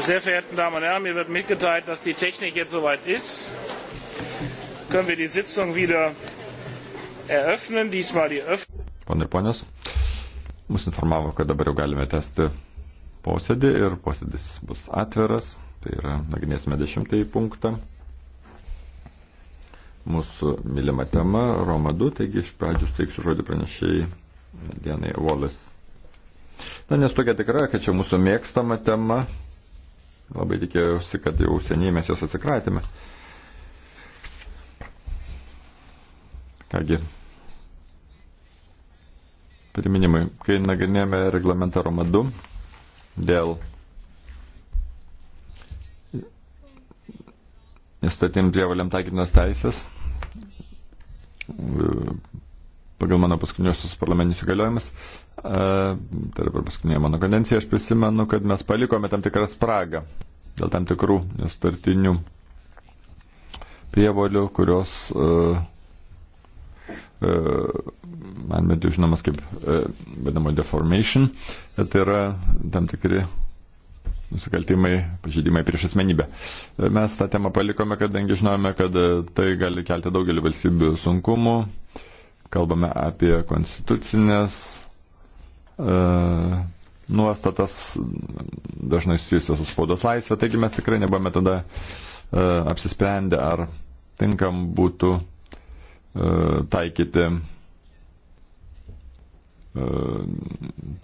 Sehr verehrten Damen und Herren, mir wird mitgeteilt, dass die Technik jetzt soweit ist. Können wir die Sitzung wieder eröffnen, diesmal die Öffnung. Pone ir ponios, mus informavo, kad dabar jau galime tęsti posėdį ir posėdis bus atviras, tai yra nagrinėsime dešimtąjį punktą. Mūsų mylima tema Roma 2, taigi iš pradžių steiksiu žodį pranešėjai Dienai Volis. Na, nes tokia tikra, kad čia mūsų mėgstama tema, Labai tikėjausi, kad jau seniai mes jos atsikratėme. Kągi, priminimai, kai nagrinėjome reglamentą Roma 2 dėl nustatim prievalėm taikytinos teisės, pagal mano paskutiniosius parlamentinius įgaliojimus, e, tai yra per paskutinę mano kadenciją, aš prisimenu, kad mes palikome tam tikrą spragą dėl tam tikrų startinių prievolių, kurios uh, man metu žinomas kaip vadinamo deformation, tai yra tam tikri nusikaltimai, pažydimai prieš asmenybę. Mes tą temą palikome, kadangi žinome, kad tai gali kelti daugelį valstybių sunkumų, kalbame apie konstitucinės e, nuostatas, dažnai susijusios su spaudos laisvė, taigi mes tikrai nebame tada e, apsisprendę, ar tinkam būtų e, taikyti e,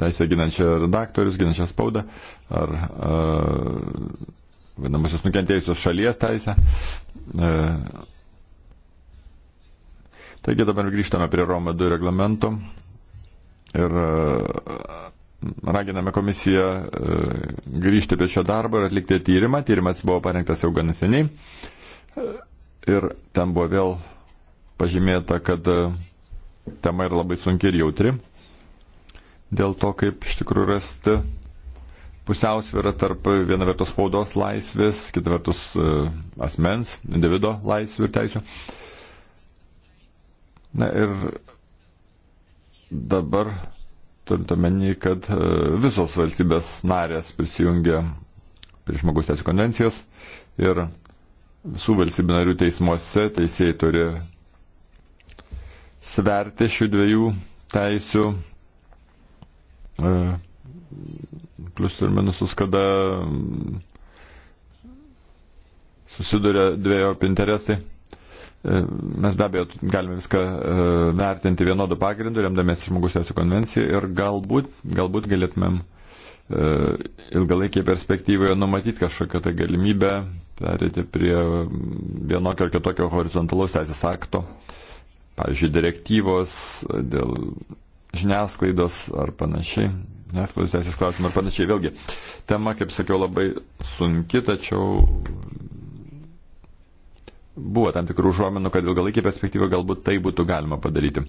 teisę ginančią redaktorius, ginančią spaudą, ar e, vadinamosios nukentėjusios šalies teisę. E, Taigi dabar grįžtame prie Roma 2 reglamento ir e, raginame komisiją e, grįžti prie šio darbo ir atlikti tyrimą. Tyrimas buvo parengtas jau gan seniai e, ir ten buvo vėl pažymėta, kad tema yra labai sunki ir jautri. Dėl to, kaip iš tikrųjų rasti pusiausvyrą tarp viena vertus spaudos laisvės, kita vertus asmens, individo laisvių ir teisų. Uh, Na ir dabar turint omeny, kad e, visos valstybės narės prisijungia prie žmogus teisų konvencijos ir visų valstybių narių teismuose teisėjai turi sverti šių dviejų teisių e, plus ir minusus, kada susiduria dviejų interesai. E, mes be abejo galime viską e, vertinti vienodų pagrindų, remdamės žmogus teisų konvenciją ir galbūt, galbūt galėtumėm e, ilgalaikėje perspektyvoje numatyti kažkokią tai galimybę perėti prie mm, vienokio ar kitokio horizontalaus teisės akto, pavyzdžiui, direktyvos dėl žiniasklaidos ar panašiai, žiniasklaidos teisės klausimų ar panašiai. Vėlgi, tema, kaip sakiau, labai sunki, tačiau buvo tam tikrų žuomenų, kad ilgalaikį perspektyvą galbūt tai būtų galima padaryti.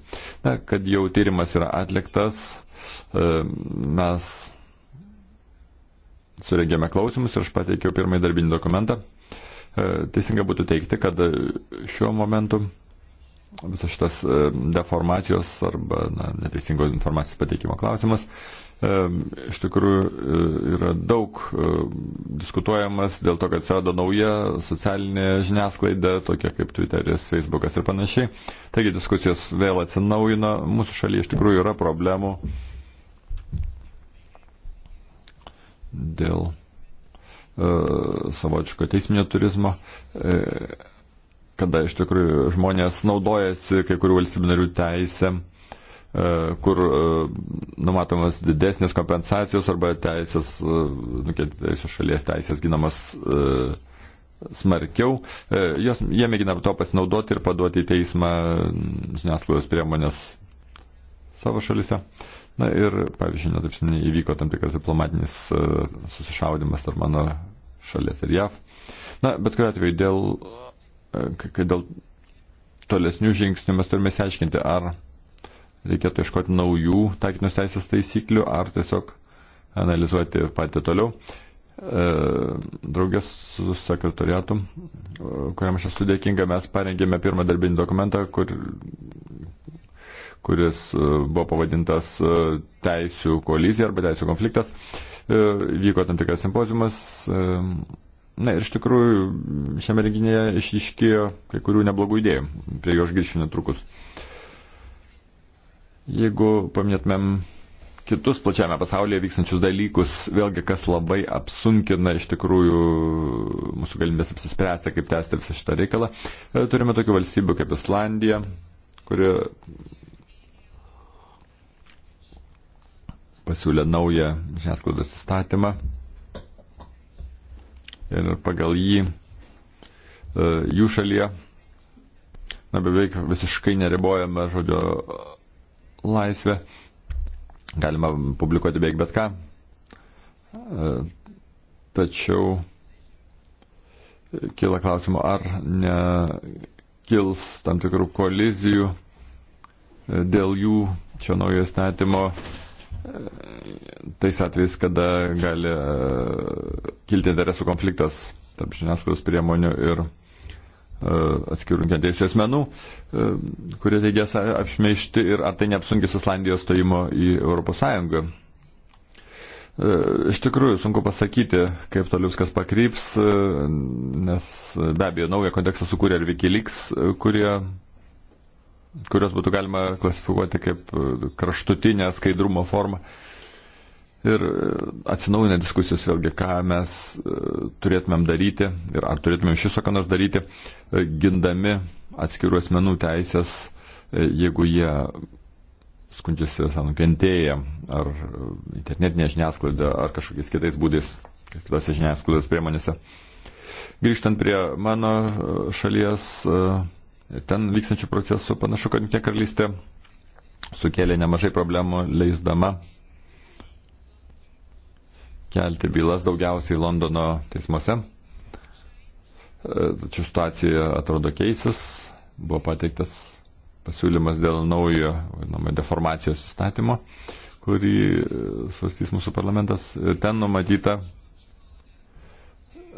Na, kad jau tyrimas yra atliktas, e, mes surengėme klausimus ir aš pateikiau pirmąjį darbinį dokumentą. E, teisinga būtų teikti, kad šiuo momentu visas šitas e, deformacijos arba na, neteisingos informacijos pateikimo klausimas iš tikrųjų e, yra daug e, diskutuojamas dėl to, kad atsirado nauja socialinė žiniasklaida, tokia kaip Twitteris, Facebookas ir panašiai. Taigi diskusijos vėl atsinaujino, mūsų šalyje iš tikrųjų yra problemų dėl uh, e, savočiško teisminio turizmo. Uh, kada iš tikrųjų žmonės naudojasi kai kurių valstybių narių teisėm uh, E, kur e, numatomas didesnės kompensacijos arba teisės, e, nukentėjusios šalies teisės ginamas smarkiau. Jos, jie mėgina to pasinaudoti ir paduoti į teismą žiniasklaidos priemonės savo šalise. Na ir, pavyzdžiui, netaip seniai įvyko tam tikras diplomatinis susišaudimas tarp mano šalies ir JAV. Na, bet kuriuo atveju, dėl, dėl tolesnių žingsnių mes turime įsiaiškinti, ar reikėtų iškoti naujų taikinos teisės taisyklių ar tiesiog analizuoti patį toliau. E, draugės su sekretoriatu, kuriam aš esu dėkinga, mes parengėme pirmą darbinį dokumentą, kur, kuris e, buvo pavadintas e, teisų koalizija arba teisų konfliktas. Vyko tam tikras simpozijumas. Na ir iš tikrųjų šiame renginėje išiškėjo kai kurių neblogų idėjų. Prie jo aš grįšiu netrukus. Jeigu paminėtumėm kitus plačiame pasaulyje vykstančius dalykus, vėlgi kas labai apsunkina iš tikrųjų mūsų galimybės apsispręsti, kaip tęsti visą šitą reikalą. E, turime tokių valstybių kaip Islandija, kuri pasiūlė naują žiniasklaidos įstatymą ir pagal jį e, jų šalyje na, beveik visiškai neribojama žodžio laisvę. Galima publikuoti beveik bet ką. E, tačiau kyla klausimų, ar nekils tam tikrų kolizijų e, dėl jų šio naujo statymo e, tais atvejais, kada gali kilti interesų konfliktas tarp žiniasklaidos priemonių ir E, atskirų nukentėjusių asmenų, e, kurie teigės apšmeišti ir ar tai neapsunkis Islandijos stojimo į ES. E, iš tikrųjų, sunku pasakyti, kaip toliau viskas pakryps, nes be abejo, naują kontekstą sukūrė ir Wikileaks, kurie, kurios būtų galima klasifikuoti kaip kraštutinę skaidrumo formą. Uh, Ir e, atsinaujina diskusijos vėlgi, ką mes e, turėtumėm daryti ir ar turėtumėm iš viso ką nors daryti, e, gindami atskirų asmenų teisės, jeigu jie skundžiasi nukentėję ar internetinė žiniasklaida ar kažkokiais kitais būdais, kitose žiniasklaidos priemonėse. Grįžtant prie mano šalies, ten vykstančių procesų, panašu, kad Junktinė karalystė sukėlė nemažai problemų leisdama kelti bylas daugiausiai Londono teismuose. E, tačiau situacija atrodo keisis. Buvo pateiktas pasiūlymas dėl naujo, vadinamo, deformacijos įstatymo, kurį e, svarstys mūsų parlamentas. Ten numatyta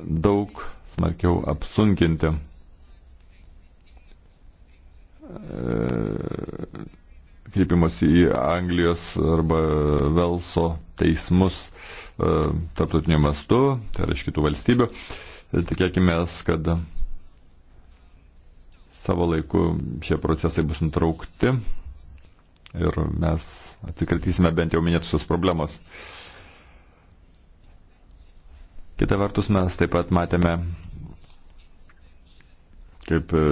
daug smarkiau apsunkinti e, kreipimas į Anglijos arba Velso teismus e, tarptautiniu mastu, tai yra iš kitų valstybių. E, tikėkime, kad savo laiku šie procesai bus nutraukti ir mes atsikratysime bent jau minėtusios problemos. Kita vertus, mes taip pat matėme, kaip e,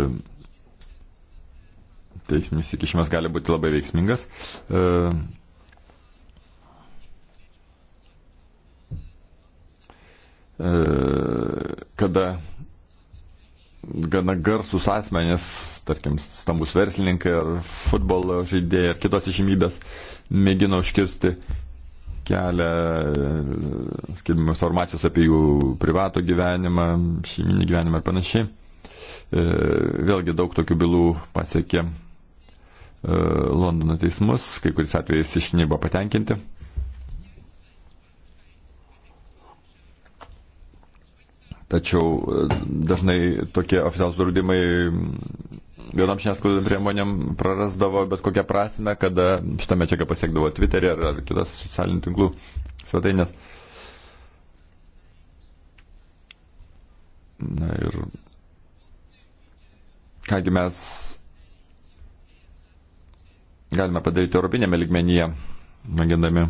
teisminis įkišimas gali būti labai veiksmingas. E, e, kada gana garsus asmenės, tarkim, stambus verslininkai ar futbolo žaidėjai ar kitos išimybės mėgino užkirsti kelią, e, skelbimo informacijos apie jų privato gyvenimą, šeiminį gyvenimą ir panašiai. Vėlgi daug tokių bylų pasiekė E, Londono teismus, kai kuris atvejais iš nebuvo patenkinti. Tačiau e, dažnai tokie oficialūs draudimai vienam žiniasklaidos priemonėm prarasdavo bet kokią prasme, kada šitą medžiagą pasiekdavo Twitter'e ar, ar kitas socialinių tinklų svetainės. Na ir kągi mes galime padaryti europinėme ligmenyje, mėgindami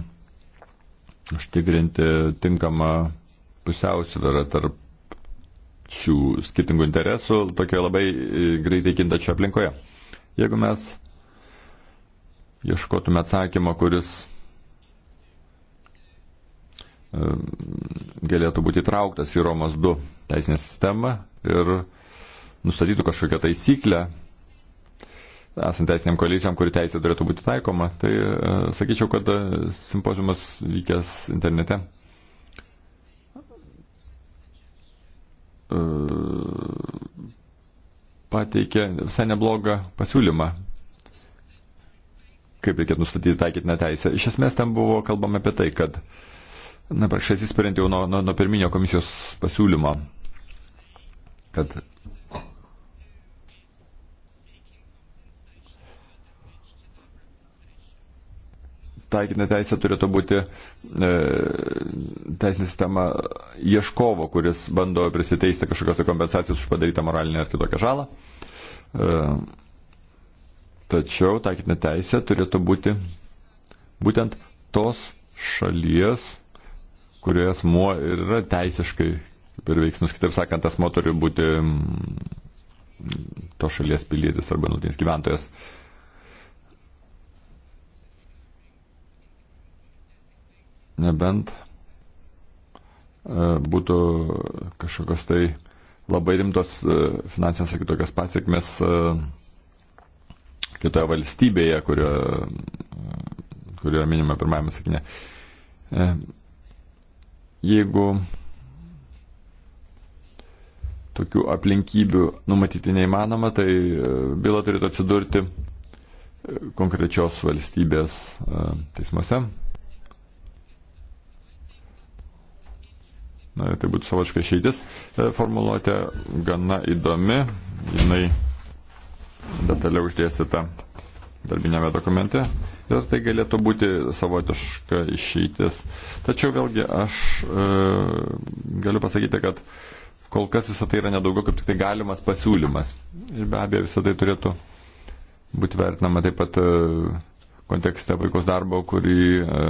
užtikrinti tinkamą pusiausvyrą tarp šių skirtingų interesų tokioje labai e, greitai kintačioje aplinkoje. Jeigu mes ieškotume atsakymą, kuris e, galėtų būti įtrauktas į Romos 2 teisinę sistemą ir nustatytų kažkokią taisyklę, esant teisiniam koalicijam, kuri teisė turėtų būti taikoma. Tai e, sakyčiau, kad e, simpoziumas vykęs internete. E, pateikė visai neblogą pasiūlymą, kaip reikėtų nustatyti taikytinę teisę. Iš esmės ten buvo kalbama apie tai, kad, na, prakšai atsispirint jau nuo, nuo, nuo pirminio komisijos pasiūlymo, kad taikytina teisė turėtų būti e, teisinė sistema ieškovo, kuris bando prisiteisti kažkokios tai kompensacijos už padarytą moralinę ar kitokią žalą. E, tačiau taikytina teisė turėtų būti būtent tos šalies, kurioje asmuo yra teisiškai ir veiksnus, kitaip sakant, asmo turi būti mm, to šalies pilietis arba nutinis gyventojas. E, nebent e, būtų kažkokios tai labai rimtos e, finansinės ar kitokios pasiekmes e, kitoje valstybėje, kurio, kurio minima pirmajame sakinė. Jeigu tokių aplinkybių numatyti neįmanoma, tai byla turėtų atsidurti konkrečios valstybės teismuose, Na, tai būtų savočka išeitis. E, formuluotė gana įdomi, jinai detaliau uždėsita darbinėme dokumente ir tai galėtų būti savotiška išeitis. Tačiau vėlgi aš e, galiu pasakyti, kad kol kas visą tai yra nedaugiau kaip tik tai galimas pasiūlymas. Ir be abejo visą tai turėtų būti vertinama taip pat. E, kontekste vaikos darbo, kurį e,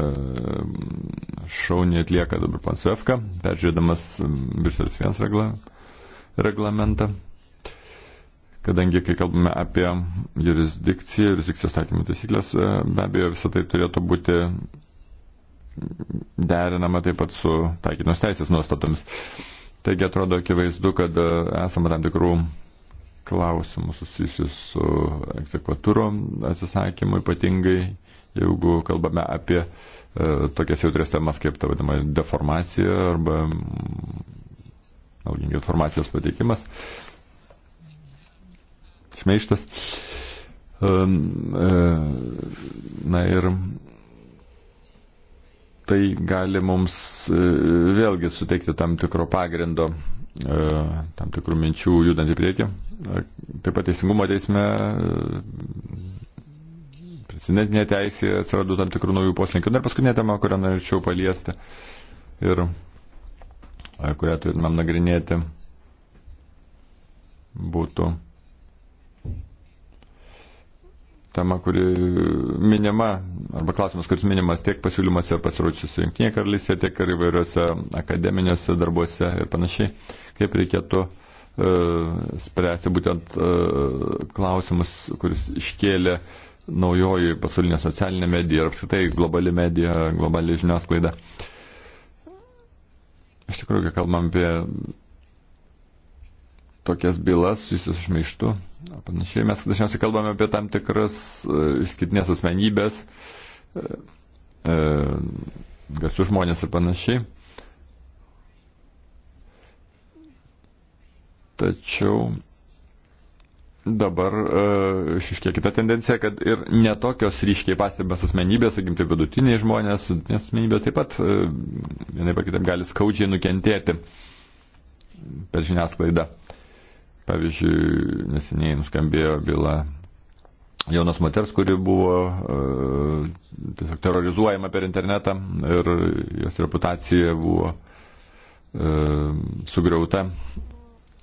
šauniai atlieka dabar Pansvefka, peržiūrėdamas Briselis 1 regla, reglamentą. Kadangi, kai kalbame apie jurisdikciją, jurisdikcijos taikymų taisyklės, e, be abejo, visą tai turėtų būti derinama taip pat su taikinos teisės nuostatomis. Taigi atrodo akivaizdu, kad e, esame tam tikrų klausimus susijusius su egzekvatūro atsisakymu, ypatingai jeigu kalbame apie e, tokias jautrės temas kaip ta vadinama deformacija arba naudingi informacijos pateikimas, šmeištas. E, e, na ir tai gali mums e, vėlgi suteikti tam tikro pagrindo E, tam tikrų minčių judant į priekį. E, taip pat teisingumo teisme, e, precedentinė teisė atsirado tam tikrų naujų poslinkių. Na ir paskutinė tema, kurią norėčiau paliesti ir kurią turėtumėm nagrinėti, būtų tema, kuri minima, arba klausimas, kuris minimas tiek pasiūlymuose pasirodžiusiu Junktinėje karalystėje, tiek ir įvairiuose akademiniuose darbuose ir panašiai kaip reikėtų e, spręsti būtent e, klausimus, kuris iškėlė naujoji pasaulinė socialinė medija ir apskritai globali medija, globali žiniasklaida. Iš tikrųjų, kai kalbam apie tokias bylas, susijusius šmeištu, panašiai mes dažniausiai kalbame apie tam tikras e, išskirtinės asmenybės, e, e, garsius žmonės ir panašiai. Tačiau dabar e, išiškė kita tendencija, kad ir netokios ryškiai pastebės asmenybės, sakim, tai vidutiniai žmonės, vidutinės asmenybės taip pat e, vienai pa kitaip gali skaudžiai nukentėti per žiniasklaidą. Pavyzdžiui, neseniai nuskambėjo byla jaunos moters, kuri buvo e, tiesiog terrorizuojama per internetą ir jos reputacija buvo e, sugriauta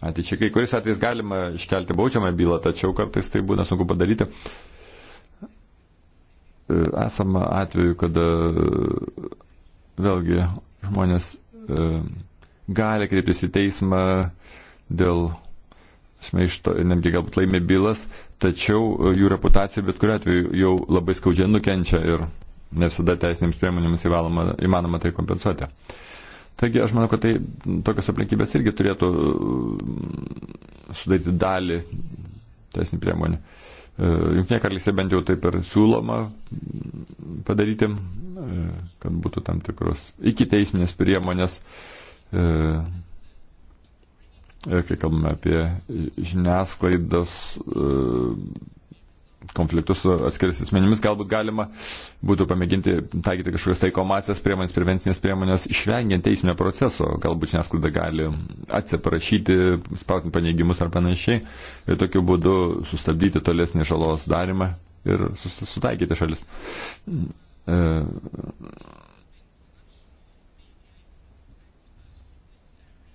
ateičiai. Kai kuris atvejais galima iškelti baudžiamą bylą, tačiau kartais tai būna sunku padaryti. E, esama atveju, kada e, vėlgi žmonės e, gali kreiptis į teismą dėl šmeišto, netgi galbūt laimė bylas, tačiau jų reputacija bet kuriu atveju jau labai skaudžiai nukenčia ir nesada teisinėms priemonėms įvaloma, įmanoma tai kompensuoti. Uh, Taigi aš manau, kad tai tokios aplinkybės irgi turėtų mm, sudaryti dalį teisinių priemonių. E, Junktinė karalystė bent jau taip ir siūloma mm, padaryti, e, kad būtų tam tikros iki teisminės priemonės, e, kai kalbame apie žiniasklaidos konfliktus su atskirais asmenimis, galbūt galima būtų pamėginti taikyti kažkokias taikomasias priemonės, prevencinės priemonės, išvengiant teisinio proceso, galbūt žiniasklaida gali atsiprašyti, spausinti paneigimus ar panašiai, ir tokiu būdu sustabdyti tolesnį žalos darimą ir sutaikyti šalis. E,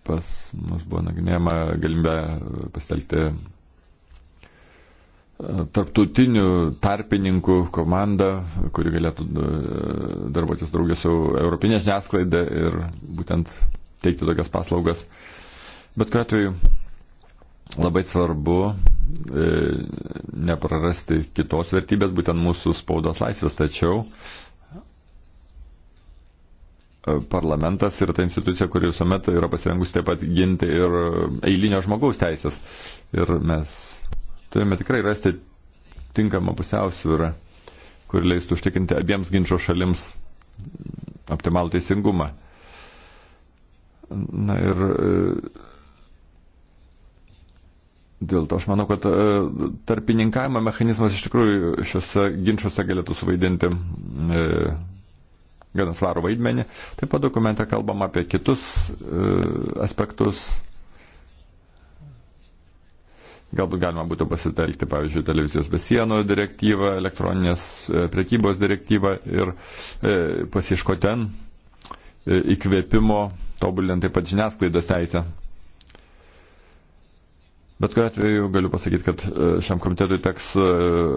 pas mus buvo nagrinėjama galimybė pasitelkti tarptautinių tarpininkų komanda, kuri galėtų e, darbuotis draugės su Europinė žiniasklaida ir būtent teikti tokias paslaugas. Bet kuriuo atveju labai svarbu e, neprarasti kitos vertybės, būtent mūsų spaudos laisvės, tačiau e, parlamentas yra ta institucija, kuri visuomet yra pasirengusi taip pat ginti ir e, eilinio žmogaus teisės. Ir mes Turime tikrai rasti tinkamą pusiausvyrą, kuri leistų užtikrinti abiems ginčio šalims optimalų teisingumą. Na ir e, dėl to aš manau, kad e, tarpininkavimo mechanizmas iš tikrųjų šiuose ginčiuose galėtų suvaidinti e, gana svarų vaidmenį. Taip pat dokumente kalbam apie kitus aspektus Galbūt galima būtų pasitelkti, pavyzdžiui, televizijos besienų direktyvą, elektroninės e, prekybos direktyvą ir e, pasieško ten e, įkvėpimo, tobulinant taip pat žiniasklaidos teisę. Bet kuriu atveju galiu pasakyti, kad e, šiam komitetui teks e,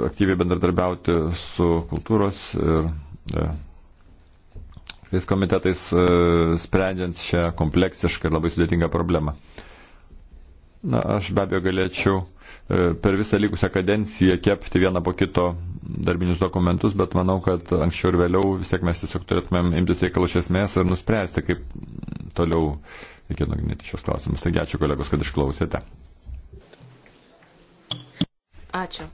aktyviai bendradarbiauti su kultūros ir tais komitetais sprendžiant šią kompleksišką ir labai sudėtingą problemą. Na, aš be abejo galėčiau e, per visą likusią kadenciją kepti vieną po kito darbinius dokumentus, bet manau, kad anksčiau ir vėliau vis tiek mes tiesiog turėtumėm imtis reikalų iš esmės ir nuspręsti, kaip toliau reikėtų nagrinėti šios klausimus. Taigi ačiū kolegos, kad išklausėte. Ačiū.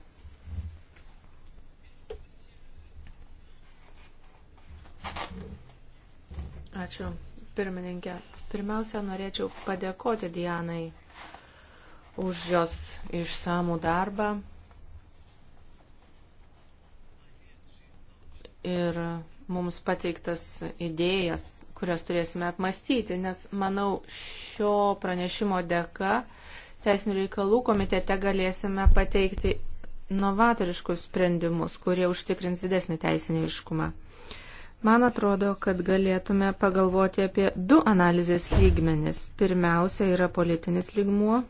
Ačiū, pirmininkė. Pirmiausia, norėčiau padėkoti Dianai už jos išsamų darbą. Ir mums pateiktas idėjas, kurias turėsime apmastyti, nes manau šio pranešimo dėka Teisinių reikalų komitete galėsime pateikti novatoriškus sprendimus, kurie užtikrins didesnį teisinį iškumą. Man atrodo, kad galėtume pagalvoti apie du analizės lygmenis. Pirmiausia yra politinis lygmuo,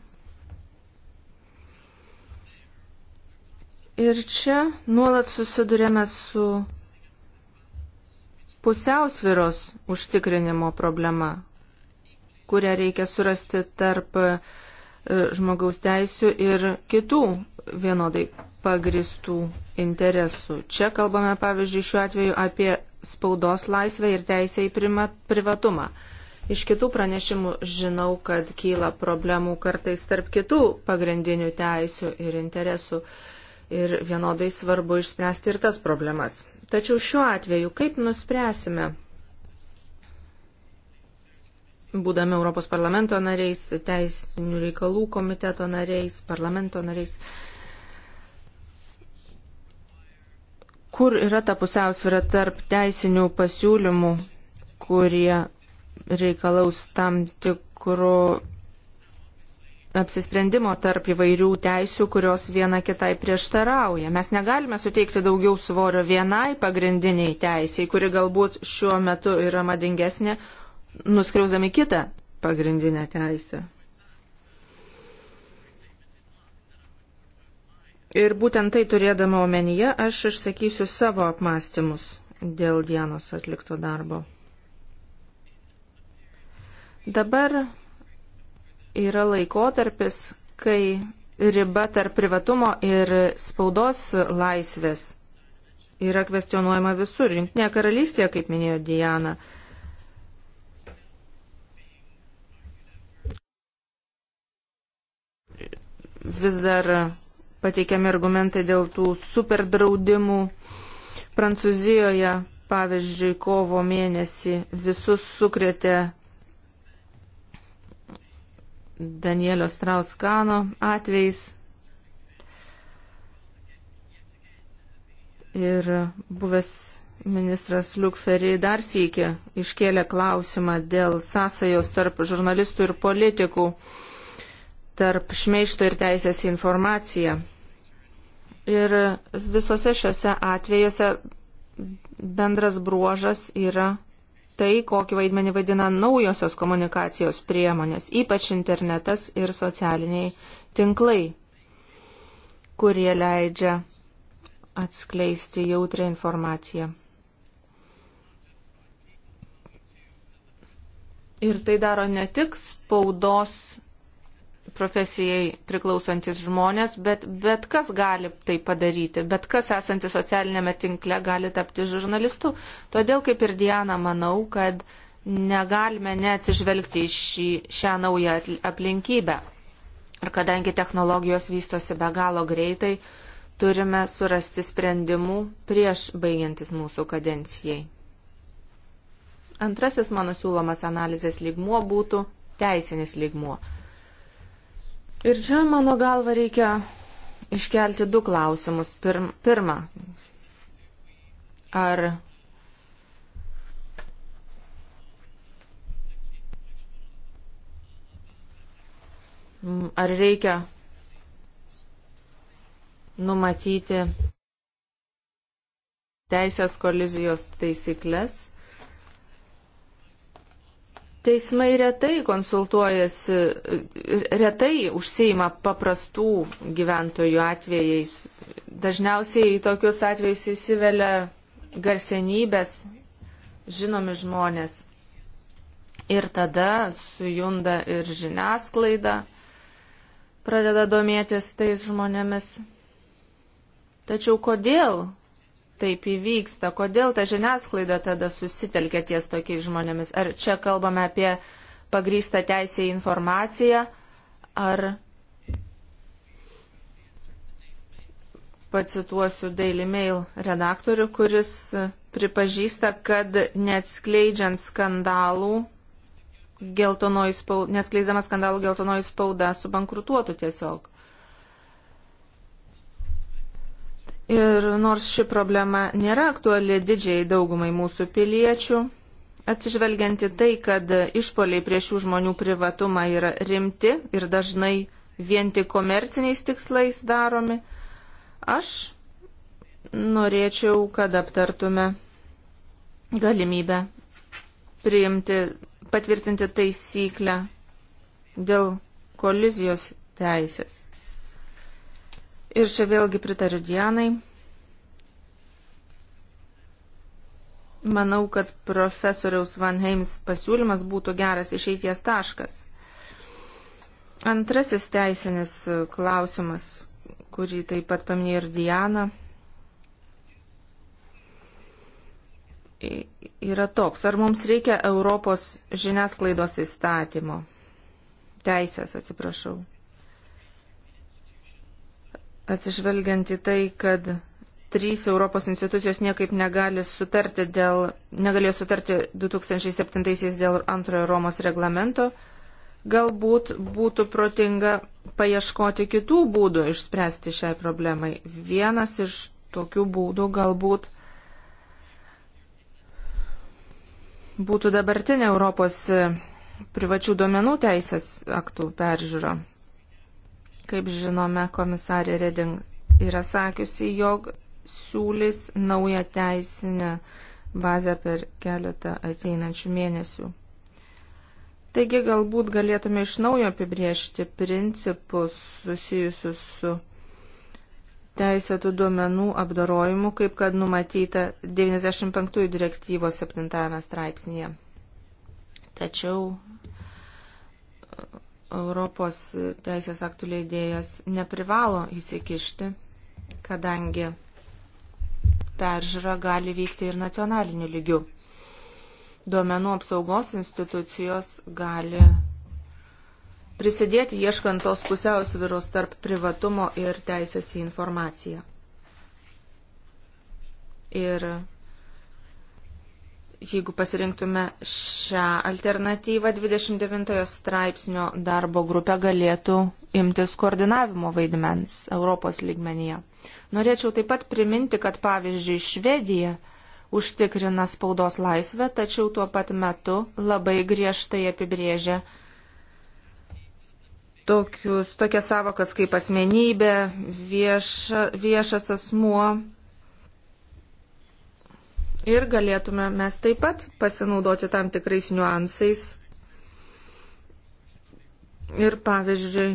Ir čia nuolat susidurėme su pusiausviros užtikrinimo problema, kurią reikia surasti tarp e, žmogaus teisų ir kitų vienodai pagristų interesų. Čia kalbame, pavyzdžiui, šiuo atveju apie spaudos laisvę ir teisę į privatumą. Iš kitų pranešimų žinau, kad kyla problemų kartais tarp kitų pagrindinių teisų ir interesų. Uh, ir vienodai svarbu išspręsti ir tas problemas. Tačiau šiuo atveju kaip nuspręsime, būdami Europos parlamento nariais, teisinių reikalų komiteto nariais, parlamento nariais, kur yra ta pusiausvėra tarp teisinių pasiūlymų, kurie reikalaus tam tikrų apsisprendimo tarp įvairių teisių, kurios viena kitai prieštarauja. Mes negalime suteikti daugiau svorio vienai pagrindiniai teisiai, kuri galbūt šiuo metu yra madingesnė, nuskriauzami kitą pagrindinę teisę. Ir būtent tai turėdama omenyje, aš išsakysiu savo apmąstymus dėl dienos atlikto darbo. Dabar yra laikotarpis, kai riba tarp privatumo ir spaudos laisvės yra kvestionuojama visur. Junktinėje karalystėje, kaip minėjo Diana, vis dar pateikiami argumentai dėl tų superdraudimų. Prancūzijoje, pavyzdžiui, kovo mėnesį visus sukrėtė Danielio Strauskano atvejais. Ir buvęs ministras Liuk Ferry dar sykė iškėlė klausimą dėl sąsajos tarp žurnalistų ir politikų, tarp šmeišto ir teisės į informaciją. Ir visose šiuose atvejuose bendras bruožas yra tai, kokį vaidmenį vaidina naujosios komunikacijos priemonės, ypač internetas ir socialiniai tinklai, kurie leidžia atskleisti jautrę informaciją. Ir tai daro ne tik spaudos profesijai priklausantis žmonės, bet bet kas gali tai padaryti, bet kas esantis socialinėme tinkle gali tapti žurnalistu. Todėl, kaip ir Diana, manau, kad negalime neatsižvelgti į šį, šią naują aplinkybę. Ir kadangi technologijos vystosi be galo greitai, turime surasti sprendimų prieš baigiantis mūsų kadencijai. Antrasis mano siūlomas analizės lygmuo būtų teisinis lygmuo. Ir čia, mano galva, reikia iškelti du klausimus. Pirm, pirma, ar ar reikia numatyti teisės kolizijos taisyklės Teismai retai konsultuojasi, retai užsima paprastų gyventojų atvejais. Dažniausiai į tokius atvejus įsivelia garsenybės, žinomi žmonės. Ir tada sujunda ir žiniasklaida, pradeda domėtis tais žmonėmis. Tačiau kodėl taip įvyksta? Kodėl ta žiniasklaida tada susitelkia ties tokiais žmonėmis? Ar čia kalbame apie pagrįstą teisę į informaciją, ar pacituosiu Daily Mail redaktorių, kuris pripažįsta, kad neatskleidžiant skandalų, spauda, neskleisdama skandalų geltonoji spauda subankrutuotų tiesiog. Ir nors ši problema nėra aktuali didžiai daugumai mūsų piliečių, atsižvelgianti tai, kad išpoliai prieš šių žmonių privatumą yra rimti ir dažnai vien tik komerciniais tikslais daromi, aš norėčiau, kad aptartume galimybę priimti, patvirtinti taisyklę dėl kolizijos teisės. Ir čia vėlgi pritariu Dianai. Manau, kad profesoriaus Van Heims pasiūlymas būtų geras išeities taškas. Antrasis teisinis klausimas, kurį taip pat paminėjo ir Diana, yra toks. Ar mums reikia Europos žiniasklaidos įstatymo? Teisės, atsiprašau atsižvelgiant į tai, kad trys Europos institucijos niekaip negali sutarti dėl, negalėjo sutarti 2007 dėl antrojo Romos reglamento, galbūt būtų protinga paieškoti kitų būdų išspręsti šiai problemai. Vienas iš tokių būdų galbūt būtų dabartinė Europos privačių duomenų teisės aktų peržiūra. Kaip žinome, komisarė Reding yra sakiusi, jog siūlys naują teisinę bazę per keletą ateinančių mėnesių. Taigi galbūt galėtume iš naujo apibriežti principus susijusius su teisėtų duomenų apdarojimu, kaip kad numatyta 95 direktyvos 7 straipsnėje. Tačiau Europos teisės aktų leidėjas neprivalo įsikišti, kadangi peržiūra gali vykti ir nacionaliniu lygiu. Duomenų apsaugos institucijos gali prisidėti ieškant tos pusiausvyros tarp privatumo ir teisės į informaciją. Ir jeigu pasirinktume šią alternatyvą, 29 straipsnio darbo grupė galėtų imtis koordinavimo vaidmens Europos lygmenyje. Norėčiau taip pat priminti, kad pavyzdžiui Švedija užtikrina spaudos laisvę, tačiau tuo pat metu labai griežtai apibrėžia tokius, tokias savokas kaip asmenybė, vieš, viešas asmuo Ir galėtume mes taip pat pasinaudoti tam tikrais niuansais. Ir pavyzdžiui,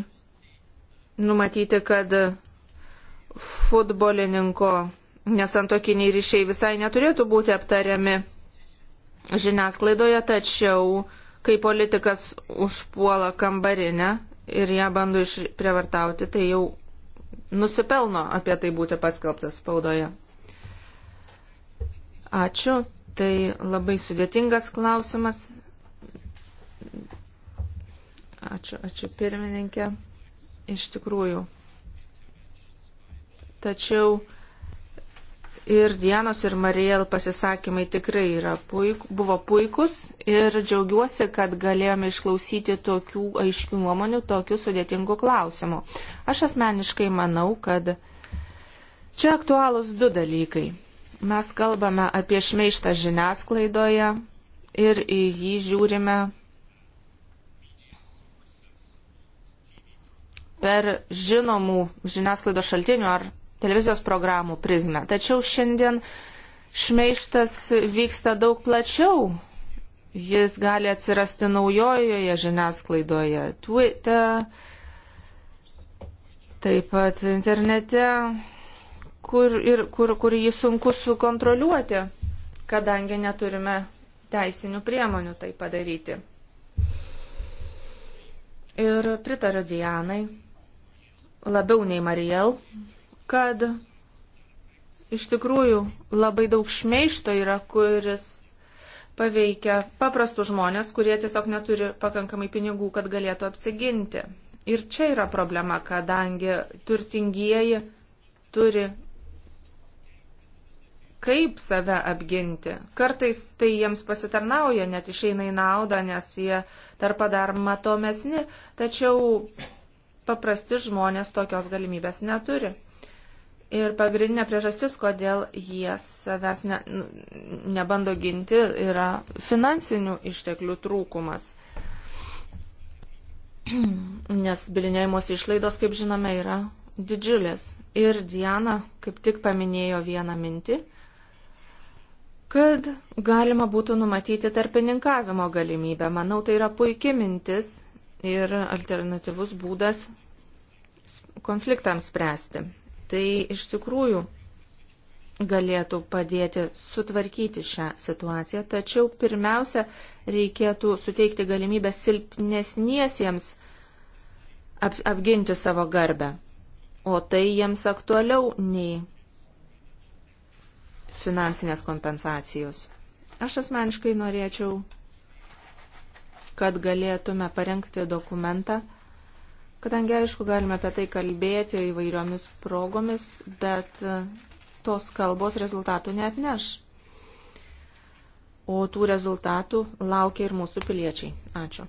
numatyti, kad futbolininko nesantokiniai ryšiai visai neturėtų būti aptariami žiniasklaidoje, tačiau kai politikas užpuola kambarinę ir ją bando išprievartauti, tai jau nusipelno apie tai būti paskelbtas spaudoje. Ačiū. Tai labai sudėtingas klausimas. Ačiū, ačiū pirmininkė. Iš tikrųjų. Tačiau ir Dienos ir Marijel pasisakymai tikrai puik, buvo puikus ir džiaugiuosi, kad galėjome išklausyti tokių aiškių nuomonių, tokių sudėtingų klausimų. Aš asmeniškai manau, kad čia aktualūs du dalykai. Mes kalbame apie šmeištą žiniasklaidoje ir į jį žiūrime per žinomų žiniasklaidos šaltinių ar televizijos programų prizmę. Tačiau šiandien šmeištas vyksta daug plačiau. Jis gali atsirasti naujojoje žiniasklaidoje, Twitter, taip pat internete, kur, ir, kur, kur jį sunku sukontroliuoti, kadangi neturime teisinių priemonių tai padaryti. Ir pritariu Dianai, labiau nei Marijel, kad iš tikrųjų labai daug šmeišto yra, kuris paveikia paprastus žmonės, kurie tiesiog neturi pakankamai pinigų, kad galėtų apsiginti. Ir čia yra problema, kadangi turtingieji turi kaip save apginti. Kartais tai jiems pasitarnauja, net išeina į naudą, nes jie tarpa dar matomesni, tačiau paprasti žmonės tokios galimybės neturi. Ir pagrindinė priežastis, kodėl jie savęs ne, nebando ginti, yra finansinių išteklių trūkumas. Nes bilinėjimus išlaidos, kaip žinome, yra didžiulės. Ir Diana kaip tik paminėjo vieną mintį, kad galima būtų numatyti tarpininkavimo galimybę. Manau, tai yra puikia mintis ir alternatyvus būdas konfliktams spręsti. Tai iš tikrųjų galėtų padėti sutvarkyti šią situaciją, tačiau pirmiausia reikėtų suteikti galimybę silpnesniesiems apginti savo garbę, o tai jiems aktualiau nei finansinės kompensacijos. Aš asmeniškai norėčiau, kad galėtume parengti dokumentą, kadangi aišku galime apie tai kalbėti įvairiomis progomis, bet e, tos kalbos rezultatų net neš. O tų rezultatų laukia ir mūsų piliečiai. Ačiū.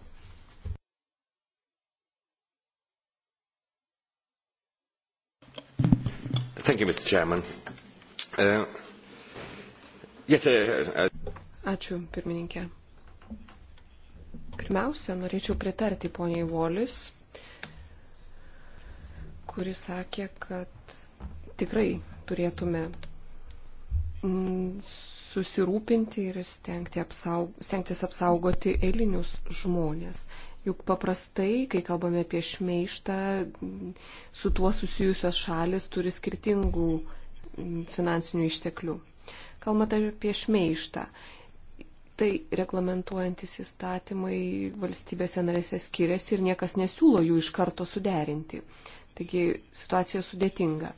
Thank you, Mr. Chairman. Uh, Ačiū, pirmininkė. Pirmiausia, norėčiau pritarti poniai Volis, kuris sakė, kad tikrai turėtume mm, susirūpinti ir stengti apsaug, stengtis apsaugoti eilinius žmonės. Juk paprastai, kai kalbame apie šmeištą, su tuo susijusios šalis turi skirtingų mm, finansinių išteklių kalbant apie šmeištą. Tai reglamentuojantis įstatymai valstybėse narėse skiriasi ir niekas nesiūlo jų iš karto suderinti. Taigi situacija sudėtinga.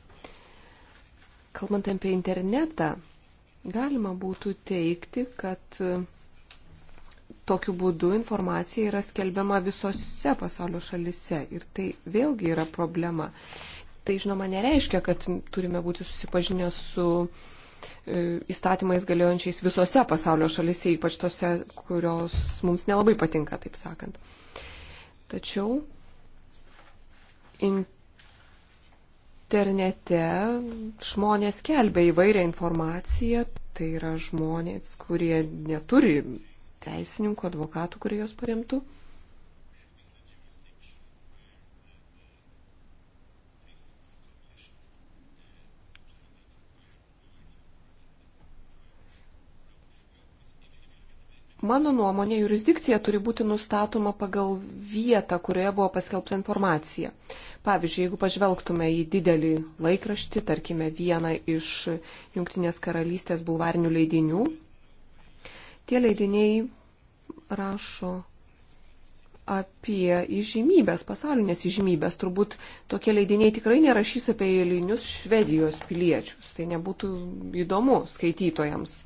Kalbant apie internetą, galima būtų teikti, kad e, tokiu būdu informacija yra skelbiama visose pasaulio šalise. Ir tai vėlgi yra problema. Tai žinoma nereiškia, kad turime būti susipažinę su E, įstatymais galiojančiais visose pasaulio šalise, ypač tose, kurios mums nelabai patinka, taip sakant. Tačiau internete žmonės kelbia įvairią informaciją, tai yra žmonės, kurie neturi teisininkų, advokatų, kurie jos paremtų. Mano nuomonė, jurisdikcija turi būti nustatoma pagal vietą, kurioje buvo paskelbta informacija. Pavyzdžiui, jeigu pažvelgtume į didelį laikraštį, tarkime vieną iš Junktinės karalystės bulvarinių leidinių, tie leidiniai rašo apie įžymybės, pasaulinės įžymybės. Turbūt tokie leidiniai tikrai nerašys apie eilinius Švedijos piliečius. Tai nebūtų įdomu skaitytojams.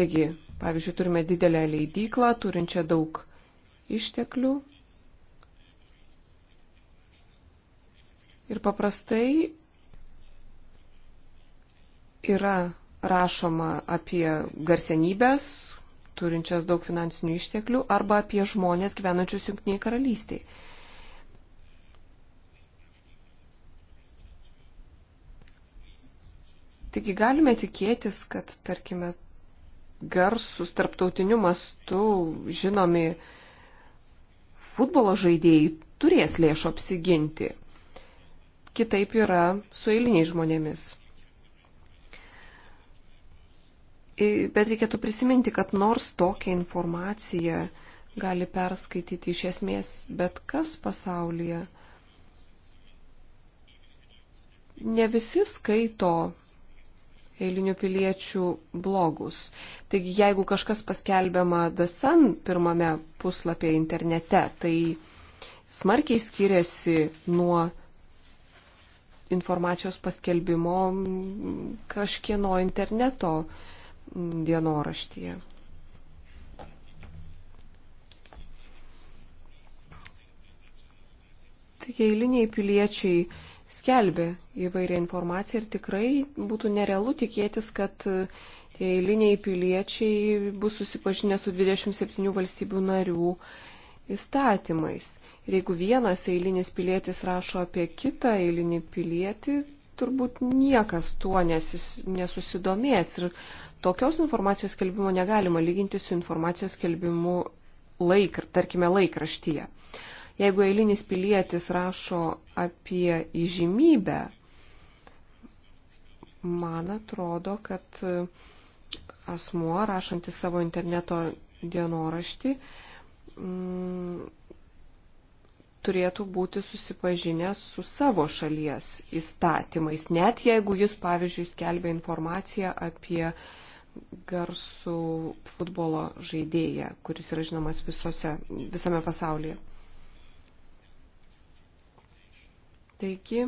Taigi, pavyzdžiui, turime didelę leidyklą, turinčią daug išteklių. Ir paprastai yra rašoma apie garsenybės, turinčias daug finansinių išteklių, arba apie žmonės gyvenančius Junktiniai karalystiai. Taigi galime tikėtis, kad, tarkime, garsus tarptautiniu mastu žinomi futbolo žaidėjai turės lėšų apsiginti. Kitaip yra su eiliniais žmonėmis. Bet reikėtų prisiminti, kad nors tokią informaciją gali perskaityti iš esmės bet kas pasaulyje, ne visi skaito eilinių piliečių blogus. Taigi jeigu kažkas paskelbiama DASAN pirmame puslapyje internete, tai smarkiai skiriasi nuo informacijos paskelbimo kažkieno interneto dienoraštyje. Taigi eiliniai piliečiai skelbė įvairią informaciją ir tikrai būtų nerealu tikėtis, kad e, tie eiliniai piliečiai bus susipažinę su 27 valstybių narių įstatymais. Ir jeigu vienas eilinis pilietis rašo apie kitą eilinį pilietį, turbūt niekas tuo nesusidomės. Ir tokios informacijos skelbimo negalima lyginti su informacijos skelbimu laik, tarkime laikraštyje. Jeigu eilinis pilietis rašo apie įžymybę, man atrodo, kad asmuo rašantis savo interneto dienoraštį m, mm, turėtų būti susipažinęs su savo šalies įstatymais, net jeigu jis, pavyzdžiui, skelbia informaciją apie garsų futbolo žaidėją, kuris yra žinomas visose, visame pasaulyje. Taigi,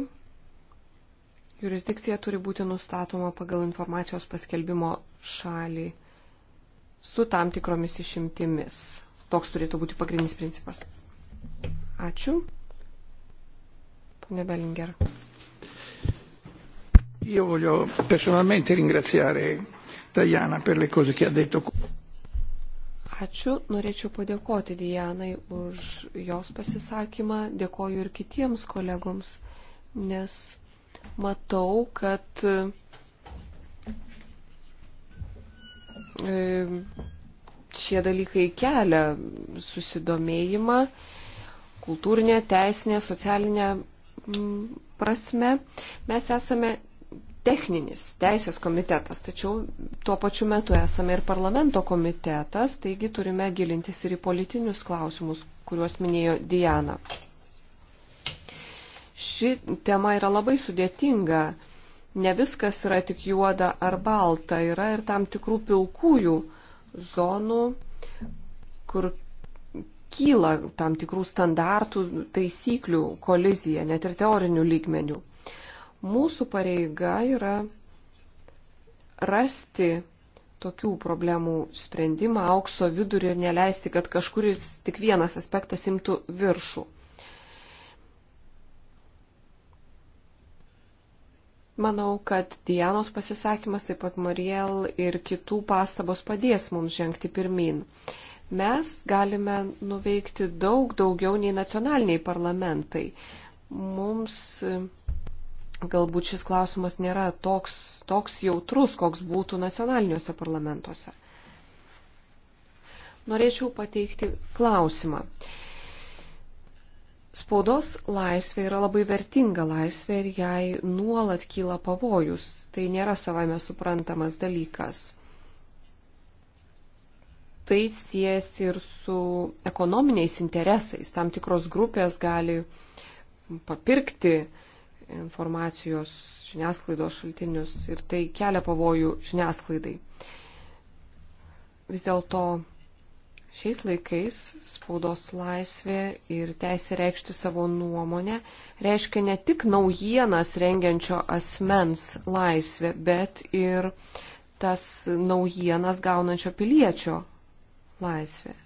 jurisdikcija turi būti nustatoma pagal informacijos paskelbimo šalį su tam tikromis išimtimis. Toks turėtų būti pagrindinis principas. Ačiū. Pone Bellinger. Io voglio personalmente ringraziare Tajana per le cose che ha detto. Ačiū, norėčiau padėkoti Dianai už jos pasisakymą, dėkoju ir kitiems kolegoms nes matau, kad šie dalykai kelia susidomėjimą kultūrinė, teisinė, socialinė prasme. Mes esame techninis teisės komitetas, tačiau tuo pačiu metu esame ir parlamento komitetas, taigi turime gilintis ir į politinius klausimus, kuriuos minėjo Diana. Ši tema yra labai sudėtinga. Ne viskas yra tik juoda ar balta, yra ir tam tikrų pilkųjų zonų, kur kyla tam tikrų standartų, taisyklių kolizija, net ir teorinių lygmenių. Mūsų pareiga yra rasti tokių problemų sprendimą aukso vidurį ir neleisti, kad kažkuris tik vienas aspektas imtų viršų. Manau, kad Dianos pasisakymas, taip pat Mariel ir kitų pastabos padės mums žengti pirmin. Mes galime nuveikti daug daugiau nei nacionaliniai parlamentai. Mums e, galbūt šis klausimas nėra toks, toks jautrus, koks būtų nacionaliniuose parlamentuose. Norėčiau pateikti klausimą. Uh, Spaudos laisvė yra labai vertinga laisvė ir jai nuolat kyla pavojus. Tai nėra savame suprantamas dalykas. Tai siejasi ir su ekonominiais interesais. Tam tikros grupės gali papirkti informacijos žiniasklaidos šaltinius ir tai kelia pavojų žiniasklaidai. Vis dėlto Šiais laikais spaudos laisvė ir teisė reikšti savo nuomonę reiškia ne tik naujienas rengiančio asmens laisvę, bet ir tas naujienas gaunančio piliečio laisvė.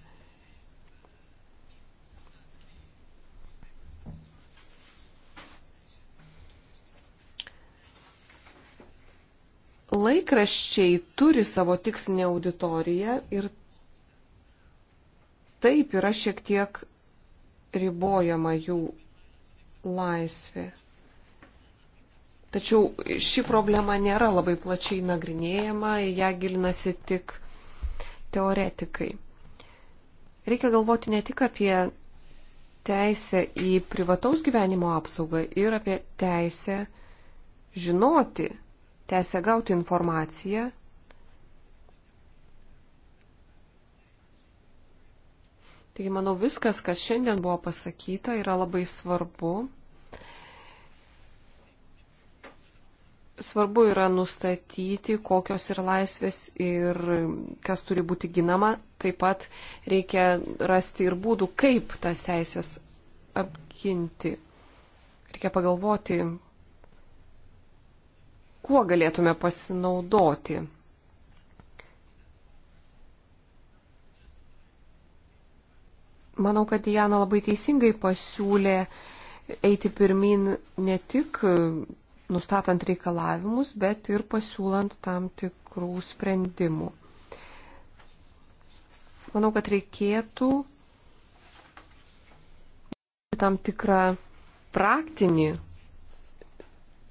Laikraščiai turi savo tikslinę auditoriją ir taip yra šiek tiek ribojama jų laisvė. Tačiau ši problema nėra labai plačiai nagrinėjama, į ją gilinasi tik teoretikai. Reikia galvoti ne tik apie teisę į privataus gyvenimo apsaugą ir apie teisę žinoti, teisę gauti informaciją Taigi, manau, viskas, kas šiandien buvo pasakyta, yra labai svarbu. Svarbu yra nustatyti, kokios yra laisvės ir kas turi būti ginama. Taip pat reikia rasti ir būdų, kaip tas teisės apginti. Reikia pagalvoti, kuo galėtume pasinaudoti. Manau, kad Diana labai teisingai pasiūlė eiti pirmin ne tik e, nustatant reikalavimus, bet ir pasiūlant tam tikrų sprendimų. Manau, kad reikėtų tam tikrą praktinį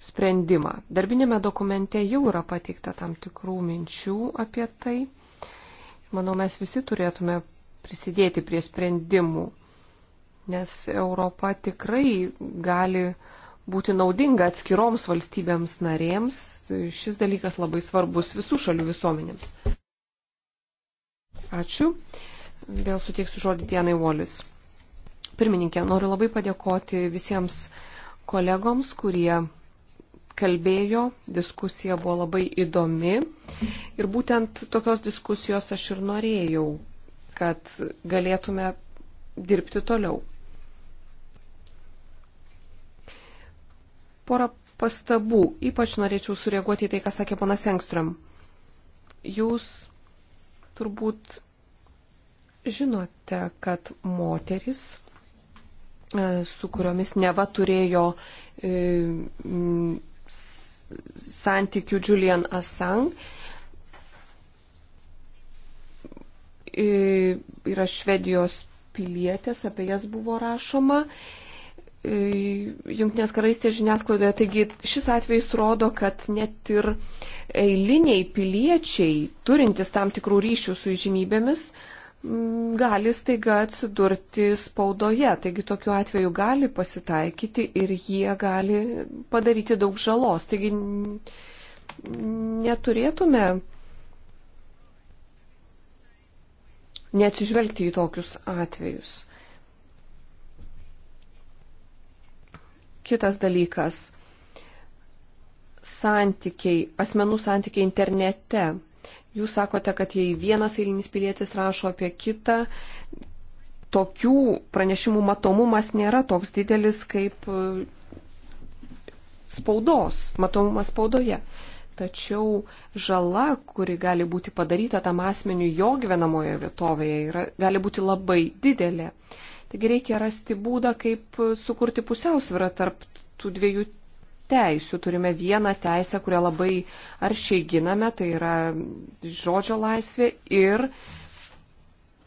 sprendimą. Darbinėme dokumente jau yra pateikta tam tikrų minčių apie tai. Manau, mes visi turėtume prisidėti prie sprendimų, nes Europa tikrai gali būti naudinga atskiroms valstybėms narėms. Šis dalykas labai svarbus visų šalių visuomenėms. Ačiū. Vėl suteiksiu žodį Dienai Volis. Pirmininkė, noriu labai padėkoti visiems kolegoms, kurie kalbėjo, diskusija buvo labai įdomi. Ir būtent tokios diskusijos aš ir norėjau, kad galėtume dirbti toliau. Porą pastabų. Ypač norėčiau sureaguoti į tai, ką sakė ponas Engström. Jūs turbūt žinote, kad moteris, e, su kuriomis neva turėjo e, santykių Julian Assange, yra Švedijos pilietės, apie jas buvo rašoma. Junktinės karalystės žiniasklaidoje. Taigi šis atvejs rodo, kad net ir eiliniai piliečiai, turintys tam tikrų ryšių su žymybėmis, gali staiga atsidurti spaudoje. Taigi tokiu atveju gali pasitaikyti ir jie gali padaryti daug žalos. Taigi neturėtume neatsižvelgti į tokius atvejus. Kitas dalykas - santykiai, asmenų santykiai internete. Jūs sakote, kad jei vienas eilinis pilietis rašo apie kitą, tokių pranešimų matomumas nėra toks didelis kaip spaudos, matomumas spaudoje tačiau žala, kuri gali būti padaryta tam asmeniu jo gyvenamojo vietovėje, yra, gali būti labai didelė. Taigi reikia rasti būdą, kaip sukurti pusiausvyrą tarp tų dviejų teisių. Turime vieną teisę, kurią labai aršiai giname, tai yra žodžio laisvė ir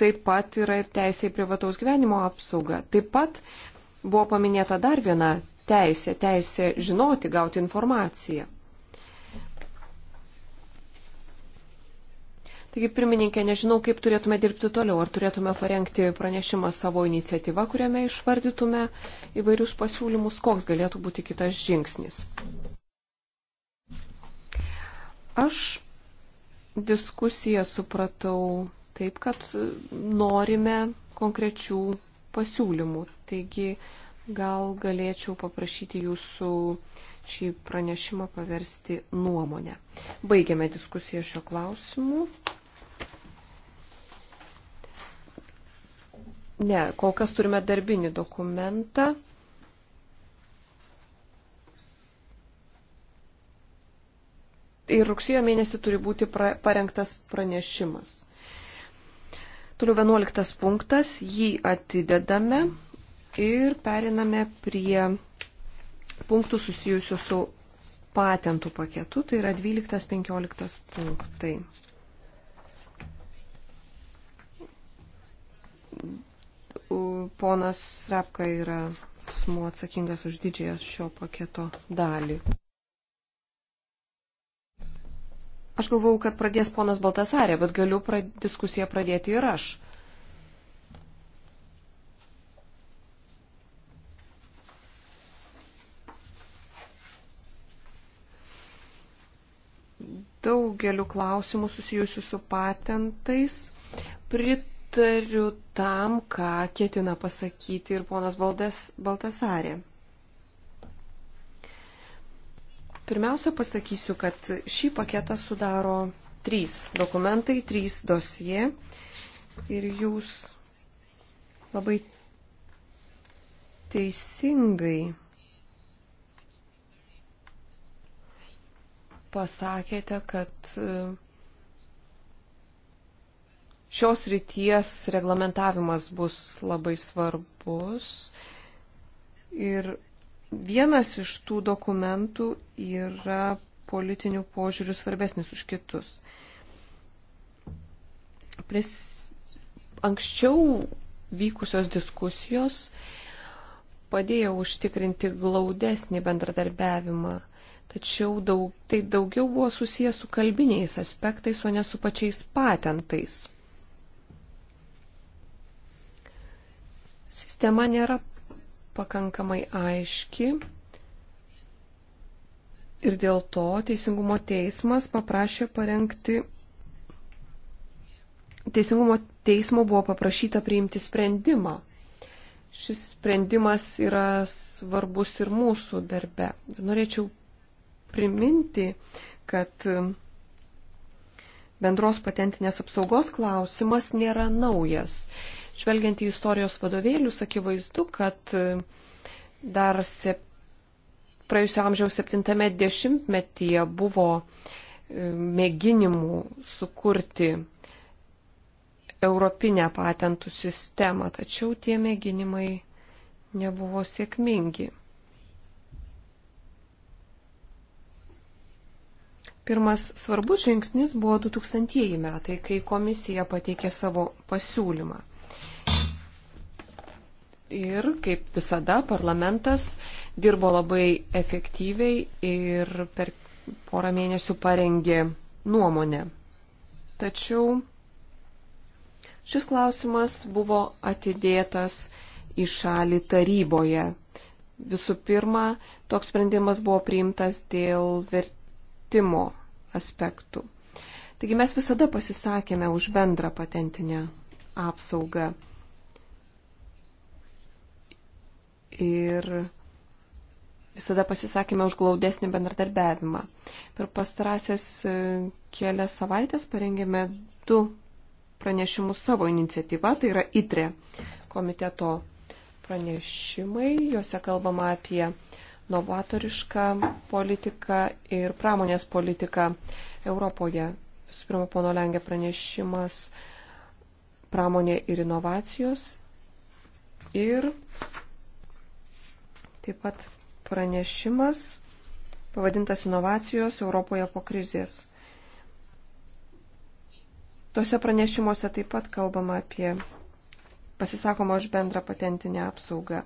taip pat yra ir teisė į privataus gyvenimo apsaugą. Taip pat buvo paminėta dar viena teisė, teisė žinoti, gauti informaciją. Taigi, pirmininkė, nežinau, kaip turėtume dirbti toliau. Ar turėtume parengti pranešimą savo iniciatyvą, kuriame išvardytume įvairius pasiūlymus, koks galėtų būti kitas žingsnis. Aš diskusiją supratau taip, kad norime konkrečių pasiūlymų. Taigi, gal galėčiau paprašyti jūsų uh, šį pranešimą paversti nuomonę. Baigiame diskusiją šio klausimu. Ne, kol kas turime darbinį dokumentą. Ir rugsėjo mėnesį turi būti pra, parengtas pranešimas. Toliau 11 punktas, jį atidedame ir periname prie punktų susijusių su patentų paketu, tai yra 12-15 punktai. Ponas Srapka yra asmuo atsakingas už didžiąją šio paketo dalį. Aš galvau, kad pradės ponas Baltasarė, bet galiu pra diskusiją pradėti ir aš. daugeliu klausimų susijusių su patentais. Pritariu tam, ką ketina pasakyti ir ponas Baltasarė. Pirmiausia, pasakysiu, kad šį paketą sudaro trys dokumentai, trys dosie ir jūs labai teisingai pasakėte, kad e, šios ryties reglamentavimas bus labai svarbus. Ir vienas iš tų dokumentų yra politinių požiūrių svarbesnis už kitus. Pris... Anksčiau vykusios diskusijos padėjo užtikrinti glaudesnį bendradarbiavimą tačiau daug, tai daugiau buvo susijęs su kalbiniais aspektais, o ne su pačiais patentais. Sistema nėra pakankamai aiški ir dėl to Teisingumo teismas paprašė parengti. Teisingumo teismo buvo paprašyta priimti sprendimą šis sprendimas yra svarbus ir mūsų darbe. Norėčiau priminti, kad bendros patentinės apsaugos klausimas nėra naujas. Žvelgiant į istorijos vadovėlius, akivaizdu, kad dar sep... praėjusio amžiaus 70-metyje buvo e, mėginimų sukurti europinę patentų sistemą, tačiau tie mėginimai nebuvo sėkmingi. Pirmas svarbus žingsnis buvo 2000 metai, kai komisija pateikė savo pasiūlymą. Ir, kaip visada, parlamentas dirbo labai efektyviai ir per porą mėnesių parengė nuomonę. Tačiau šis klausimas buvo atidėtas į šalį taryboje. Visų pirma, toks sprendimas buvo priimtas dėl vert paplitimo aspektų. Taigi mes visada pasisakėme už bendrą patentinę apsaugą. Ir visada pasisakėme už glaudesnį bendradarbiavimą. Per pastarąsias e, kelias savaitės parengėme du pranešimus savo iniciatyva, tai yra ITRE komiteto pranešimai, juose kalbama apie novatorišką politiką ir pramonės politiką Europoje. Visų pirma, pono Lengė pranešimas pramonė ir inovacijos. Ir taip pat pranešimas pavadintas inovacijos Europoje po krizės. Tose pranešimuose taip pat kalbama apie pasisakoma už bendrą patentinę apsaugą.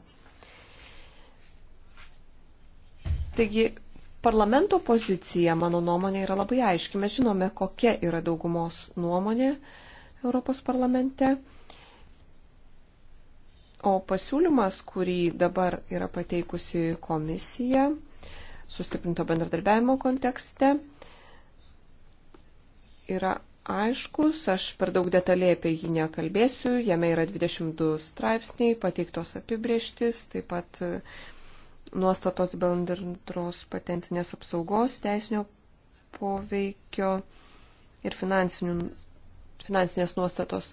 Taigi, parlamento pozicija, mano nuomonė, yra labai aiški. Mes žinome, kokia yra daugumos nuomonė Europos parlamente. O pasiūlymas, kurį dabar yra pateikusi komisija, sustiprinto bendradarbiavimo kontekste, yra aiškus, aš per daug detaliai apie jį nekalbėsiu, jame yra 22 straipsniai, pateiktos apibrieštis, taip pat nuostatos bendros patentinės apsaugos, teisinio poveikio ir finansinės nuostatos.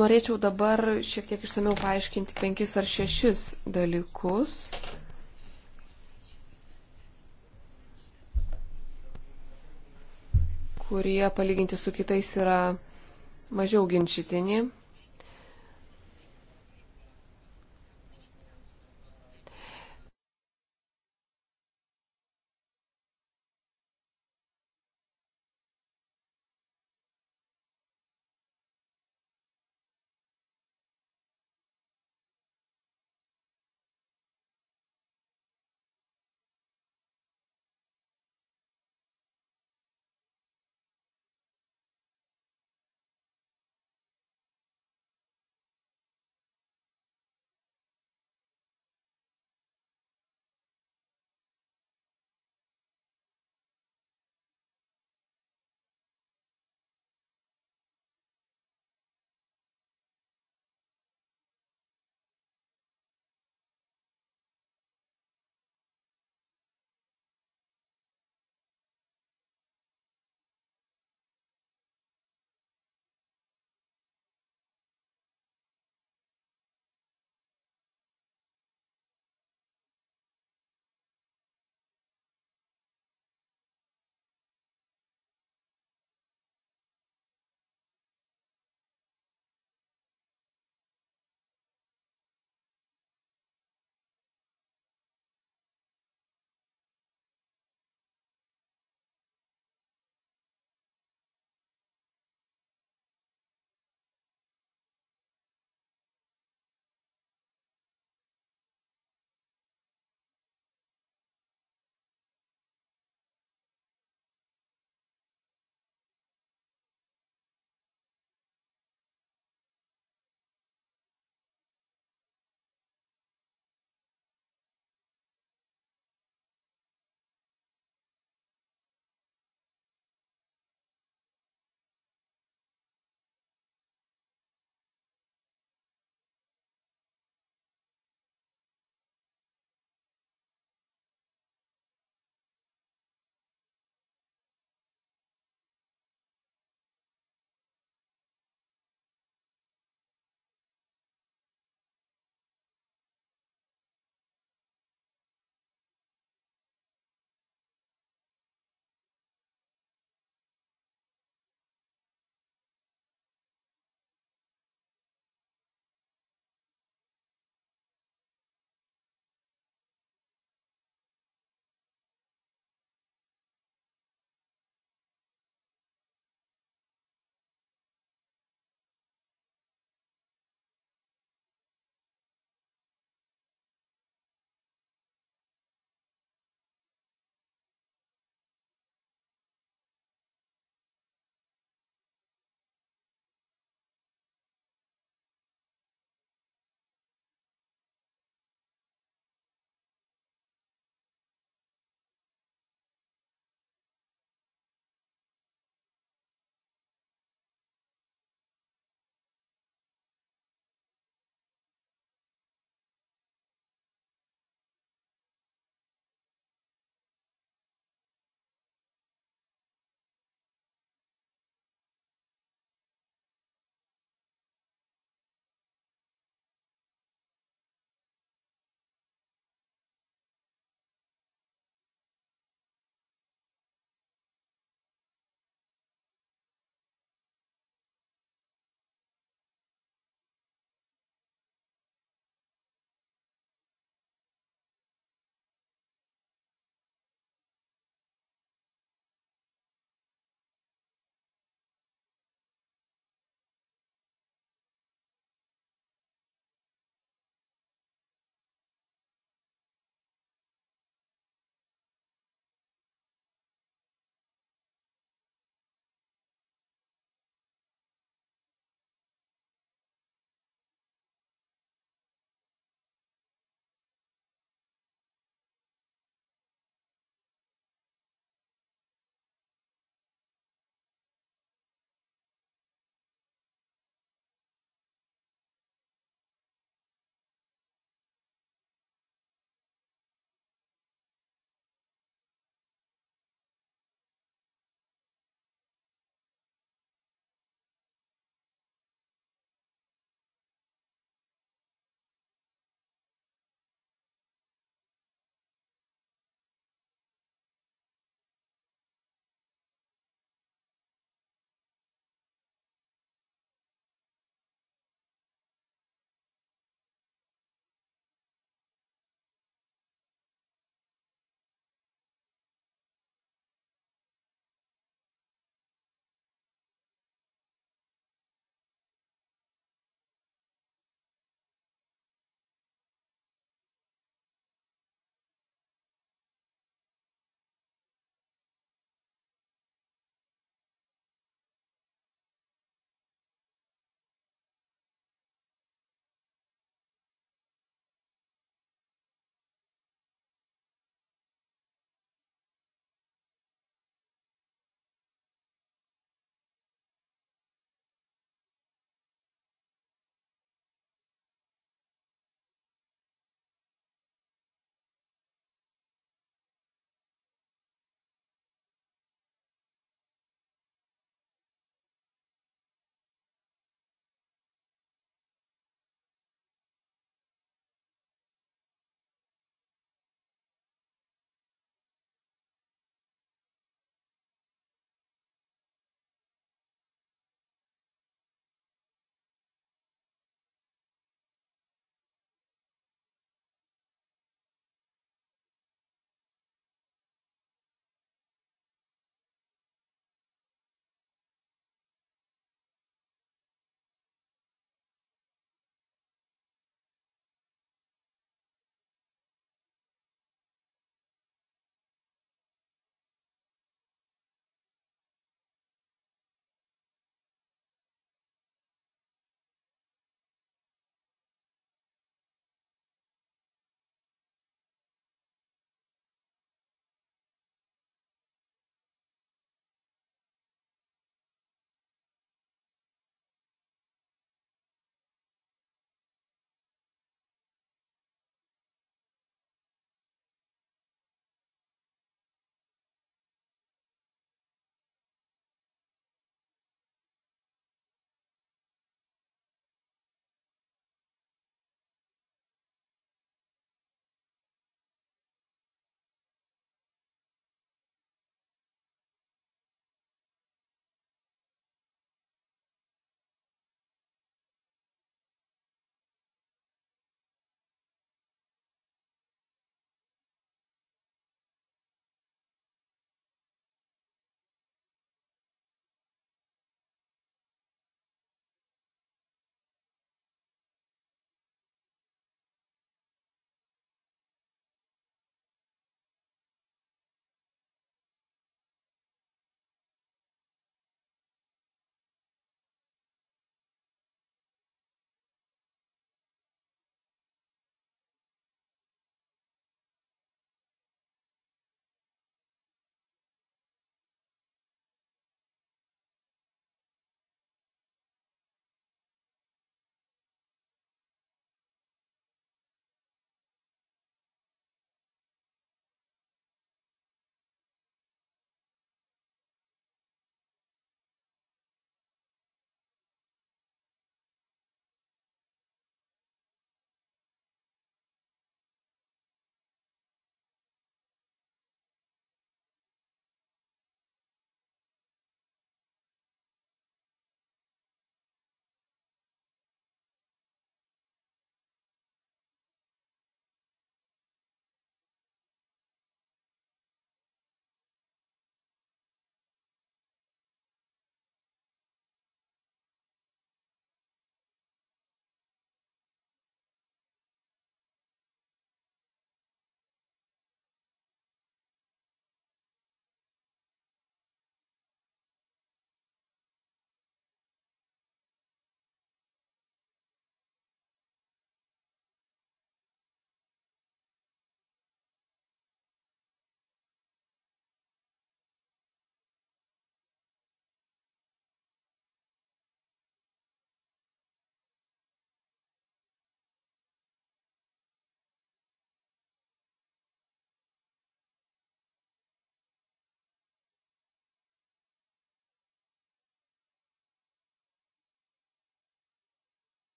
Norėčiau dabar šiek tiek išsameu paaiškinti penkis ar šešis dalykus. kurie palyginti su kitais yra mažiau ginčytini.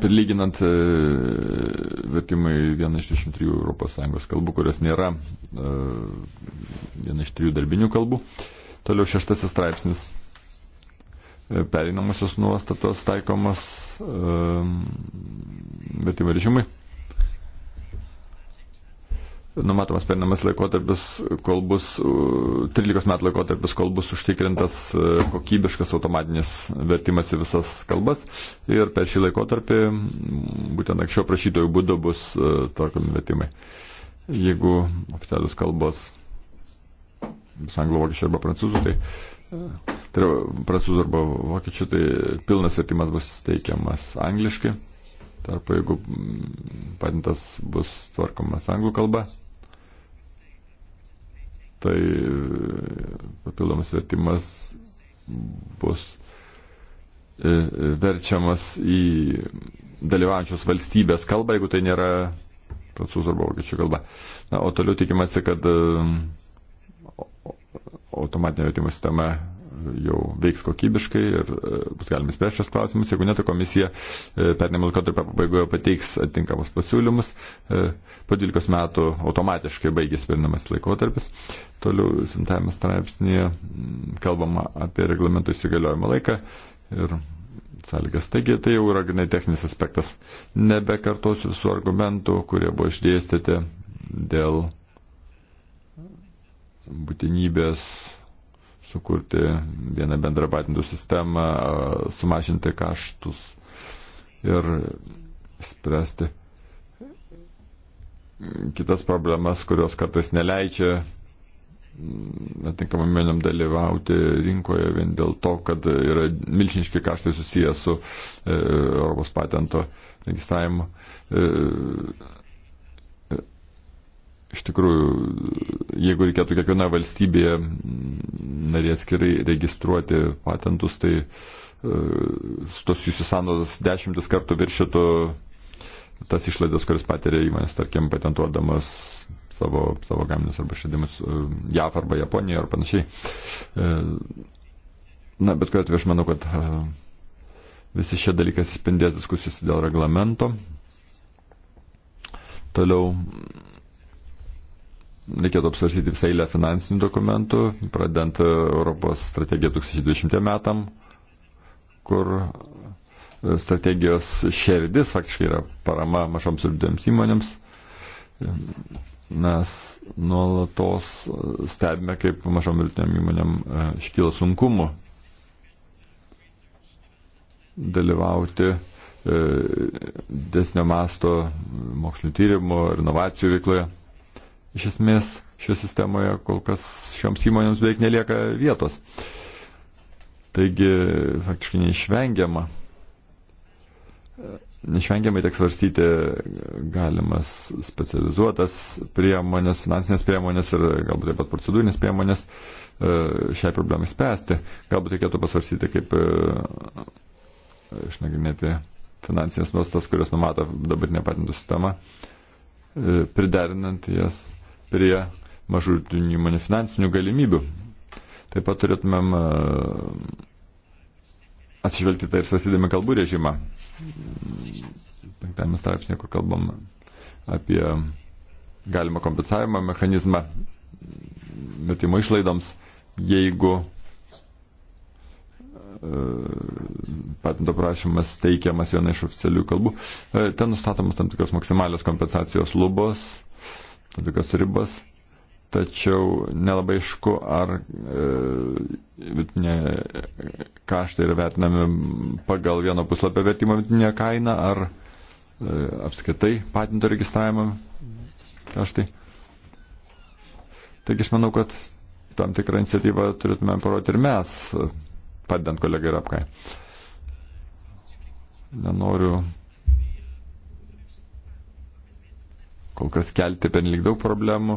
prilyginant e, vertimai vieną iš 23 ES kalbų, kurios nėra e, viena iš trijų darbinių kalbų. Toliau šeštasis straipsnis. E, Pereinamosios nuostatos taikomos e, vertimai režimai numatomas perinamas laikotarpis, kol bus 13 metų laikotarpis, kol bus užtikrintas e, kokybiškas automatinis vertimas į visas kalbas. Ir per šį laikotarpį būtent anksčiau prašytojų būdu bus e, tvarkomi vertimai. Jeigu oficialius kalbos bus anglų, vokiečių arba prancūzų, tai, e, tai prancūzų arba vokiečių, tai pilnas vertimas bus teikiamas angliškai tarp jeigu mm, patentas bus tvarkomas anglų kalba, tai e, papildomas vertimas bus e, e, verčiamas į dalyvaujančios valstybės kalbą, jeigu tai nėra prancūzų arba vokiečių kalba. Na, o toliau tikimasi, kad automatinė vertimo sistema jau veiks kokybiškai ir e, bus galima spręsti šios klausimus. Jeigu ne, tai komisija e, pernėmų laikotarpio pabaigoje pateiks atitinkamus pasiūlymus. E, po 12 metų automatiškai baigės perinamas laikotarpis. Toliau simtajame straipsnėje kalbama apie reglamento įsigaliojimo laiką ir sąlygas. Taigi tai jau yra ganai techninis aspektas. Nebekartosiu visų argumentų, kurie buvo išdėstyti dėl būtinybės sukurti vieną bendrą patentų sistemą, sumažinti kaštus ir spręsti kitas problemas, kurios kartais neleidžia mm, atinkamam menėm dalyvauti rinkoje vien dėl to, kad yra milžiniški kaštai susijęs su e, Europos patento registravimu. E, Iš tikrųjų, jeigu reikėtų kiekviena valstybėje narė atskirai registruoti patentus, tai uh, tos jūsų sąnaudos dešimtis kartų viršytų tas išlaidas, kuris patiria įmonės, tarkim, patentuodamas savo, savo gaminius arba šedimus uh, e, JAF arba Japonijoje ar panašiai. Uh, na, bet kuriuo atveju aš manau, kad visi šie dalykai atsispindės diskusijos dėl reglamento. Toliau reikėtų apsvarstyti visą eilę finansinių dokumentų, pradedant Europos strategiją 2020 metam, kur e, strategijos šerdis faktiškai yra parama mažoms ir didėms įmonėms. Mes nuolatos stebime, kaip mažom ir didėm įmonėm e, iškyla sunkumu dalyvauti e, desnio masto mokslinio tyrimų ir inovacijų veikloje iš esmės šioje sistemoje kol kas šioms įmonėms beveik nelieka vietos. Taigi faktiškai neišvengiama. Neišvengiamai teks svarstyti galimas specializuotas priemonės, finansinės priemonės ir galbūt taip pat procedūrinės priemonės e, šiai problemai spręsti. Galbūt reikėtų pasvarstyti, kaip e, išnagrinėti finansinės nuostas, kurios numato dabar nepatintų sistemą, e, priderinant jas prie mažutinių įmonių finansinių galimybių. Taip pat turėtumėm e, atsižvelgti tai ir sasydami kalbų režimą. Penktame straipsnėje, kur kalbam apie galimą kompensavimo mechanizmą metimo išlaidoms, jeigu e, patento prašymas teikiamas viena iš oficialių kalbų, e, ten nustatomas tam tikros maksimalios kompensacijos lubos tam tikras ribas, tačiau nelabai išku, ar e, vidutinė e, kaštai yra vertinami pagal vieno puslapio vertimo vidutinę kainą, ar e, apskaitai patento registravimo kaštai. Taigi aš manau, kad tam tikrą iniciatyvą turėtume parodyti ir mes, padedant kolegai Rapkai. Nenoriu kol kas kelti pernelyg daug problemų,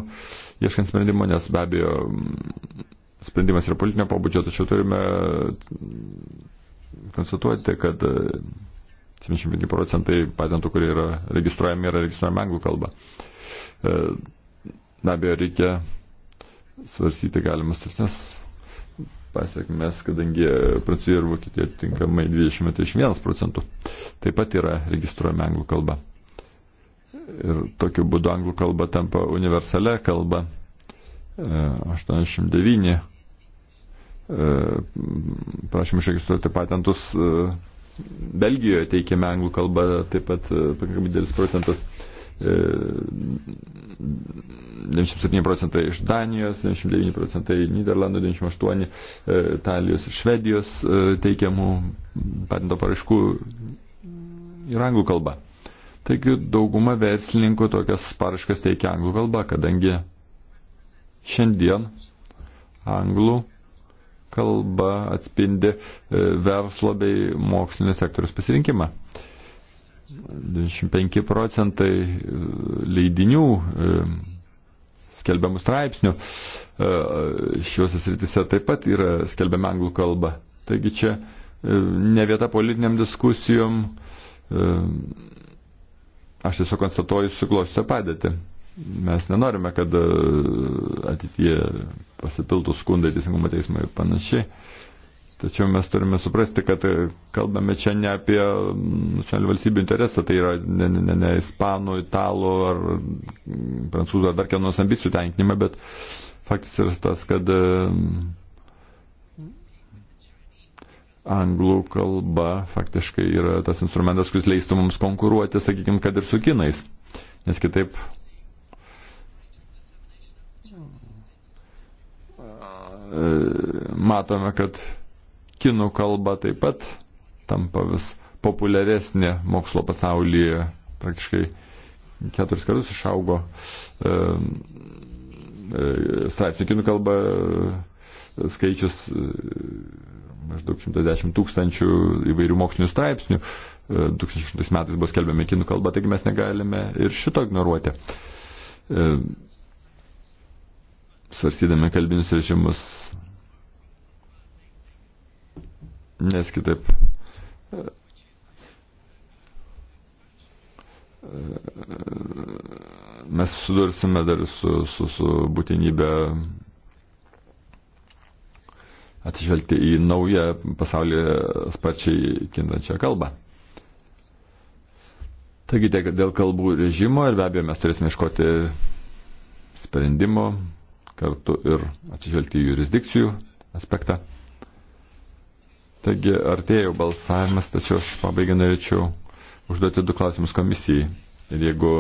ieškant sprendimo, nes be abejo sprendimas yra politinio pabudžio, tačiau turime mm, konstatuoti, kad 75 e, procentai patentų, kurie yra registruojami, yra registruojami anglų kalba. E, be abejo, reikia svarstyti galimas tursnes pasiekmes, kadangi Prancūzija ir Vokietija atitinkamai 20-21 procentų taip pat yra registruojami anglų kalba. Ir tokiu būdu anglų kalba tampa universalia kalba. 89. Prašymų išregistruoti patentus e, Belgijoje teikiame anglų kalbą, taip pat e, pakankamai didelis procentas. 97 e, procentai iš Danijos, 99 procentai Niderlandų, 98 Italijos ir Švedijos teikiamų patento paraiškų ir anglų kalba. Taigi dauguma verslininkų tokias paraškas teikia anglų kalba, kadangi šiandien anglų kalba atspindi e, verslo bei mokslinio sektoriaus pasirinkimą. 25 procentai e, leidinių e, skelbiamų straipsnių šiuose sritise taip pat yra skelbiama anglų kalba. Taigi čia ne vieta politiniam diskusijom, Aš tiesiog konstatuoju suklostysią padėtį. Mes nenorime, kad e, ateityje pasipiltų skundai teisingumo teismai ir panašiai. Tačiau mes turime suprasti, kad e, kalbame čia ne apie mm, nacionalinių valstybių interesą, tai yra ne, ne, ne, ne ispanų, italų ar mm, prancūzų ar dar kieno ambicijų tenkinimą, bet faktas yra tas, kad e, anglų kalba faktiškai yra tas instrumentas, kuris leistų mums konkuruoti, sakykime, kad ir su kinais. Nes kitaip. E, matome, kad kinų kalba taip pat tampa vis populiaresnė mokslo pasaulyje. Praktiškai keturis kartus išaugo e, e, straipsnių kinų kalba e, skaičius. E, maždaug 110 tūkstančių įvairių mokslinių straipsnių. 2008 e, metais buvo skelbiami kinų kalba, taigi mes negalime ir šito ignoruoti. E, svarstydami kalbinius režimus, nes kitaip e, mes sudursime dar su, su, su būtinybė atsižvelgti į naują pasaulį sparčiai kintančią kalbą. Taigi tiek dėl kalbų režimo ir be abejo mes turėsime iškoti sprendimo kartu ir atsižvelgti į jurisdikcijų aspektą. Taigi artėjo balsavimas, tačiau aš pabaigai norėčiau užduoti du klausimus komisijai. Ir jeigu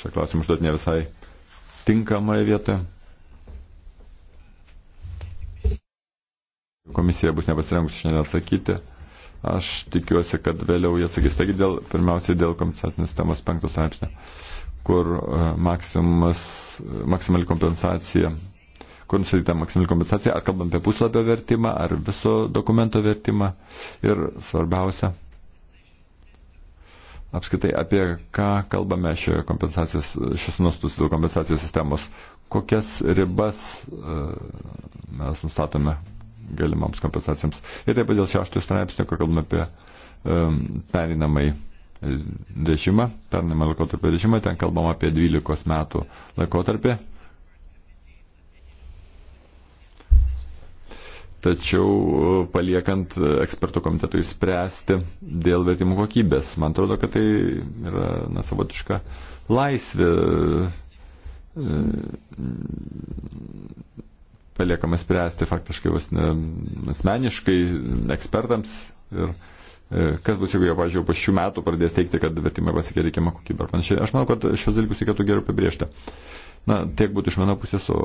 šie klausimai užduoti ne visai tinkamoje vietoje, Komisija bus nepasirengusi šiandien atsakyti. Aš tikiuosi, kad vėliau jie sakys. Taigi, dėl, pirmiausiai dėl kompensacinės temos penktos straipsnio, kur e, maksimali kompensacija, kur nusatyta maksimali kompensacija, ar kalbam apie puslapio vertimą, ar viso dokumento vertimą. Ir svarbiausia, apskaitai, apie ką kalbame šioje kompensacijos, šis nustus kompensacijos sistemos, kokias ribas e, mes nustatome galimams kompensacijams. Ir taip pat dėl šeštų straipsnio, kur kalbame apie um, perinamai režimą, perinamą laikotarpį režimą, ten kalbam apie 12 metų laikotarpį. Tačiau paliekant ekspertų komitetui spręsti dėl vertimų kokybės, man atrodo, kad tai yra na, savotiška laisvė e, visą liekame spręsti faktiškai vos ne asmeniškai ekspertams. Ir e, kas bus, jeigu jie, pažiūrėjau, po šių metų pradės teikti, kad vertimai pasiekė reikiamą kokybę. Aš manau, kad šios dalykus reikėtų geriau apibriežti. Na, tiek būtų iš mano pusės, o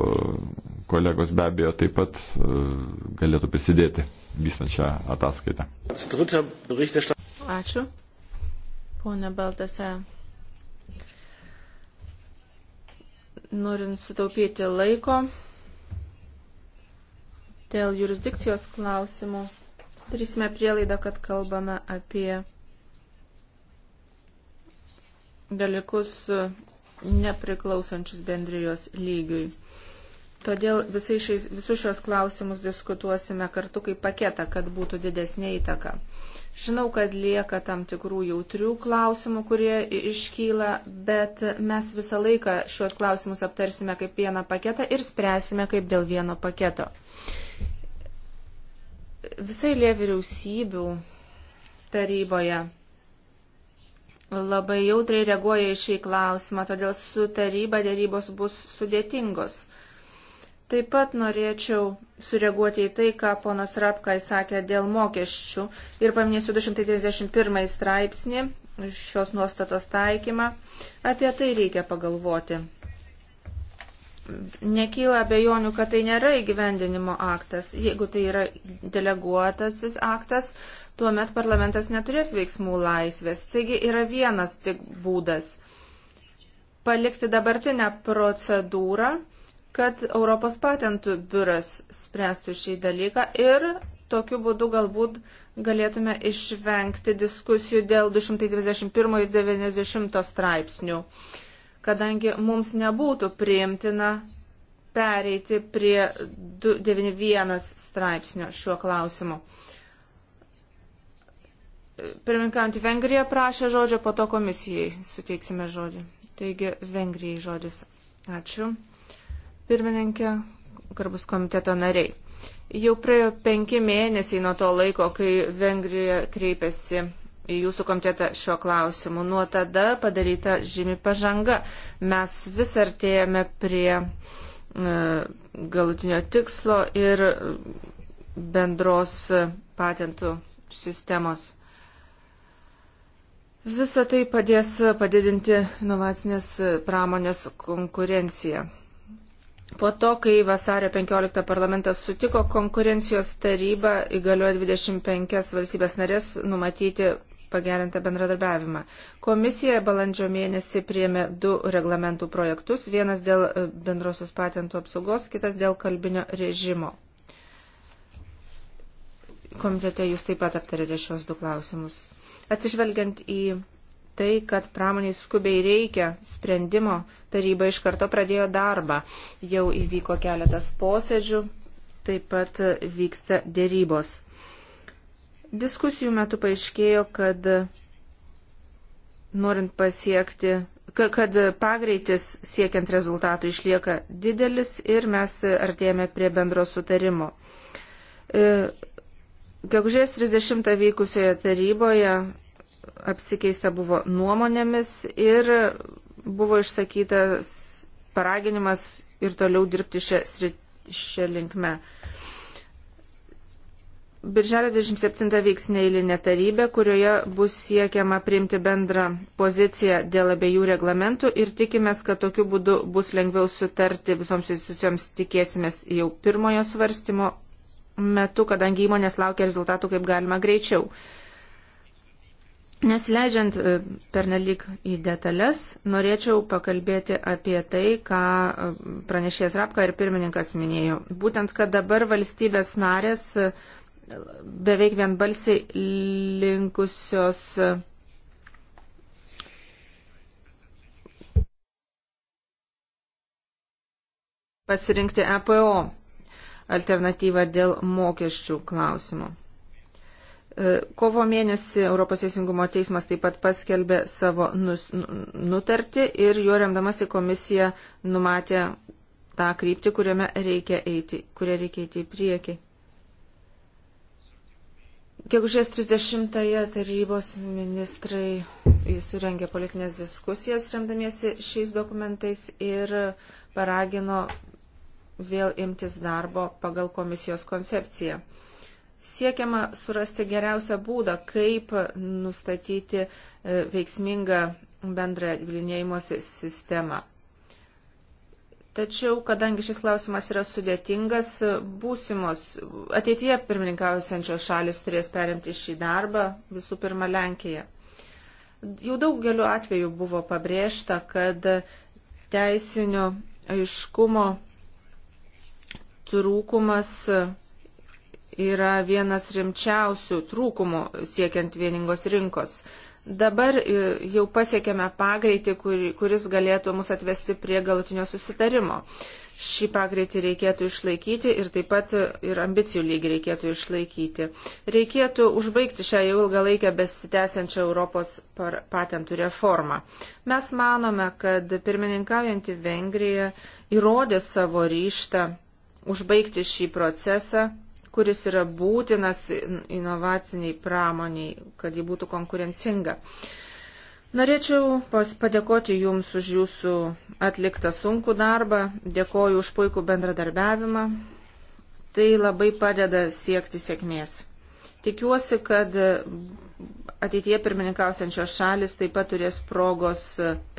kolegos be abejo taip pat e, galėtų prisidėti vystant šią ataskaitą. Ačiū. Pone Baltase, norint sutaupyti laiko, Dėl jurisdikcijos klausimų darysime prielaidą, kad kalbame apie dalykus nepriklausančius bendrijos lygiui. Todėl šiais, visus šios klausimus diskutuosime kartu kaip paketą, kad būtų didesnė įtaka. Žinau, kad lieka tam tikrų jautrių klausimų, kurie iškyla, bet mes visą laiką šios klausimus aptarsime kaip vieną paketą ir spręsime kaip dėl vieno paketo. Visai lie vyriausybių taryboje labai jautriai reaguoja į šį klausimą, todėl su taryba dėrybos bus sudėtingos. Taip pat norėčiau sureaguoti į tai, ką ponas Rapkai sakė dėl mokesčių ir paminėsiu 231 straipsnį, šios nuostatos taikymą. Apie tai reikia pagalvoti nekyla abejonių, kad tai nėra įgyvendinimo aktas. Jeigu tai yra deleguotasis aktas, tuomet parlamentas neturės veiksmų laisvės. Taigi yra vienas tik būdas - palikti dabartinę procedūrą, kad Europos patentų biuras spręstų šį dalyką ir tokiu būdu galbūt galėtume išvengti diskusijų dėl 291 ir 90 straipsnių kadangi mums nebūtų priimtina pereiti prie 291 straipsnio šiuo klausimu. Pirminkant, Vengrija prašė žodžio, po to komisijai suteiksime žodį. Taigi, Vengrijai žodis. Ačiū. Pirmininkė, garbus komiteto nariai. Jau praėjo penki mėnesiai nuo to laiko, kai Vengrija kreipėsi jūsų komitetą šiuo klausimu. Nuo tada padaryta žymi pažanga. Mes vis artėjame prie e, galutinio tikslo ir bendros patentų sistemos. Visa tai padės padidinti inovacinės pramonės konkurenciją. Po to, kai vasario 15 parlamentas sutiko, konkurencijos taryba įgaliojo 25 valstybės narės numatyti pagerintą bendradarbiavimą. Komisija balandžio mėnesį priėmė du reglamentų projektus, vienas dėl e, bendrosios patentų apsaugos, kitas dėl kalbinio režimo. Komitete jūs taip pat aptarėte šios du klausimus. Atsižvelgiant į tai, kad pramoniai skubiai reikia sprendimo, taryba iš karto pradėjo darbą. Jau įvyko keletas posėdžių, taip pat vyksta dėrybos. Diskusijų metu paaiškėjo, kad norint pasiekti, kad pagreitis siekiant rezultatų išlieka didelis ir mes artėjame prie bendro sutarimo. E, gegužės 30 vykusioje taryboje apsikeista buvo nuomonėmis ir buvo išsakytas paraginimas ir toliau dirbti šią linkme. Birželio 27 vyks neįlinė tarybė, kurioje bus siekiama priimti bendrą poziciją dėl abiejų reglamentų ir tikimės, kad tokiu būdu bus lengviau sutarti visoms institucijoms tikėsimės jau pirmojo svarstymo metu, kadangi įmonės laukia rezultatų kaip galima greičiau. Nesileidžiant e, pernelyg į detalės, norėčiau pakalbėti apie tai, ką e, pranešėjas Rapka ir pirmininkas minėjo. Būtent, kad dabar valstybės narės e, beveik vienbalsiai linkusios pasirinkti EPO alternatyvą dėl mokesčių klausimų. E, kovo mėnesį Europos Teisingumo teismas taip pat paskelbė savo nus, nutartį ir juo remdamasi komisija numatė tą kryptį, reikia eiti, kurią reikia eiti į priekį. Gegužės 30-ąją tarybos ministrai surengė politinės diskusijas remdamiesi šiais dokumentais ir paragino vėl imtis darbo pagal komisijos koncepciją. Siekiama surasti geriausią būdą, kaip nustatyti e, veiksmingą bendrą vilinėjimosi sistemą. Tačiau, kadangi šis klausimas yra sudėtingas, būsimos ateityje pirmininkausiančios šalis turės perimti šį darbą, visų pirma Lenkija. Jau daugeliu atveju buvo pabrėžta, kad teisinio aiškumo trūkumas yra vienas rimčiausių trūkumų siekiant vieningos rinkos. Dabar e, jau pasiekėme pagreitį, kur, kuris galėtų mus atvesti prie galutinio susitarimo. Šį pagreitį reikėtų išlaikyti ir taip pat ir ambicijų lygį reikėtų išlaikyti. Reikėtų užbaigti šią jau ilgą laikę besitęsiančią Europos patentų reformą. Mes manome, kad pirmininkaujanti Vengrija įrodė savo ryštą užbaigti šį procesą kuris yra būtinas inovaciniai pramoniai, kad ji būtų konkurencinga. Norėčiau padėkoti Jums už Jūsų atliktą sunkų darbą, dėkoju už puikų bendradarbiavimą. Tai labai padeda siekti sėkmės. Tikiuosi, kad ateitie pirmininkausiančios šalis taip pat turės progos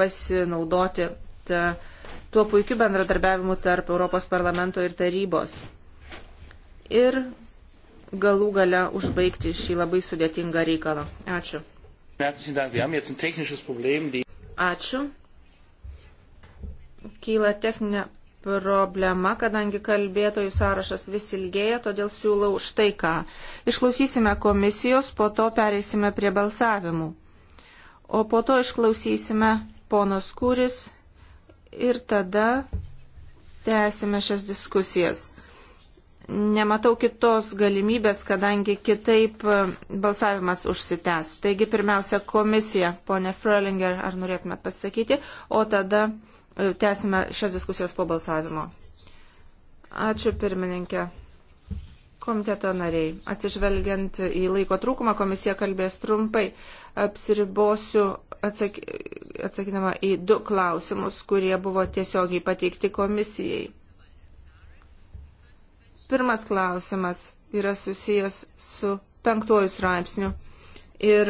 pasinaudoti ta, tuo puikiu bendradarbiavimu tarp Europos parlamento ir tarybos ir galų gale užbaigti šį labai sudėtingą reikalą. Ačiū. Ačiū. Kyla techninė problema, kadangi kalbėtojų sąrašas vis ilgėja, todėl siūlau štai ką. Išklausysime komisijos, po to pereisime prie balsavimų. O po to išklausysime ponos Kūris ir tada tęsime šias diskusijas nematau kitos galimybės, kadangi kitaip e, balsavimas užsitęs. Taigi pirmiausia komisija, ponė Frölinger, ar norėtumėt pasakyti, o tada e, tęsime šias diskusijas po balsavimo. Ačiū pirmininkė. Komiteto nariai, atsižvelgiant į laiko trūkumą, komisija kalbės trumpai. Apsiribosiu atsaky, atsakydama į du klausimus, kurie buvo tiesiogiai pateikti komisijai Pirmas klausimas yra susijęs su penktuoju straipsniu ir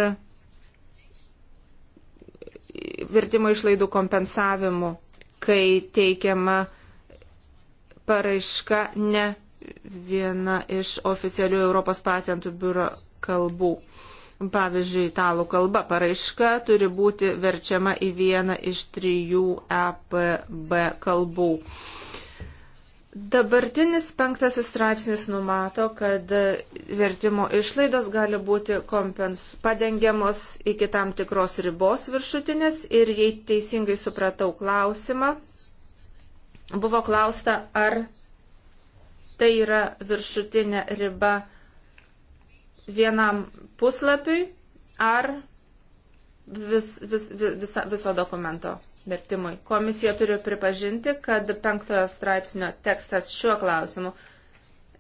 vertimo išlaidų kompensavimu, kai teikiama paraiška ne viena iš oficialių Europos patentų biuro kalbų. Pavyzdžiui, italų kalba paraiška turi būti verčiama į vieną iš trijų EPB kalbų. Dabartinis penktasis straipsnis numato, kad vertimo išlaidos gali būti kompens, padengiamos iki tam tikros ribos viršutinės ir jei teisingai supratau klausimą, buvo klausta, ar tai yra viršutinė riba vienam puslapiui ar vis, vis, vis, visa, viso dokumento vertimui. Komisija turi pripažinti, kad penktojo straipsnio tekstas šiuo klausimu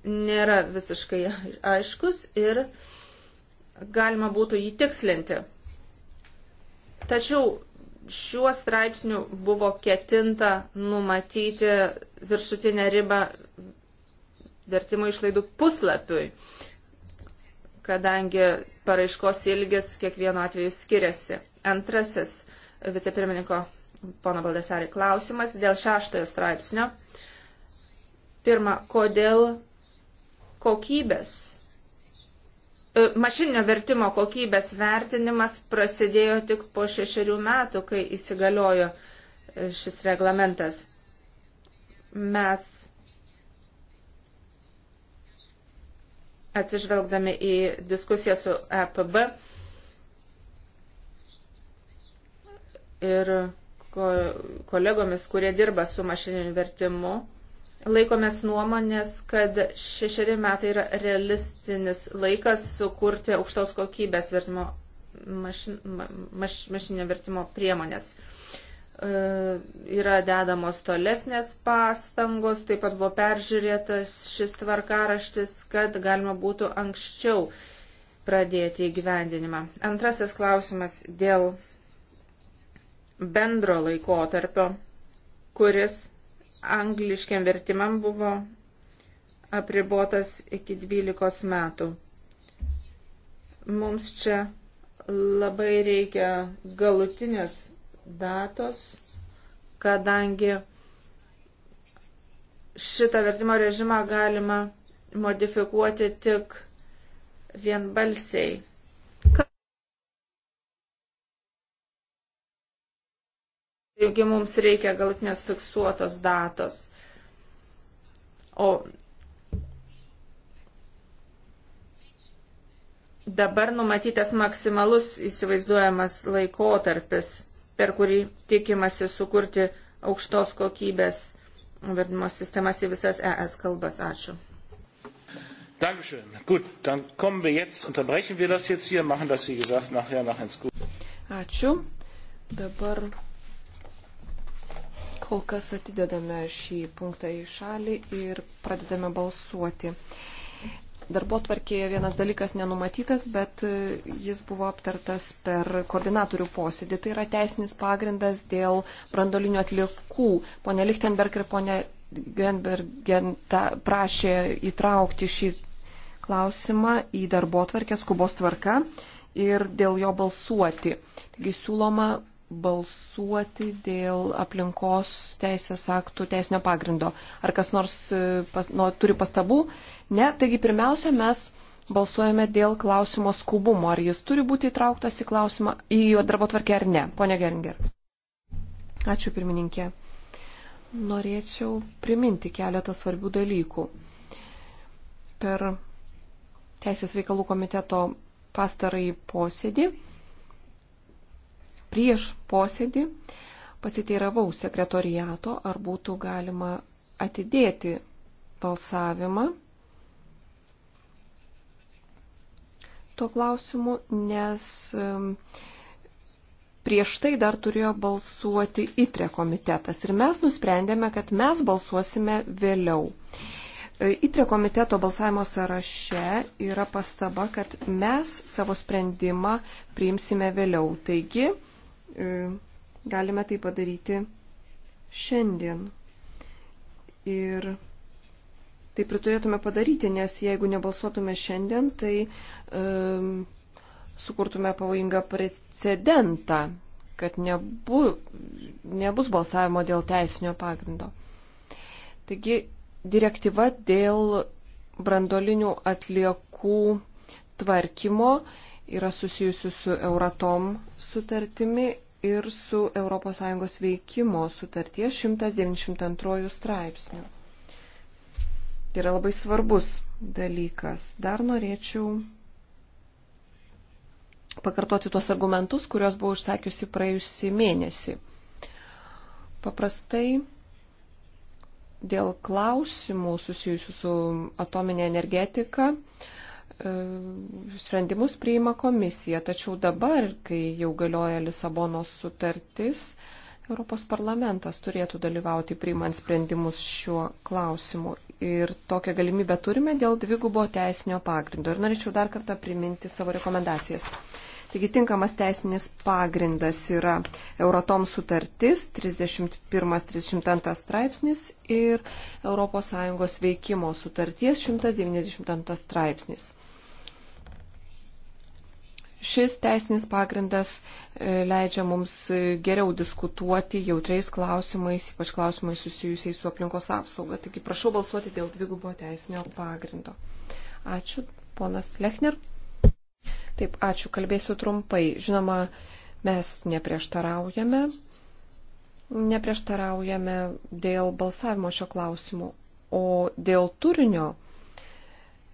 nėra visiškai aiškus ir galima būtų jį tikslinti. Tačiau šiuo straipsniu buvo ketinta numatyti viršutinę ribą vertimo išlaidų puslapiui, kadangi paraiškos ilgis kiekvienu atveju skiriasi. Antrasis vicepirmininko pono Baldasarį klausimas dėl šeštojo straipsnio. Pirma, kodėl kokybės, e, mašininio vertimo kokybės vertinimas prasidėjo tik po šešerių metų, kai įsigaliojo e, šis reglamentas. Mes atsižvelgdami į diskusiją su EPB ir kolegomis, kurie dirba su mašininiu vertimu, laikomės nuomonės, kad šešeri metai yra realistinis laikas sukurti aukštos kokybės vertimo mašin, maš, mašininio vertimo priemonės. E, yra dedamos tolesnės pastangos, taip pat buvo peržiūrėtas šis tvarkaraštis, kad galima būtų anksčiau pradėti įgyvendinimą. Antrasis klausimas dėl bendro laikotarpio, kuris angliškiam vertimam buvo apribotas iki 12 metų. Mums čia labai reikia galutinės datos, kadangi šitą vertimo režimą galima modifikuoti tik vienbalsiai. Taigi mums reikia galutinės fiksuotos datos. O dabar numatytas maksimalus įsivaizduojamas laikotarpis, per kurį tikimasi sukurti aukštos kokybės vertimo sistemas į visas ES kalbas. Ačiū. Dankeschön. Gut, dann kommen wir jetzt, unterbrechen wir das jetzt hier, machen das, wie gesagt, nachher nach ins Gut. Ačiū. Dabar Kol kas atidedame šį punktą į šalį ir pradedame balsuoti. Darbo tvarkėje vienas dalykas nenumatytas, bet e, jis buvo aptartas per koordinatorių posėdį. Tai yra teisinis pagrindas dėl brandolinių atliekų. Pone Lichtenberg ir pone Genbergen prašė įtraukti šį klausimą į darbo tvarkę skubos tvarka ir dėl jo balsuoti. Taigi siūloma balsuoti dėl aplinkos teisės aktų teisinio pagrindo. Ar kas nors e, pas, nu, turi pastabų? Ne. Taigi pirmiausia, mes balsuojame dėl klausimo skubumo. Ar jis turi būti įtrauktas į klausimą, į jo darbo tvarkę ar ne? Pone Geringer. Ačiū pirmininkė. Norėčiau priminti keletą svarbių dalykų. Per Teisės reikalų komiteto pastarąjį posėdį prieš posėdį pasiteiravau sekretoriato, ar būtų galima atidėti balsavimą. Tuo klausimu, nes prieš tai dar turėjo balsuoti ITRE komitetas ir mes nusprendėme, kad mes balsuosime vėliau. E, ITRE komiteto balsavimo sąraše yra pastaba, kad mes savo sprendimą priimsime vėliau. Taigi, E, galime tai padaryti šiandien. Ir taip ir turėtume padaryti, nes jeigu nebalsuotume šiandien, tai um, sukurtume pavojingą precedentą, kad nebu, nebus balsavimo dėl teisinio pagrindo. Taigi, direktyva dėl brandolinių atliekų tvarkymo yra susijusi su Euratom sutartimi ir su ES veikimo sutarties 192 straipsniu. Tai yra labai svarbus dalykas. Dar norėčiau pakartoti tuos argumentus, kuriuos buvau išsakiusi praėjusį mėnesį. Paprastai dėl klausimų susijusių su atominė energetika, uh, E, sprendimus priima komisija, tačiau dabar, kai jau galioja Lisabonos sutartis, Europos parlamentas turėtų dalyvauti priimant sprendimus šiuo klausimu. Ir tokią galimybę turime dėl dvigubo teisinio pagrindo. Ir norėčiau dar kartą priminti savo rekomendacijas. Taigi tinkamas teisinis pagrindas yra Euratom sutartis 31-32 straipsnis ir ES veikimo sutarties 192 straipsnis. Šis teisinis pagrindas e, leidžia mums e, geriau diskutuoti jautriais klausimais, ypač klausimais susijusiais su aplinkos apsauga. Taigi prašau balsuoti dėl dvigubo teisinio pagrindo. Ačiū, ponas Lechner. Taip, ačiū, kalbėsiu trumpai. Žinoma, mes neprieštaraujame. Neprieštaraujame dėl balsavimo šio klausimu, o dėl turinio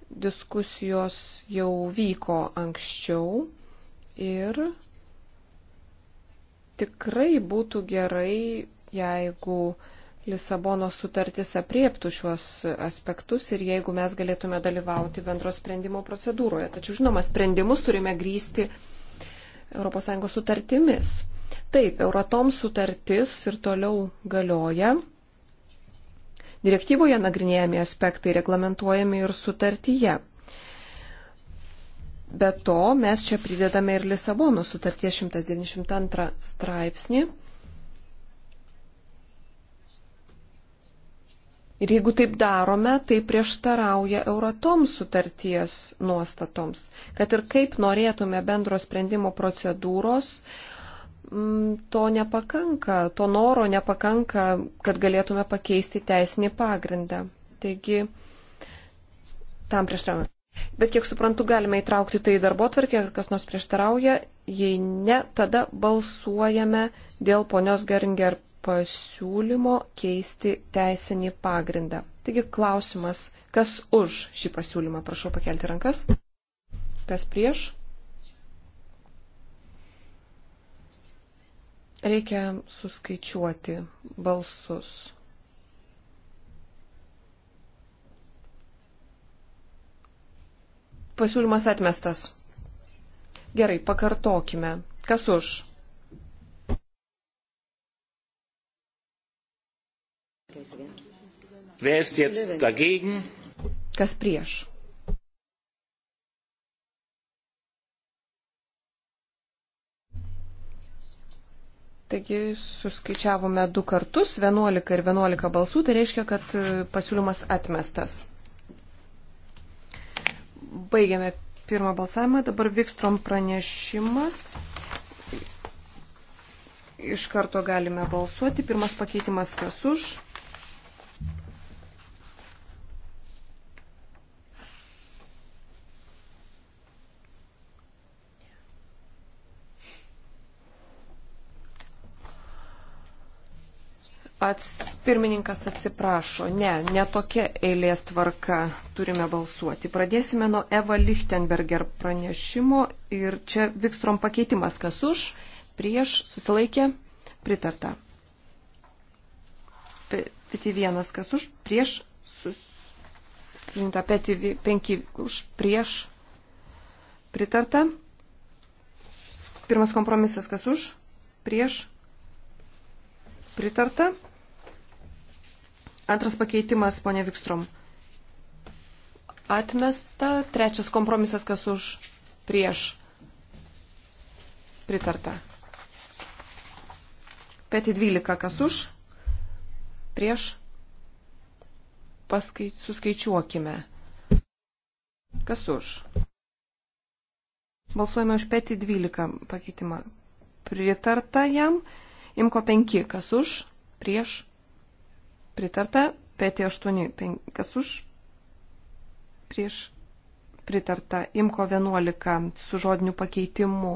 diskusijos jau vyko anksčiau Ir tikrai būtų gerai, jeigu Lisabono sutartis apriektų šiuos aspektus ir jeigu mes galėtume dalyvauti bendro sprendimo procedūroje. Tačiau, žinoma, sprendimus turime grįsti ES sutartimis. Taip, Euratom sutartis ir toliau galioja. Direktyvoje nagrinėjami aspektai reglamentuojami ir sutartyje. Be to, mes čia pridedame ir Lisabono sutarties 192 straipsnį. Ir jeigu taip darome, tai prieštarauja Euratom sutarties nuostatoms, kad ir kaip norėtume bendro sprendimo procedūros, mm, to nepakanka, to noro nepakanka, kad galėtume pakeisti teisinį pagrindą. Taigi, tam prieštaravimą. Bet kiek suprantu, galime įtraukti tai į darbo tvarkę, ar kas nors prieštarauja. Jei ne, tada balsuojame dėl ponios Geringer pasiūlymo keisti teisinį pagrindą. Taigi klausimas, kas už šį pasiūlymą, prašau pakelti rankas. Kas prieš? Reikia suskaičiuoti balsus. Pasiūlymas atmestas. Gerai, pakartokime. Kas už? Kas prieš? Taigi suskaičiavome du kartus, 11 ir 11 balsų, tai reiškia, kad e, pasiūlymas atmestas. Baigiame pirmą balsavimą. Dabar Vikstrom pranešimas. Iš karto galime balsuoti. Pirmas pakeitimas kas už, Ats, pirmininkas atsiprašo, ne, ne tokia eilės tvarka turime balsuoti. Pradėsime nuo Eva Lichtenberger pranešimo ir čia Vikstrom pakeitimas, kas už, prieš, susilaikė, pritarta. Peti vienas, kas už, prieš, sus... priimta, peti penki už, prieš, pritarta. Pirmas kompromisas, kas už, prieš, pritarta. Antras pakeitimas, ponė Vikstrom. Atmesta. Trečias kompromisas, kas už prieš. Pritarta. Peti 12, kas už prieš. Paskai, suskaičiuokime. Kas už? Balsuojame už peti 12 pakeitimą. Pritarta jam. Imko 5, kas už prieš pritarta, PT8, kas už, prieš pritarta, imko 11 su žodiniu pakeitimu.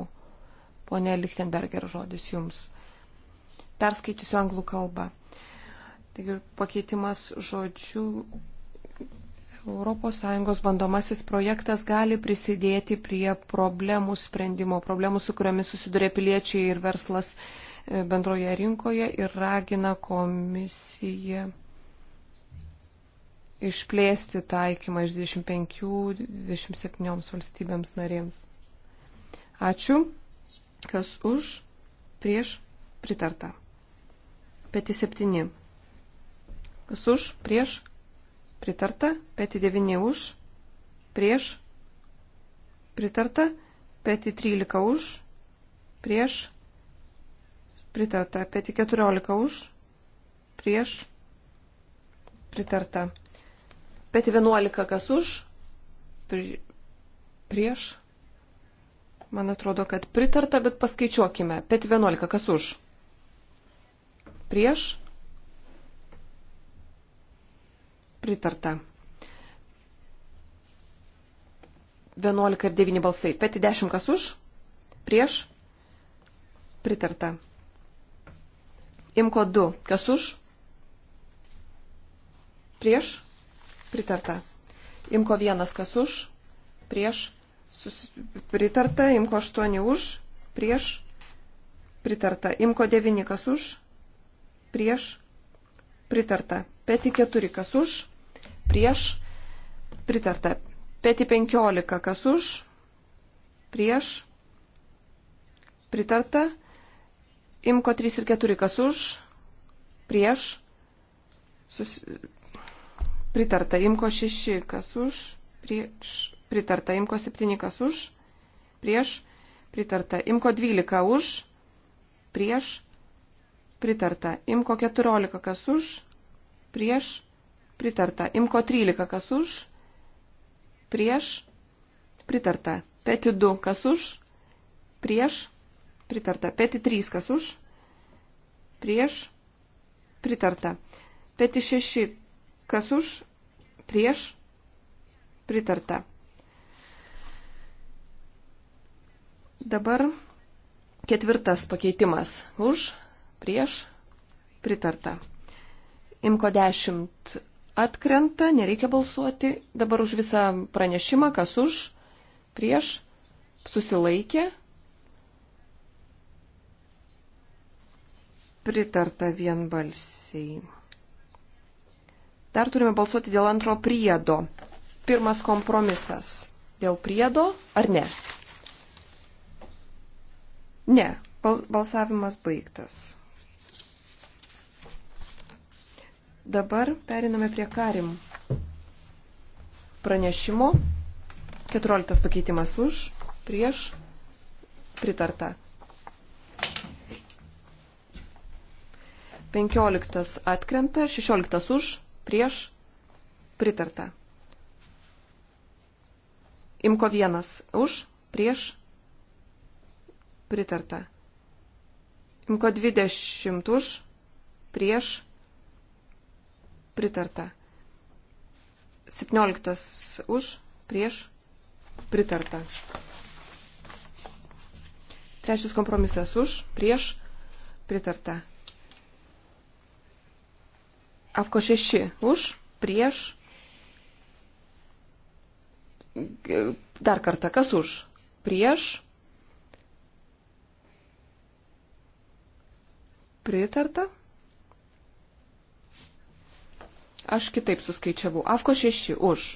Pone Lichtenberger žodis jums. Perskaitysiu anglų kalbą. Taigi pakeitimas žodžių ES bandomasis projektas gali prisidėti prie problemų sprendimo, problemų, su kuriomis susiduria piliečiai ir verslas bendroje rinkoje ir ragina komisiją išplėsti taikymą iš 25-27 valstybėms narėms. Ačiū. Kas už, prieš, pritarta. Peti 7. Kas už, prieš, pritarta. Peti 9 už, prieš, pritarta. Peti 13 už, prieš, pritarta Pritarta. Peti 14 už. Prieš. Pritarta. Peti 11 kas už. Pri, prieš. Man atrodo, kad pritarta, bet paskaičiuokime. Peti 11 kas už. Prieš. Pritarta. 11 ir 9 balsai. Peti 10 kas už. Prieš. Pritarta. Imko 2. Kas už? Prieš? Pritarta. Imko 1. Kas už? Prieš? Sus... Pritarta. Imko 8 už? Prieš? Pritarta. Imko 9. Kas už? Prieš? Pritarta. Peti 4. Kas už? Prieš? Pritarta. Peti 15. Kas už? Prieš? Pritarta. Imko 3 ir 4, kas už, prieš, sus... pritarta. Imko 6, kas už, prieš, pritarta. Imko 7, kas už, prieš, pritarta. Imko 12, už, prieš, pritarta. Imko 14, kas už, prieš, pritarta. Imko 13, kas už, prieš, pritarta. Peti 2, kas už, prieš, pritarta pritarta. Peti 3, kas už, prieš, pritarta. Peti 6, kas už, prieš, pritarta. Dabar ketvirtas pakeitimas už, prieš, pritarta. Imko 10 atkrenta, nereikia balsuoti. Dabar už visą pranešimą, kas už, prieš, susilaikė, pritarta vienbalsiai. Dar turime balsuoti dėl antro priedo. Pirmas kompromisas. Dėl priedo ar ne? Ne. Balsavimas baigtas. Dabar periname prie karim. Pranešimo. 14 pakeitimas už, prieš, pritarta. 15 atkrenta, 16 už, prieš, pritarta. Imko 1 už, prieš, pritarta. Imko 20 už, prieš, pritarta. 17 už, prieš, pritarta. Trečias kompromisas už, prieš, pritarta. Afko 6 už, prieš. Dar kartą, kas už? Prieš. Pritarta. Aš kitaip suskaičiavau. Afko 6 už.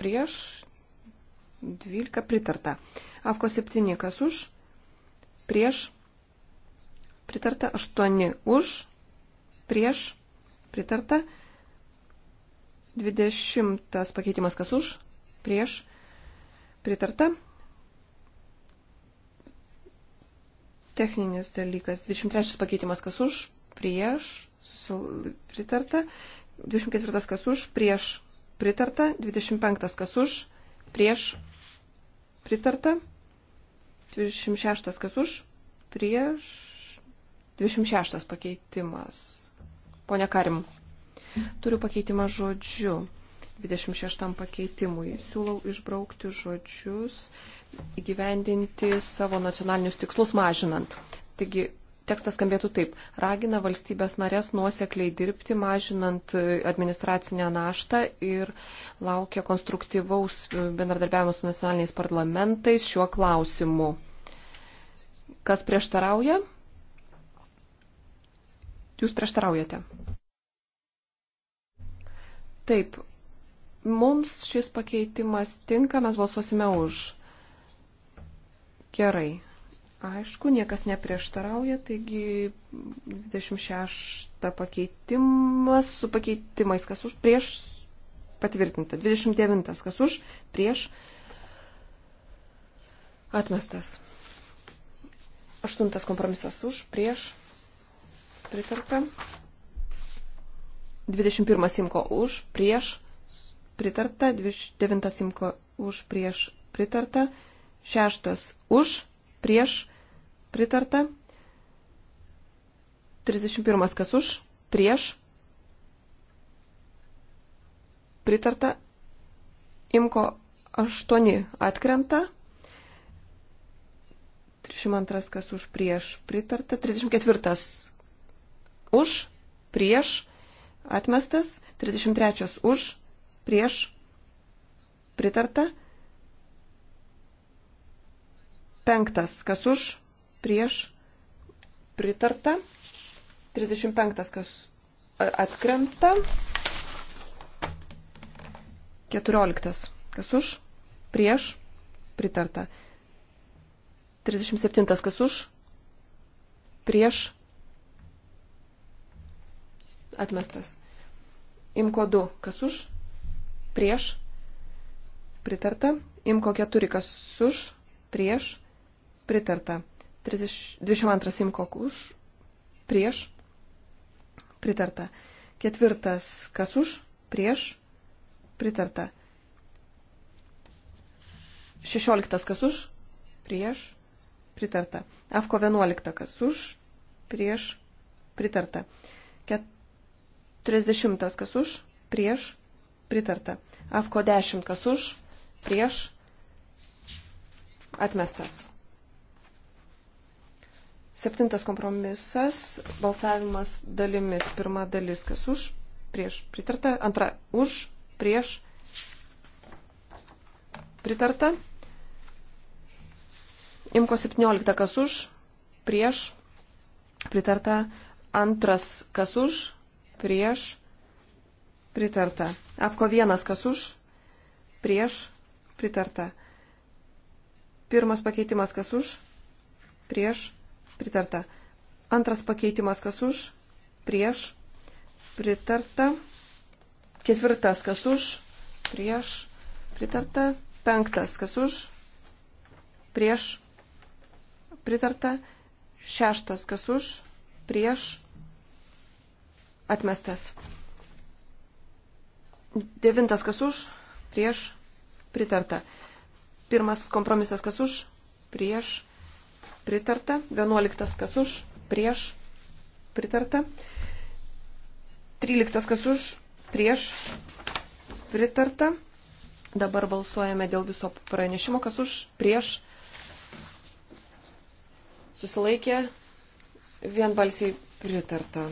Prieš 12 pritarta. Afko 7 kas už? prieš, pritarta 8 už, prieš, pritarta 20 pakeitimas kas už, prieš, pritarta. Techninis dalykas. 23 pakeitimas kas už, prieš, susil... pritarta. 24 kas už, prieš, pritarta. 25 kas už, prieš, pritarta. 26 kas už, prieš 26 pakeitimas. Pone Karim, turiu pakeitimą žodžiu. 26 pakeitimui siūlau išbraukti žodžius įgyvendinti savo nacionalinius tikslus mažinant. Taigi tekstas skambėtų taip. Ragina valstybės narės nuosekliai dirbti, mažinant e, administracinę naštą ir laukia konstruktyvaus e, bendradarbiavimo su nacionaliniais parlamentais šiuo klausimu. Kas prieštarauja? Jūs prieštaraujate. Taip, mums šis pakeitimas tinka, mes balsuosime už. Gerai. Aišku, niekas neprieštarauja, taigi 26 pakeitimas su pakeitimais, kas už prieš patvirtinta, 29 kas už prieš atmestas, 8 kompromisas už prieš pritarta, 21 simko už prieš pritarta, 29 simko už prieš pritarta, 6 už prieš pritarta. 31 kas už, prieš, pritarta. Imko 8 atkrenta. 32 kas už, prieš, pritarta. 34 už, prieš, atmestas. 33 už, prieš, pritarta. Penktas, kas už, prieš pritarta. 35 kas atkrenta. 14 kas už prieš pritarta. 37 kas už prieš atmestas. Imko 2 kas už prieš pritarta. Imko 4 kas už prieš pritarta. 30, 22 Simkok už, prieš, pritarta. Ketvirtas, kas už, prieš, pritarta. Šešioliktas, kas už, prieš, pritarta. Afko vienuolikta, kas už, prieš, pritarta. Keturiasdešimtas, kas už, prieš, pritarta. Afko dešimt, kas už, prieš, atmestas. Septintas kompromisas, balsavimas dalimis. Pirma dalis, kas už, prieš pritarta. Antra, už, prieš pritarta. Imko 17, kas už, prieš pritarta. Antras, kas už, prieš pritarta. Apko vienas, kas už, prieš pritarta. Pirmas pakeitimas, kas už, prieš pritarta pritarta. Antras pakeitimas, kas už, prieš, pritarta. Ketvirtas, kas už, prieš, pritarta. Penktas, kas už, prieš, pritarta. Šeštas, kas už, prieš, atmestas. Devintas, kas už, prieš, pritarta. Pirmas kompromisas, kas už, prieš, pritarta. 11 kas už, prieš, pritarta. 13 kas už, prieš, pritarta. Dabar balsuojame dėl viso pranešimo, kas už, prieš, susilaikė, vienbalsiai pritarta.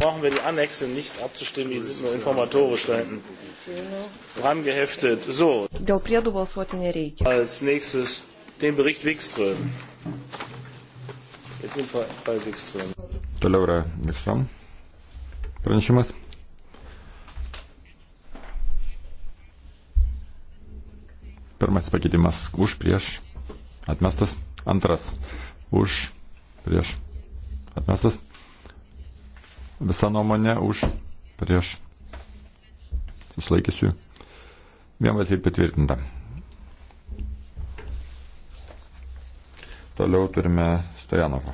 Brauchen wir die Annexe nicht abzustimmen, die sind nur informatorisch da hinten dran geheftet. So. Dėl priedų balsuoti nereikia. Als nächstes den Bericht Wikström. Toliau yra Vikstrom pranešimas. Pirmasis pakeitimas už prieš atmestas. Antras už prieš atmestas. Visa nuomonė už prieš susilaikysiu. Vienbalsiai patvirtinta. Toliau turime Stojanovo.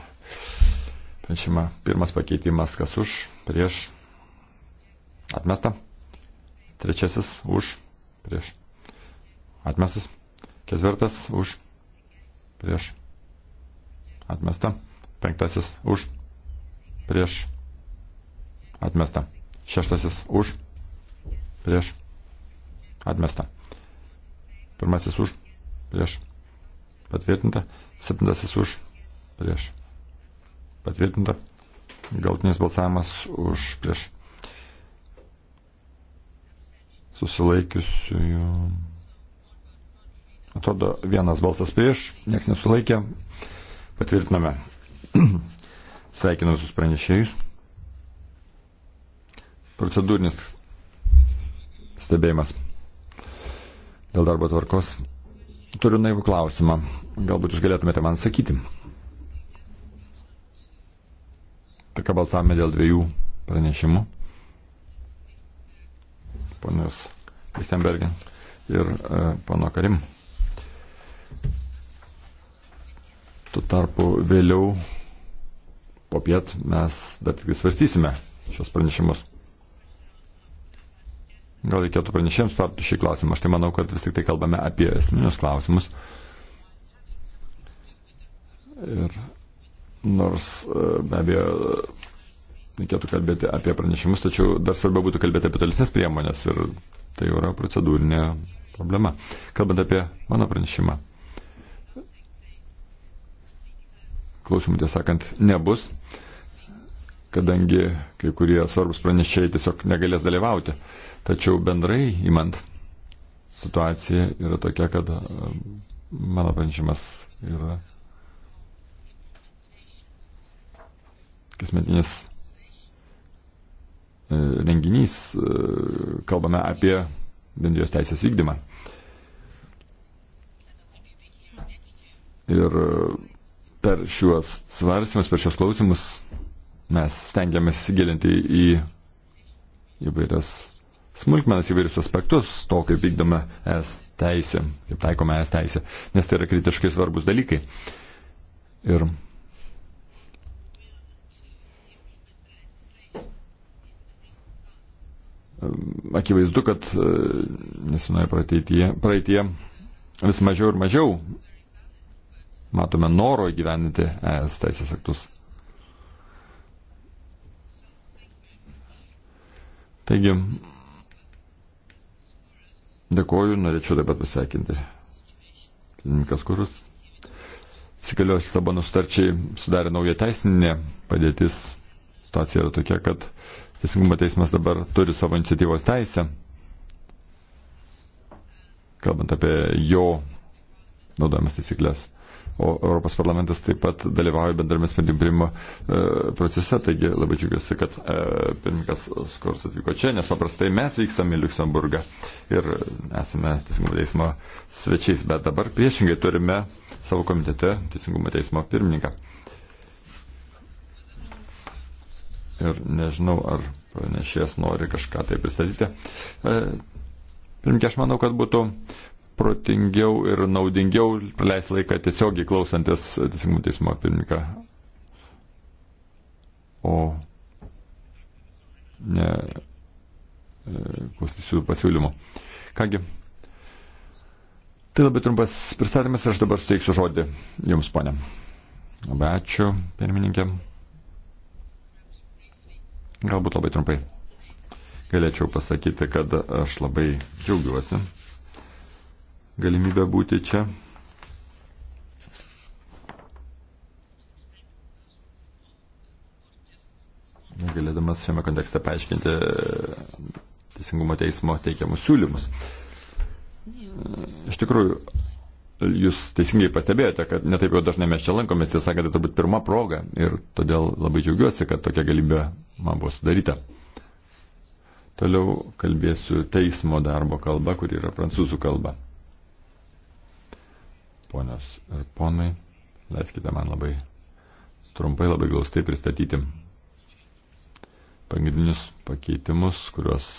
Pranešimą pirmas pakeitimas, kas už, prieš, atmesta. Trečiasis už, prieš, atmestas. Ketvirtas už, prieš, atmesta. Penktasis už, prieš, atmesta. Šeštasis už, prieš, atmesta. Pirmasis už, prieš, patvirtinta. Septintasis už, prieš patvirtinta. Galtinis balsavimas už prieš susilaikiusiųjų. Atrodo, vienas balsas prieš, nieks nesulaikė. Patvirtiname. Sveikinu visus pranešėjus. Procedūrinis stebėjimas dėl darbo tvarkos. Turiu naivų klausimą. Galbūt jūs galėtumėte man sakyti. Tik balsavome dėl dviejų pranešimų. Ponios Lichtenbergen ir e, pono Karim. Tuo tarpu vėliau po piet mes dar tik tai svarstysime šios pranešimus. Gal reikėtų pranešėjams tarpti šį klausimą. Aš tai manau, kad vis tik tai kalbame apie esminius klausimus. Ir nors e, be abejo reikėtų kalbėti apie pranešimus, tačiau dar svarbiau būtų kalbėti apie tolesnės priemonės ir tai yra procedūrinė problema. Kalbant apie mano pranešimą, klausimų tiesą sakant nebus, kadangi kai kurie svarbus pranešėjai tiesiog negalės dalyvauti. Tačiau bendrai įmant, situacija yra tokia, kad e, mano pranešimas yra kasmetinis e, renginys, e, kalbame apie bendrijos teisės vykdymą. Ir e, per šiuos svarstymus, per šios klausimus mes stengiamės įsigilinti į įvairias smulkmenas, įvairius aspektus to, kaip vykdome es teisę, kaip taikome es teisę, nes tai yra kritiškai svarbus dalykai. Ir akivaizdu, kad e, nesenoje praeitie, praeitie vis mažiau ir mažiau matome noro įgyvendinti ES teisės aktus. Taigi, dėkoju, norėčiau taip pat pasveikinti. Pirmininkas Kurus. Įsigaliojus Lisabono sutarčiai sudarė naują teisinę padėtis. Situacija yra tokia, kad Teisingumo teismas dabar turi savo iniciatyvos teisę, kalbant apie jo naudojamas taisyklės. O Europos parlamentas taip pat dalyvauja bendrame sprendimų priimo e, procese, taigi labai džiugiuosi, kad e, pirmininkas Skors atvyko čia, nes paprastai mes vykstame į Luxemburgą ir esame Teisingumo teismo svečiais, bet dabar priešingai turime savo komitete Teisingumo teismo pirmininką. ir nežinau, ar pranešėjas nori kažką tai pristatyti. E, Pirmkia, aš manau, kad būtų protingiau ir naudingiau leisti laiką tiesiogiai klausantis teisingumo teismo pirmininką. O ne e, klausysiu pasiūlymo. Kągi, tai labai trumpas pristatymas ir aš dabar suteiksiu žodį Jums, ponė. Labai ačiū, pirmininkė. Galbūt labai trumpai. Galėčiau pasakyti, kad aš labai džiaugiuosi galimybę būti čia. Galėdamas šiame kontekste paaiškinti Teisingumo teismo teikiamus siūlymus. Iš tikrųjų, jūs teisingai pastebėjote, kad netaip jau dažnai mes čia lankomės, tiesą sakant, tai turbūt pirma proga ir todėl labai džiaugiuosi, kad tokia galimybė man buvo sudaryta. Toliau kalbėsiu teismo darbo kalba, kuri yra prancūzų kalba. Ponios ir ponai, leiskite man labai trumpai, labai glaustai pristatyti pagrindinius pakeitimus, kuriuos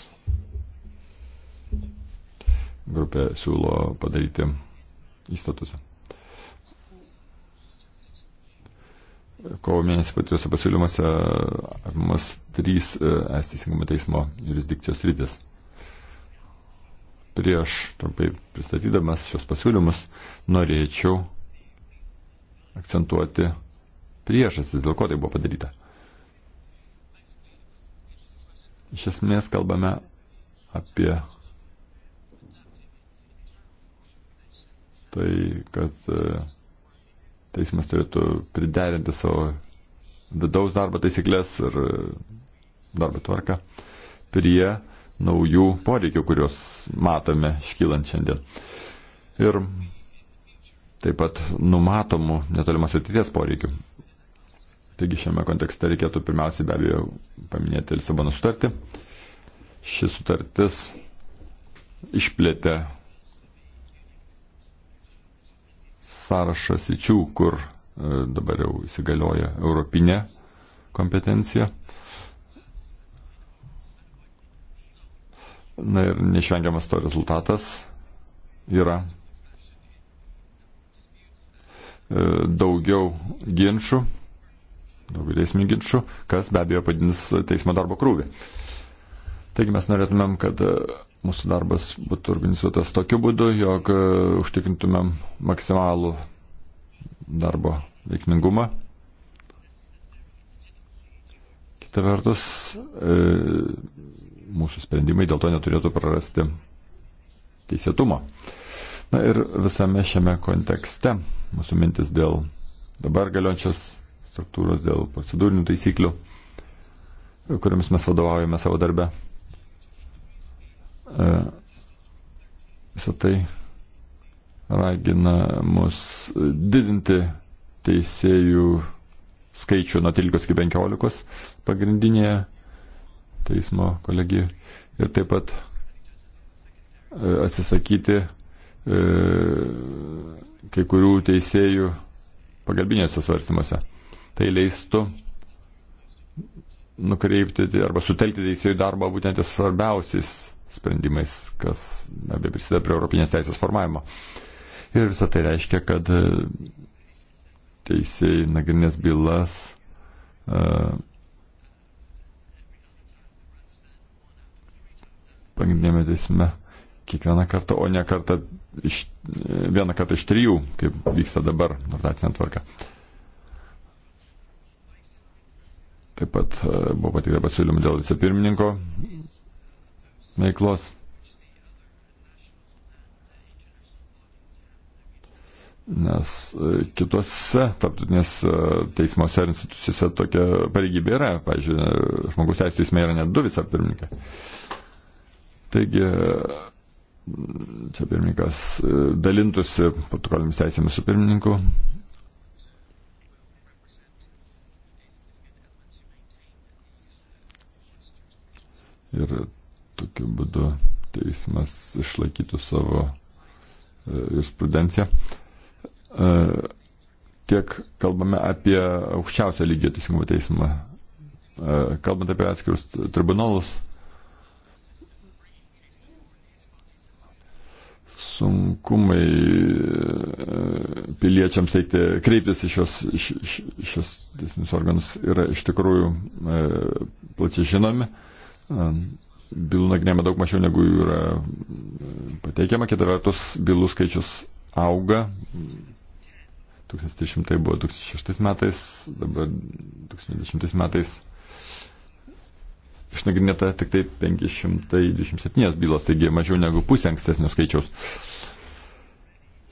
grupė siūlo padaryti įstatuose. Kovo mėnesį patriuose pasiūlymuose apimas trys e, es teisingumo teismo jurisdikcijos rytis. Prieš trumpai pristatydamas šios pasiūlymus norėčiau akcentuoti priežastis, dėl ko tai buvo padaryta. Iš esmės kalbame apie tai, kad e, teismas turėtų priderinti savo vidaus darbo taisyklės ir e, darbo tvarką prie naujų poreikių, kuriuos matome iškylant šiandien. Ir taip pat numatomų netolimas ateities poreikių. Taigi šiame kontekste reikėtų pirmiausiai be abejo paminėti Lisabono sutartį. Ši sutartis išplėtė sąrašą sričių, kur e, dabar jau įsigalioja europinė kompetencija. Na ir neišvengiamas to rezultatas yra e, daugiau ginčių, daugiau teisminių ginčių, kas be abejo padins teismo darbo krūvį. Taigi mes norėtumėm, kad e, mūsų darbas būtų organizuotas tokiu būdu, jog e, užtikrintumėm maksimalų darbo veiksmingumą. Kita vertus, e, mūsų sprendimai dėl to neturėtų prarasti teisėtumo. Na ir visame šiame kontekste mūsų mintis dėl dabar galiojančios struktūros, dėl procedūrinių taisyklių, kuriamis mes vadovaujame savo darbę, E, Visą tai ragina mus didinti teisėjų skaičių nuo 13 iki 15 pagrindinėje teismo kolegijoje ir taip pat e, atsisakyti e, kai kurių teisėjų pagalbinėse svarstymuose. Tai leistų nukreipti arba sutelkti teisėjų darbą būtent svarbiausiais sprendimais, kas abie prisideda prie Europinės teisės formavimo. Ir visą tai reiškia, kad e, teisėjai nagrinės bylas uh, e, pagrindinėme teisme kiekvieną kartą, o ne kartą iš, e, vieną kartą iš trijų, kaip vyksta dabar rotacinė tvarka. Taip pat uh, buvo pateikta pasiūlymų dėl vicepirmininko veiklos. Nes e, kitose tarptautinės e, teismuose ir institucijose tokia pareigybė yra. Pavyzdžiui, e, žmogus teisų teisme yra net du vicepirmininkai. Taigi, čia pirmininkas dalintųsi protokolinėmis teisėmis su pirmininku. Ir tokiu būdu teismas išlaikytų savo e, jurisprudenciją. E, tiek kalbame apie aukščiausio lygio teisingumo teismą. E, kalbant apie atskirus tribunolus, sunkumai piliečiams teikti, kreiptis į šios, šios teisinius organus yra iš tikrųjų plačiai žinomi bylų nagrinėjama daug mažiau negu jų yra pateikiama, kita vertus bylų skaičius auga. 1300 buvo 2006 metais, dabar 2010 metais išnagrinėta tik tai 527 bylos, taigi mažiau negu pusė ankstesnio skaičiaus.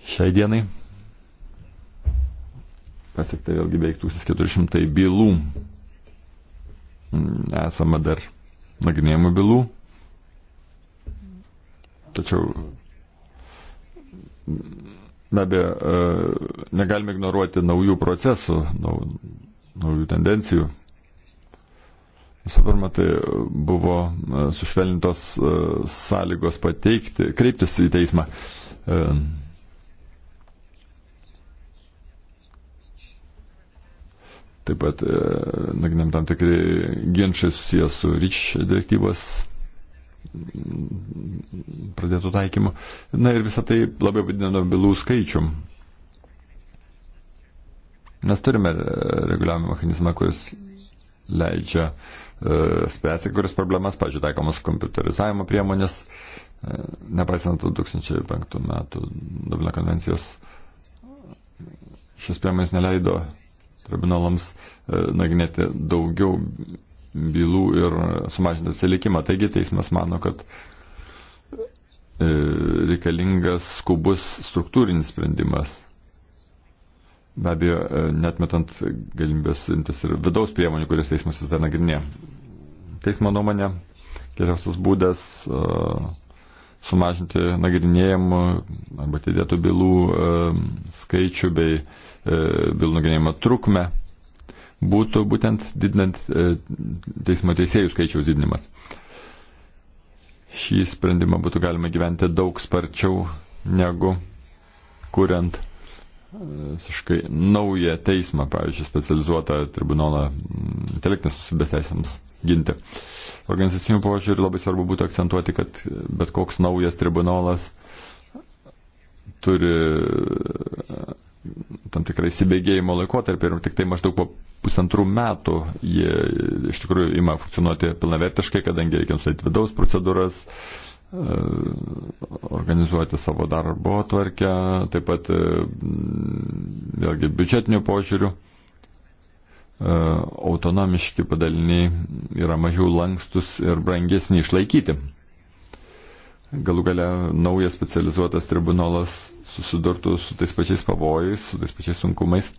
Šiai dienai pasiekta vėlgi beveik 1400 bylų. Esama dar nagrinėjimų bylų. Tačiau be abejo, e, negalime ignoruoti naujų procesų, nau, naujų tendencijų. Visų pirma, tai buvo e, sušvelnintos e, sąlygos pateikti, kreiptis į teismą. E, Taip pat e, nagrinam tam tikri ginčiai susijęs su ryč direktyvos pradėtų taikymu. Na ir visą tai labai padidino bylų skaičium. Mes turime e, reguliavimo mechanizmą, kuris leidžia e, spręsti kuris problemas, pažiūrėjau, taikomas kompiuterizavimo priemonės, e, nepaisant 2005 metų Dublino konvencijos, šios priemonės neleido tribunalams e, nagrinėti daugiau bylų ir sumažinti atsilikimą. Taigi teismas mano, kad e, reikalingas skubus struktūrinis sprendimas. Be abejo, e, netmetant galimybės imtis ir vidaus priemonių, kurias teismas vis dar nagrinė. Teismo nuomonė, geriausias būdas uh, sumažinti nagrinėjimų arba atidėtų bylų e, skaičių bei e, bylų nagrinėjimo trukmę būtų būtent didinant e, teismo teisėjų skaičiaus didinimas. Šį sprendimą būtų galima gyventi daug sparčiau negu kuriant visiškai naują teismą, pavyzdžiui, specializuotą tribunolą mm, intelektinės susibės teisėms ginti. Organizacinių požiūrį labai svarbu būtų akcentuoti, kad bet koks naujas tribunolas turi e, tam tikrai įsibėgėjimo laikotarpį ir tik tai maždaug po pusantrų metų jie iš tikrųjų ima funkcionuoti pilnavertiškai, kadangi reikia nustatyti vidaus procedūras, uh, E, organizuoti savo darbo tvarkę, taip pat e, vėlgi biudžetinių požiūrių. E, autonomiški padaliniai yra mažiau lankstus ir brangesni išlaikyti. Galų gale naujas specializuotas tribunolas susidurtų su tais pačiais pavojais, su tais pačiais sunkumais,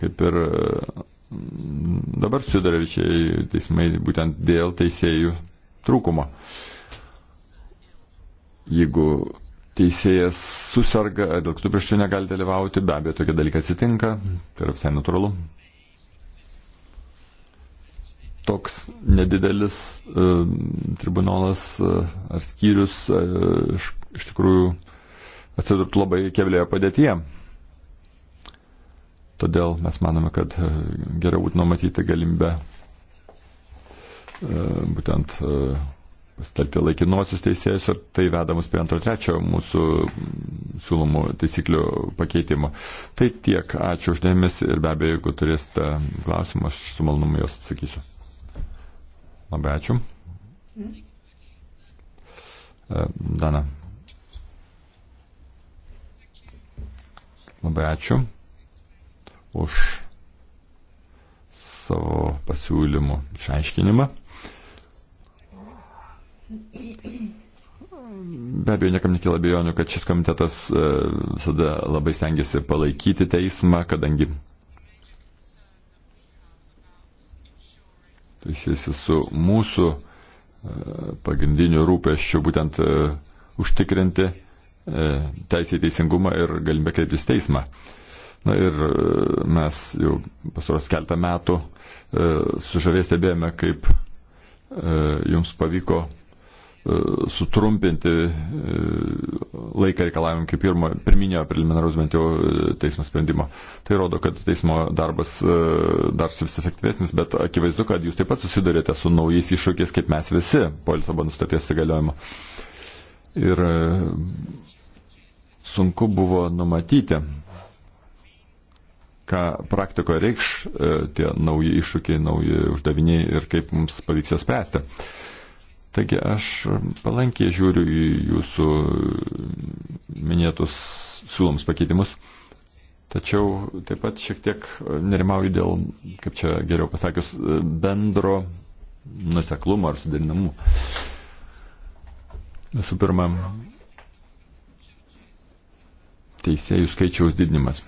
kaip ir dabar sudaryčiai teismai būtent dėl teisėjų trūkumo. Jeigu teisėjas susirga, dėl kitų prieščių negali dalyvauti, be abejo tokie dalykai atsitinka, tai yra visai natūralu. Toks nedidelis uh, tribunolas uh, ar skyrius uh, iš, iš tikrųjų atsidurtų labai keblėje padėtyje. Todėl mes manome, kad geriau būtų numatyti galimybę E, būtent e, pasitelkti laikinuosius teisėjus ir tai veda mus prie antro trečio mūsų mm, siūlomų taisyklių pakeitimo. Tai tiek, ačiū uždėmesi ir be abejo, jeigu turėsite klausimą, aš su malonumu juos atsakysiu. Labai ačiū. E, Dana. Labai ačiū už savo pasiūlymų išaiškinimą. Be abejo, niekam nekyla abejonių, kad šis komitetas e, visada labai stengiasi palaikyti teismą, kadangi tai siejasi su mūsų e, pagrindiniu rūpeščiu būtent e, užtikrinti teisę į teisingumą ir galimybę kreiptis teismą. Na ir mes jau pasuros keltą metų sužavės stebėjome, kaip jums pavyko E, sutrumpinti e, laiką reikalavim kaip pirmo, pirminio preliminaraus bent jau e, teismo sprendimo. Tai rodo, kad teismo darbas dar vis efektyvesnis, bet akivaizdu, kad jūs taip pat susidurėte su naujais iššūkiais, kaip mes visi po Lisabono staties įgaliojimo. Ir sunku buvo numatyti, ką praktikoje reikš tie nauji iššūkiai, nauji uždaviniai ir kaip mums pavyks juos spręsti. Taigi aš palankiai žiūriu į jūsų minėtus siūlomus pakeitimus, tačiau taip pat šiek tiek nerimauju dėl, kaip čia geriau pasakius, bendro nuseklumo ar suderinamumo. Visų pirma, teisėjų skaičiaus didinimas.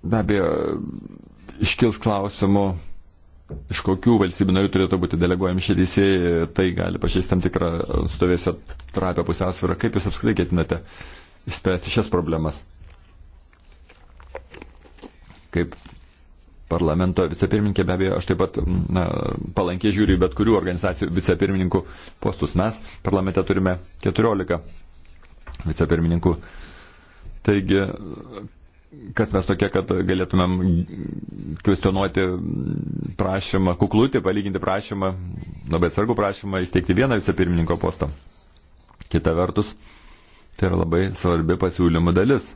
Be abejo, iškils klausimų, iš kokių valstybių narių turėtų būti deleguojami šie teisėjai, tai gali pažeisti tam tikrą stovėsio trapę pusiausvyrą. Kaip jūs apskritai ketinate išspręsti šias problemas? Kaip parlamento vicepirmininkė, be abejo, aš taip pat na, palankiai žiūriu bet kurių organizacijų vicepirmininkų postus. Mes parlamente turime 14 vicepirmininkų. Taigi, kas mes tokie, kad galėtumėm kvestionuoti prašymą, kuklutį, palyginti prašymą, labai atsargų prašymą įsteigti vieną vicepirmininko postą. Kita vertus, tai yra labai svarbi pasiūlymų dalis.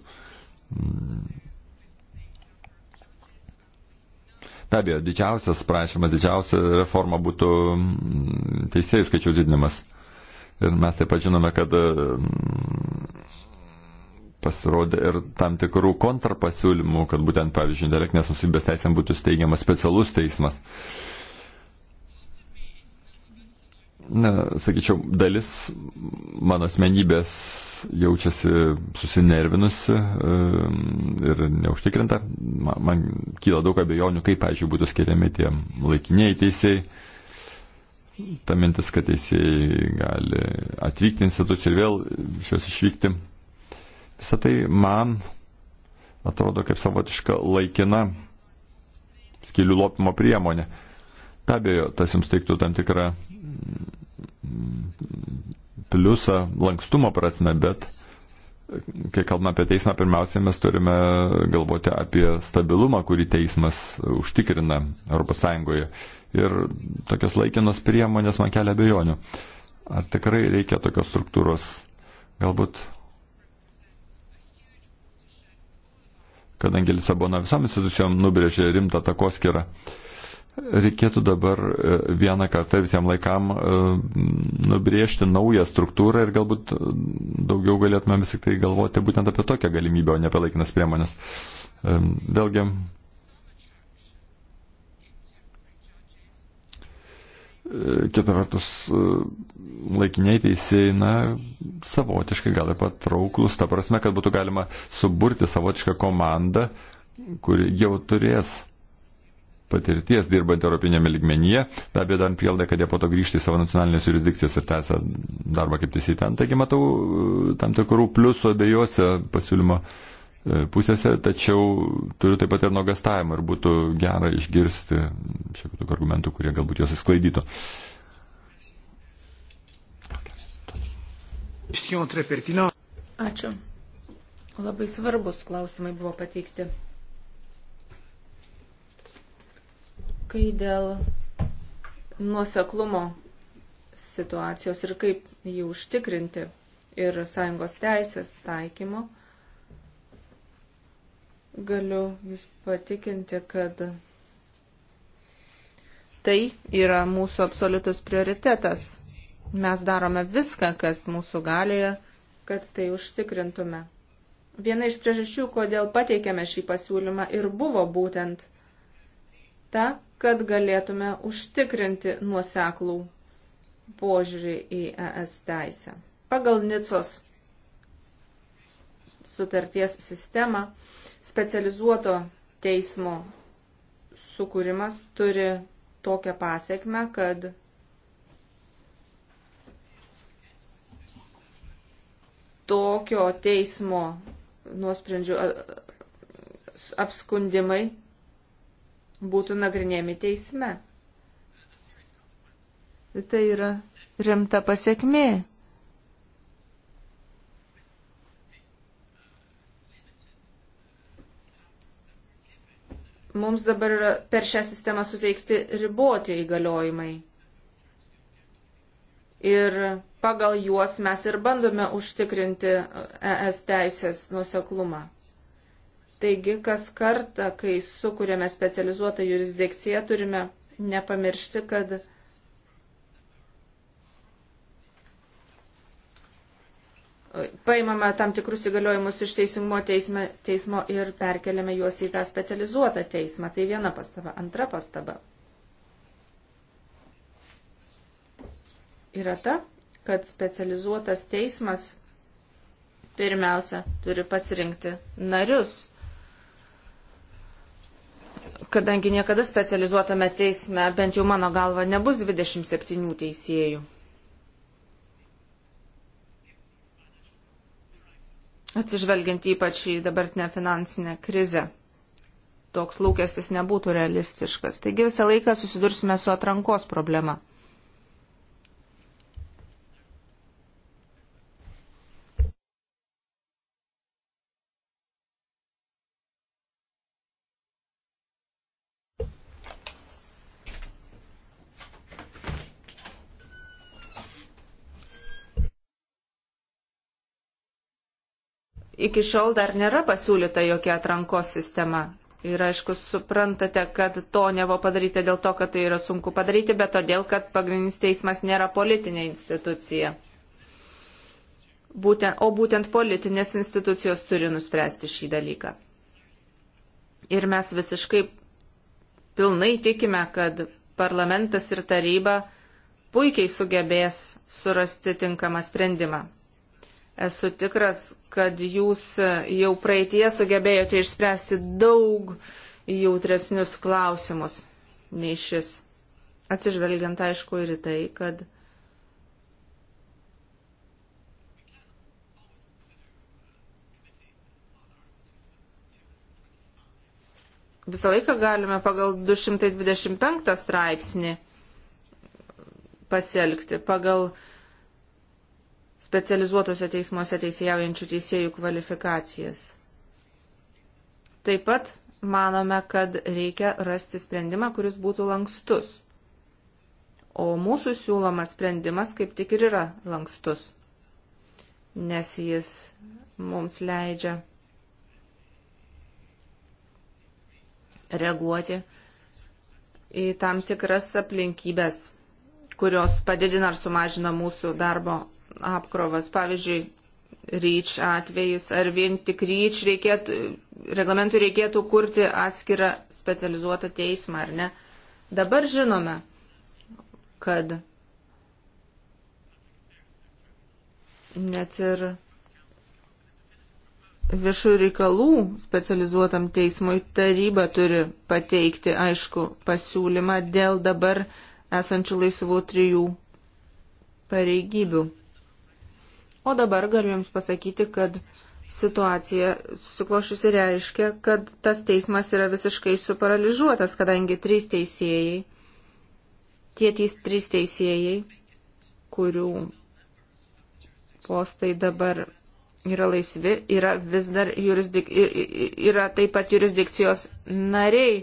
Be abejo, didžiausias prašymas, didžiausia reforma būtų teisėjų skaičių didinimas. Ir mes taip pat žinome, kad pasirodė ir tam tikrų kontrapasiūlymų, kad būtent, pavyzdžiui, intelektinės nusibės teisėm būtų steigiamas specialus teismas. Na, sakyčiau, dalis mano asmenybės jaučiasi susinervinusi ehm, ir neužtikrinta. Man, man kyla daug abejonių, kaip, pavyzdžiui, būtų skiriami tie laikiniai teisėjai. Ta mintis, kad teisėjai gali atvykti institucijų ir vėl iš jos išvykti. Visą tai man atrodo kaip savotiška laikina skilių lopimo priemonė. Be abejo, tas jums teiktų tam tikrą mm, pliusą lankstumo prasme, bet kai kalbame apie teismą, pirmiausia, mes turime galvoti apie stabilumą, kurį teismas užtikrina ES. Ir tokios laikinos priemonės man kelia bejonių. Ar tikrai reikia tokios struktūros? Galbūt kadangi Lisabona visom institucijom nubrėžė rimtą takoskirą. Reikėtų dabar e, vieną kartą visiems laikam e, nubriežti naują struktūrą ir galbūt daugiau galėtume vis tik tai galvoti būtent apie tokią galimybę, o ne apie laikinas priemonės. E, vėlgi, kita vertus, laikiniai teisėjai, na, savotiškai gal ir patrauklus, ta prasme, kad būtų galima suburti savotišką komandą, kuri jau turės patirties dirbant Europinėme lygmenyje, be abejo, dar prielda, kad jie po to grįžta į savo nacionalinės jurisdikcijas ir tęsia darbą kaip teisėjai ten. Taigi matau e, tam tikrų pliusų abiejose pasiūlymo e, pusėse, tačiau turiu taip pat ir nuogastavimą ir būtų gera išgirsti šiek tiek argumentų, kurie galbūt juos įsklaidytų. Uh, Ačiū. Labai svarbus klausimai buvo pateikti. Kai dėl nuoseklumo situacijos ir kaip jį užtikrinti ir sąjungos teisės taikymo, galiu Jūs patikinti, kad tai yra mūsų absoliutus prioritetas Mes darome viską, kas mūsų galioje, kad tai užtikrintume. Viena iš priežasčių, kodėl pateikėme šį pasiūlymą ir buvo būtent ta, kad galėtume užtikrinti nuoseklų požiūrį į ES teisę. Pagal Nicos sutarties sistemą specializuoto teismo sukūrimas turi tokią pasiekmę, kad tokio teismo nuosprendžių apskundimai būtų nagrinėjami teisme. Tai yra rimta pasiekmė. Mums dabar yra per šią sistemą suteikti riboti įgaliojimai ir pagal juos mes ir bandome užtikrinti e, ES teisės nuseklumą. Taigi, kas kartą, kai sukūrėme specializuotą jurisdikciją, turime nepamiršti, kad paimame tam tikrus įgaliojimus iš teisingumo teisme, teismo ir perkeliame juos į tą specializuotą teismą. Tai viena pastaba. Antra pastaba. yra ta, kad specializuotas teismas pirmiausia turi pasirinkti narius. Kadangi niekada specializuotame teisme, bent jau mano galva, nebus 27 teisėjų. Atsižvelgiant ypač į dabartinę finansinę krizę toks lūkestis nebūtų realistiškas. Taigi visą laiką susidursime su atrankos problema. iki šiol dar nėra pasiūlyta jokia atrankos sistema. Ir aišku, suprantate, kad to nebuvo padaryta dėl to, kad tai yra sunku padaryti, bet todėl, kad pagrindinis teismas nėra politinė institucija. Būtent, o būtent politinės institucijos turi nuspręsti šį dalyką. Ir mes visiškai pilnai tikime, kad parlamentas ir taryba puikiai sugebės surasti tinkamą sprendimą. Esu tikras, kad jūs jau praeitie sugebėjote išspręsti daug jautresnius klausimus nei šis. Atsižvelgiant aišku ir į tai, kad visą laiką galime pagal 225 straipsnį pasielgti, pagal specializuotose teismuose teisėjaujančių teisėjų kvalifikacijas. Taip pat manome, kad reikia rasti sprendimą, kuris būtų lankstus. O mūsų siūlomas sprendimas kaip tik ir yra lankstus, nes jis mums leidžia reaguoti į tam tikras aplinkybės, kurios padidina ar sumažina mūsų darbo apkrovas. Pavyzdžiui, ryč atvejais, ar vien tik ryč reikėtų, reglamentui reikėtų kurti atskirą specializuotą teismą, ar ne? Dabar žinome, kad net ir viešų reikalų specializuotam teismui taryba turi pateikti, aišku, pasiūlymą dėl dabar esančių laisvų trijų pareigybių. O dabar galiu Jums pasakyti, kad situacija susiklošusi reiškia, kad tas teismas yra visiškai suparaližuotas, kadangi trys teisėjai, tie trys, trys teisėjai, kurių postai dabar yra laisvi, yra vis dar jurisdik, yra taip pat jurisdikcijos nariai,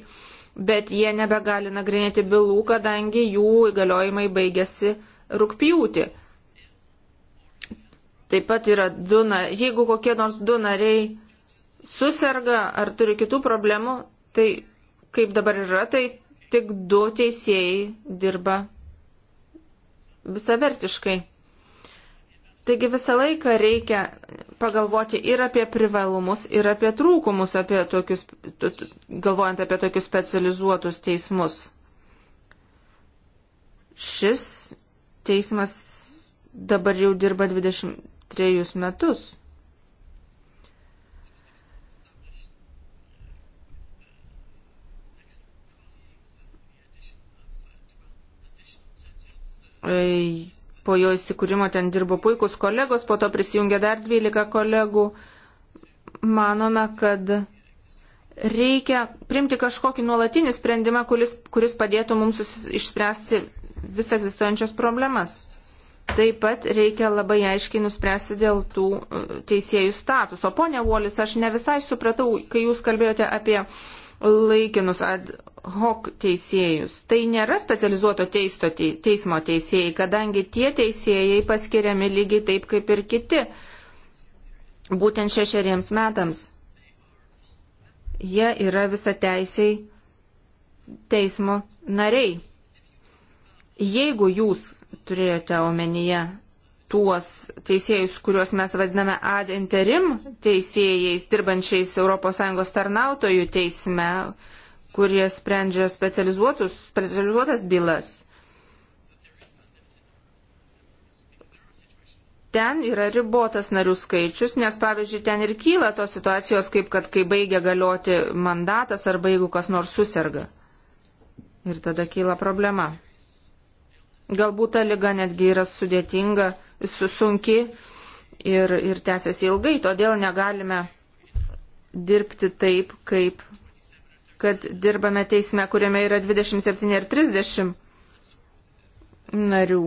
bet jie nebegali nagrinėti bylų, kadangi jų įgaliojimai baigėsi rūpjūti. Taip pat yra du, jeigu kokie nors du nariai susirga ar turi kitų problemų, tai kaip dabar yra, tai tik du teisėjai dirba visavertiškai. Taigi visą laiką reikia pagalvoti ir apie privalumus, ir apie trūkumus, apie tokius, galvojant apie tokius specializuotus teismus. Šis teismas dabar jau dirba 20, trejus metus. Po jo įsikūrimo ten dirbo puikus kolegos, po to prisijungė dar 12 kolegų. Manome, kad reikia primti kažkokį nuolatinį sprendimą, kuris, kuris padėtų mums išspręsti visą egzistuojančias problemas. Taip pat reikia labai aiškiai nuspręsti dėl tų e, teisėjų statuso. Pone Volis, aš ne visai supratau, kai jūs kalbėjote apie laikinus ad hoc teisėjus. Tai nėra specializuoto teisto, teismo teisėjai, kadangi tie teisėjai paskiriami lygiai taip kaip ir kiti, būtent šešeriems metams. Jie yra visa teisiai teismo nariai. Jeigu jūs turėjote omenyje tuos teisėjus, kuriuos mes vadiname ad interim teisėjais, dirbančiais ES tarnautojų teisme, kurie sprendžia specializuotas bylas. Ten yra ribotas narių skaičius, nes pavyzdžiui, ten ir kyla tos situacijos, kaip kad kai baigia galioti mandatas arba jeigu kas nors susirga. Ir tada kyla problema. Galbūt ta lyga netgi yra sudėtinga, susunki ir, ir tęsiasi ilgai, todėl negalime dirbti taip, kaip kad dirbame teisme, kuriame yra 27 ir 30 narių.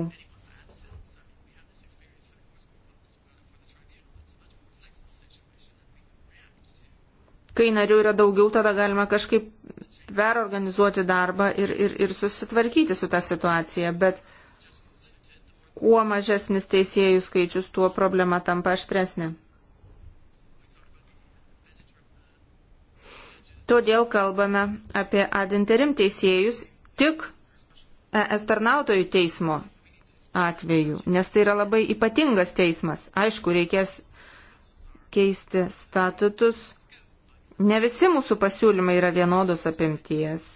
Kai narių yra daugiau, tada galima kažkaip perorganizuoti darbą ir, ir, ir susitvarkyti su tą situaciją, bet kuo mažesnis teisėjų skaičius, tuo problema tampa aštresnė. Todėl kalbame apie adinterim teisėjus tik ES tarnautojų teismo atveju, nes tai yra labai ypatingas teismas. Aišku, reikės keisti statutus. Ne visi mūsų pasiūlymai yra vienodos apimties.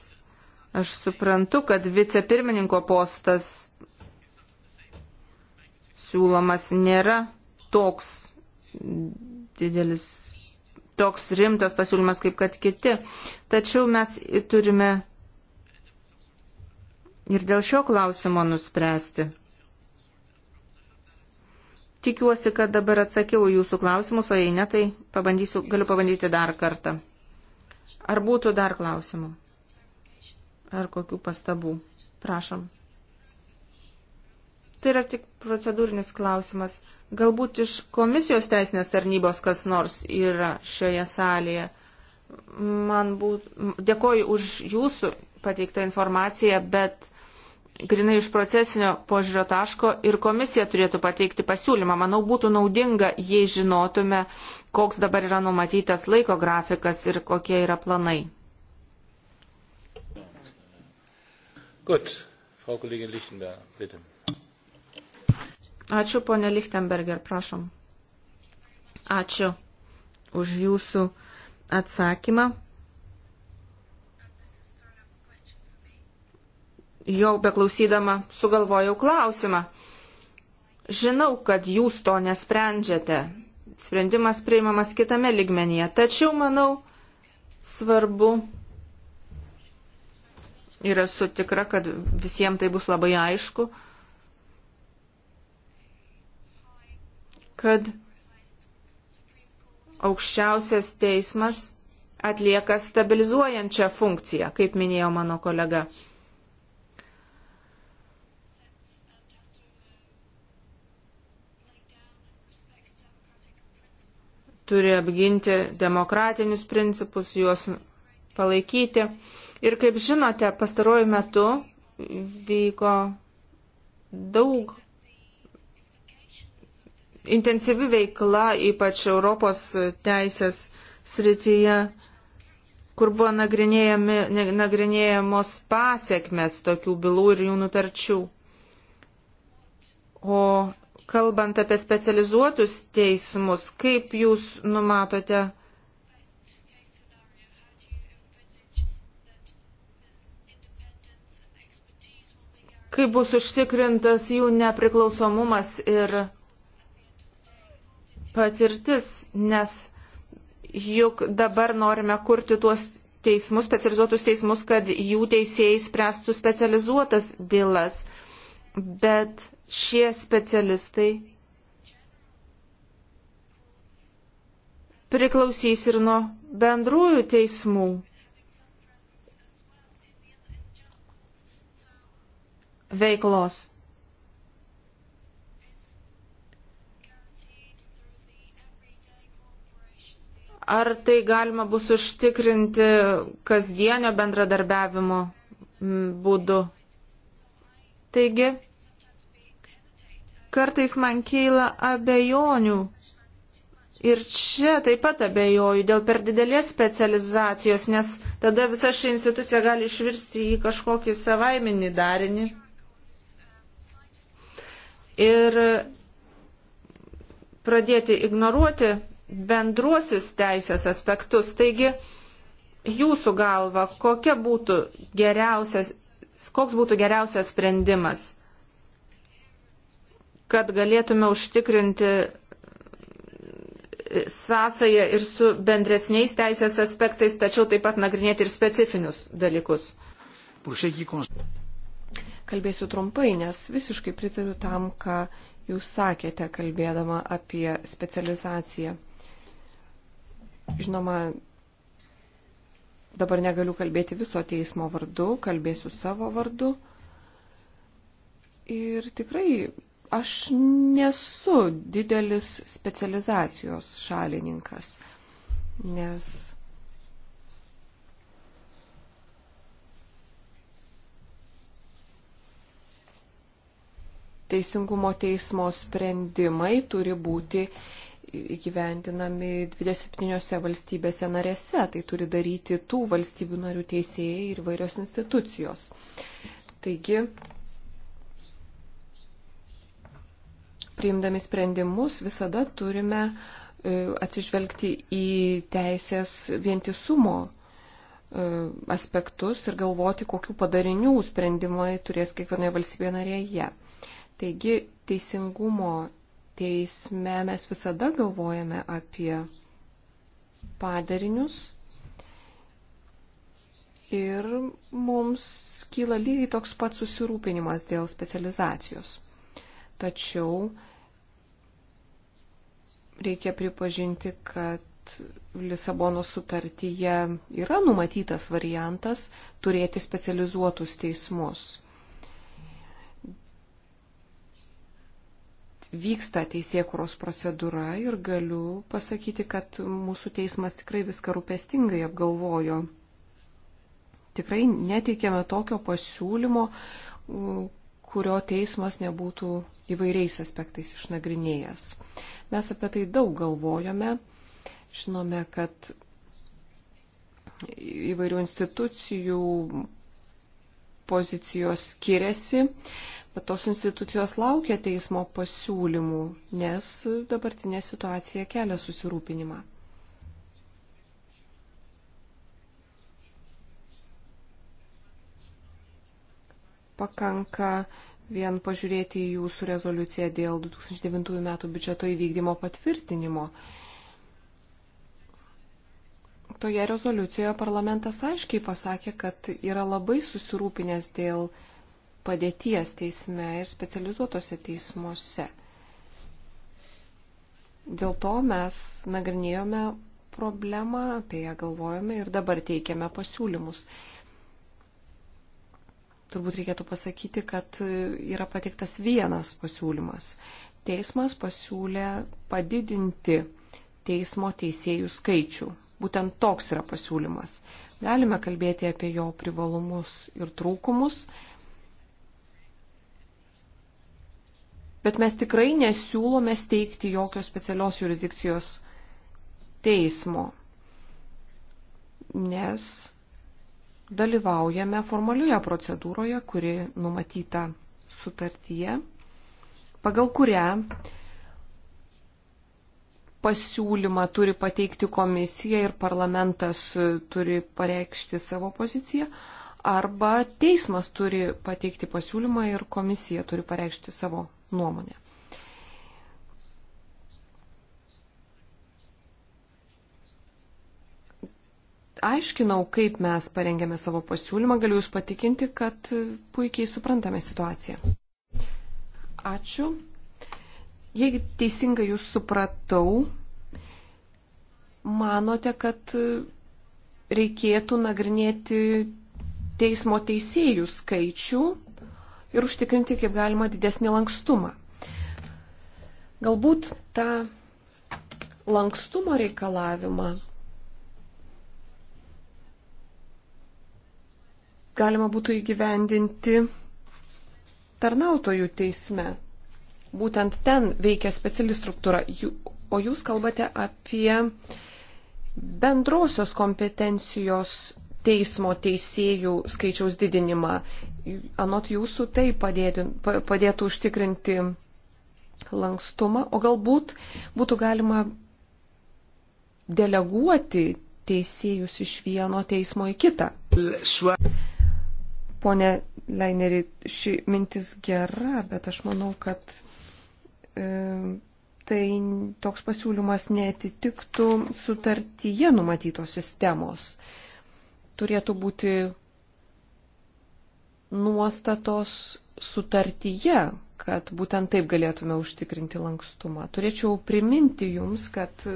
Aš suprantu, kad vicepirmininko postas siūlomas nėra toks didelis, toks rimtas pasiūlymas kaip kad kiti. Tačiau mes turime ir dėl šio klausimo nuspręsti. Tikiuosi, kad dabar atsakiau jūsų klausimus, o jei ne, tai pabandysiu, galiu pabandyti dar kartą. Ar būtų dar klausimų? Ar kokių pastabų? Prašom. Tai yra tik procedūrinis klausimas. Galbūt iš komisijos teisinės tarnybos kas nors yra šioje salėje. Man būtų, dėkoju už jūsų pateiktą informaciją, bet grinai iš procesinio požiūrio taško ir komisija turėtų pateikti pasiūlymą. Manau, būtų naudinga, jei žinotume, koks dabar yra numatytas laiko grafikas ir kokie yra planai. Gut, Frau Kollegin Lichtenberg, bitte. Ačiū, ponė Lichtenberger, prašom. Ačiū už jūsų atsakymą. Jau beklausydama sugalvojau klausimą. Žinau, kad jūs to nesprendžiate. Sprendimas priimamas kitame ligmenyje. Tačiau, manau, svarbu ir esu tikra, kad visiems tai bus labai aišku kad aukščiausias teismas atlieka stabilizuojančią funkciją, kaip minėjo mano kolega. Turi apginti demokratinius principus, juos palaikyti. Ir kaip žinote, pastaruoju metu vyko daug intensyvi veikla, ypač Europos teisės srityje, kur buvo nagrinėjamos pasiekmes tokių bylų ir jų nutarčių. O kalbant apie specializuotus teismus, kaip jūs numatote kaip bus užtikrintas jų nepriklausomumas ir patirtis, nes juk dabar norime kurti tuos teismus, specializuotus teismus, kad jų teisėjai spręstų specializuotas bylas. Bet šie specialistai priklausys ir nuo bendrųjų teismų. Veiklos. Ar tai galima bus užtikrinti kasdienio bendradarbiavimo būdu? Taigi, kartais man keila abejonių. Ir čia taip pat abejoju dėl per didelės specializacijos, nes tada visa ši institucija gali išvirsti į kažkokį savaiminį darinį. Ir pradėti ignoruoti bendruosius teisės aspektus. Taigi, jūsų galva, kokia būtų geriausias, koks būtų geriausias sprendimas, kad galėtume užtikrinti sąsąją ir su bendresniais teisės aspektais, tačiau taip pat nagrinėti ir specifinius dalykus. Kalbėsiu trumpai, nes visiškai pritariu tam, ką jūs sakėte, kalbėdama apie specializaciją. Žinoma, dabar negaliu kalbėti viso teismo vardu, kalbėsiu savo vardu. Ir tikrai aš nesu didelis specializacijos šalininkas, nes teisingumo teismo sprendimai turi būti įgyvendinami 27 valstybėse narėse. Tai turi daryti tų valstybių narių teisėjai ir vairios institucijos. Taigi, priimdami sprendimus visada turime e, atsižvelgti į teisės vientisumo e, aspektus ir galvoti, kokiu padarinių sprendimai turės kiekvienoje valstybėje narėje. Taigi teisingumo teisme mes visada galvojame apie padarinius ir mums kyla lygiai toks pat susirūpinimas dėl specializacijos. Tačiau reikia pripažinti, kad Lisabono sutartyje yra numatytas variantas turėti specializuotus teismus. vyksta teisėkuros procedūra ir galiu pasakyti, kad mūsų teismas tikrai viską rūpestingai apgalvojo. Tikrai neteikėme tokio pasiūlymo, kurio teismas nebūtų įvairiais aspektais išnagrinėjęs. Mes apie tai daug galvojome. Žinome, kad įvairių institucijų pozicijos skiriasi. Uh, Bet tos institucijos laukia teismo pasiūlymų, nes dabartinė situacija kelia susirūpinimą. Pakanka vien pažiūrėti į jūsų rezoliuciją dėl 2009 metų biudžeto įvykdymo patvirtinimo. Toje rezoliucijoje parlamentas aiškiai pasakė, kad yra labai susirūpinęs dėl biudžeto padėties teisme ir specializuotose teismuose. Dėl to mes nagrinėjome problemą, apie ją galvojame ir dabar teikiame pasiūlymus. Turbūt reikėtų pasakyti, kad yra patiktas vienas pasiūlymas. Teismas pasiūlė padidinti teismo teisėjų skaičių. Būtent toks yra pasiūlymas. Galime kalbėti apie jo privalumus ir trūkumus, bet mes tikrai nesiūlome steigti jokios specialios jurisdikcijos teismo, nes dalyvaujame formaliuje procedūroje, kuri numatyta sutartyje, pagal kurią pasiūlymą turi pateikti komisija ir parlamentas turi pareikšti savo poziciją, arba teismas turi pateikti pasiūlymą ir komisija turi pareikšti savo nuomonę. Aiškinau, kaip mes parengėme savo pasiūlymą, galiu Jūs patikinti, kad puikiai suprantame situaciją. Ačiū. Jeigu teisingai Jūs supratau, manote, kad reikėtų nagrinėti teismo teisėjų skaičių ir užtikrinti kaip galima didesnį lankstumą. Galbūt tą lankstumo reikalavimą galima būtų įgyvendinti tarnautojų teisme. Būtent ten veikia speciali struktūra, o jūs kalbate apie bendrosios kompetencijos teismo teisėjų skaičiaus didinimą. Anot jūsų tai padėti, padėtų užtikrinti lankstumą, o galbūt būtų galima deleguoti teisėjus iš vieno teismo į kitą. Pone Leineri, ši mintis gera, bet aš manau, kad e, tai toks pasiūlymas netitiktų sutartyje numatytos sistemos turėtų būti nuostatos sutartyje, kad būtent taip galėtume užtikrinti lankstumą. Turėčiau priminti jums, kad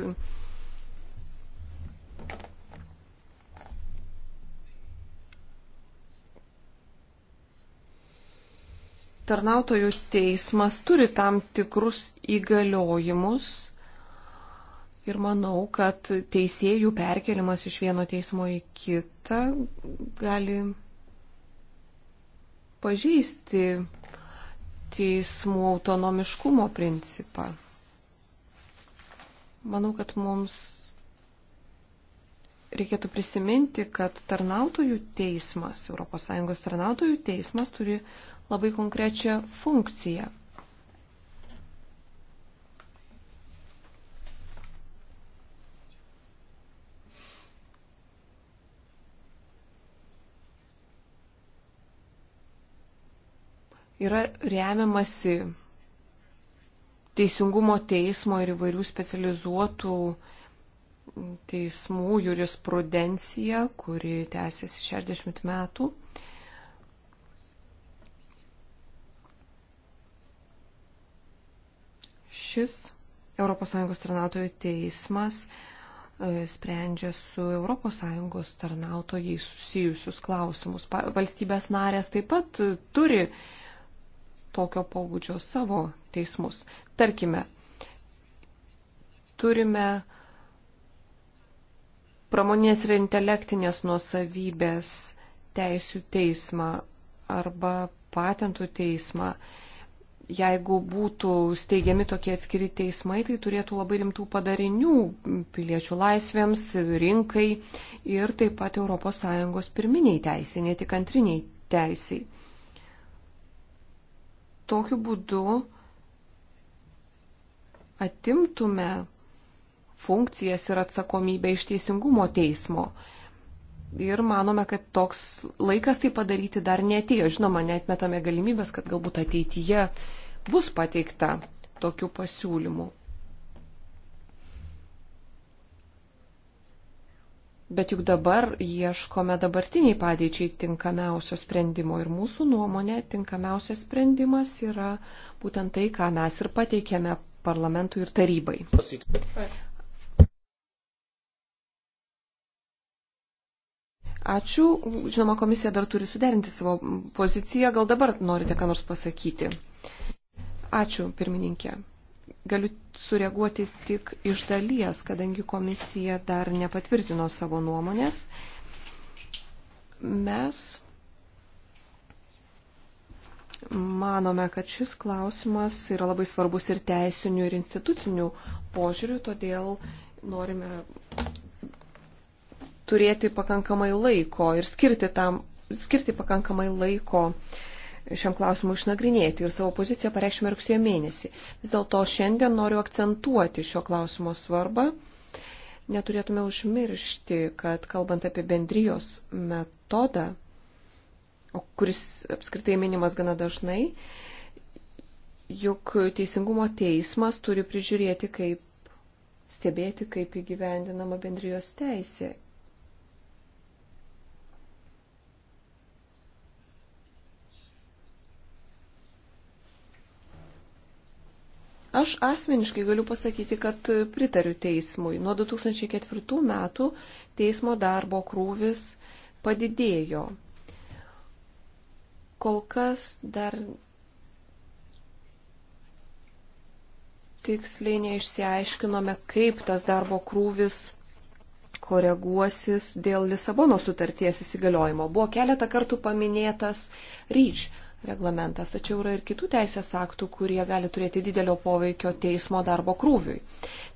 tarnautojų teismas turi tam tikrus įgaliojimus Ir manau, kad teisėjų perkelimas iš vieno teismo į kitą gali pažeisti teismų autonomiškumo principą. Manau, kad mums reikėtų prisiminti, kad tarnautojų teismas, ES tarnautojų teismas turi labai konkrečią funkciją. yra remiamasi teisingumo teismo ir įvairių specializuotų teismų jurisprudencija, kuri tęsiasi 60 metų. Šis ES tarnautojų teismas e, sprendžia su ES tarnautojai susijusius klausimus. Valstybės narės taip pat turi tokio pobūdžio savo teismus. Tarkime, turime pramonės ir intelektinės nuosavybės teisų teismą arba patentų teismą. Jeigu būtų steigiami tokie atskiri teismai, tai turėtų labai rimtų padarinių piliečių laisvėms, rinkai ir taip pat ES pirminiai teisė, ne tik antriniai teisiai tokiu būdu atimtume funkcijas ir atsakomybę iš teisingumo teismo. Ir manome, kad toks laikas tai padaryti dar netėjo. Žinoma, netmetame galimybės, kad galbūt ateityje bus pateikta tokių pasiūlymų. Bet juk dabar ieškome dabartiniai padėčiai tinkamiausio sprendimo ir mūsų nuomonė tinkamiausias sprendimas yra būtent tai, ką mes ir pateikėme parlamentui ir tarybai. Ačiū. Žinoma, komisija dar turi suderinti savo poziciją. Gal dabar norite ką nors pasakyti? Ačiū, pirmininkė galiu sureaguoti tik iš dalies, kadangi komisija dar nepatvirtino savo nuomonės. Mes manome, kad šis klausimas yra labai svarbus ir teisinių, ir institucinių požiūrių, todėl norime turėti pakankamai laiko ir skirti tam skirti pakankamai laiko uh, šiam klausimui išnagrinėti ir savo poziciją pareikšime rugsėjo mėnesį. Vis dėlto šiandien noriu akcentuoti šio klausimo svarbą. Neturėtume užmiršti, kad kalbant apie bendrijos metodą, kuris apskritai minimas gana dažnai, juk teisingumo teismas turi prižiūrėti, kaip stebėti, kaip įgyvendinama bendrijos teisė. Aš asmeniškai galiu pasakyti, kad pritariu teismui. Nuo 2004 metų teismo darbo krūvis padidėjo. Kol kas dar tiksliai neišsiaiškinome, kaip tas darbo krūvis koreguosis dėl Lisabono sutarties įsigaliojimo. Buvo keletą kartų paminėtas ryč reglamentas, tačiau yra ir kitų teisės aktų, kurie gali turėti didelio poveikio teismo darbo krūviui.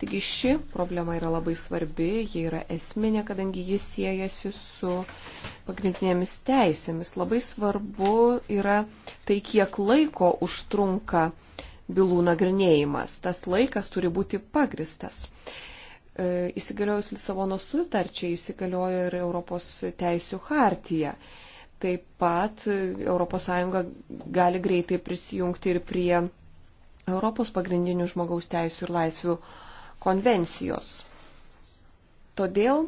Taigi ši problema yra labai svarbi, ji yra esminė, kadangi jis siejasi su pagrindinėmis teisėmis. Labai svarbu yra tai, kiek laiko užtrunka bylų nagrinėjimas. Tas laikas turi būti pagristas. E, įsigaliojus Lisabono sutarčiai įsigaliojo ir Europos teisų hartija. Taip pat ES gali greitai prisijungti ir prie Europos pagrindinių žmogaus teisų ir laisvių konvencijos. Todėl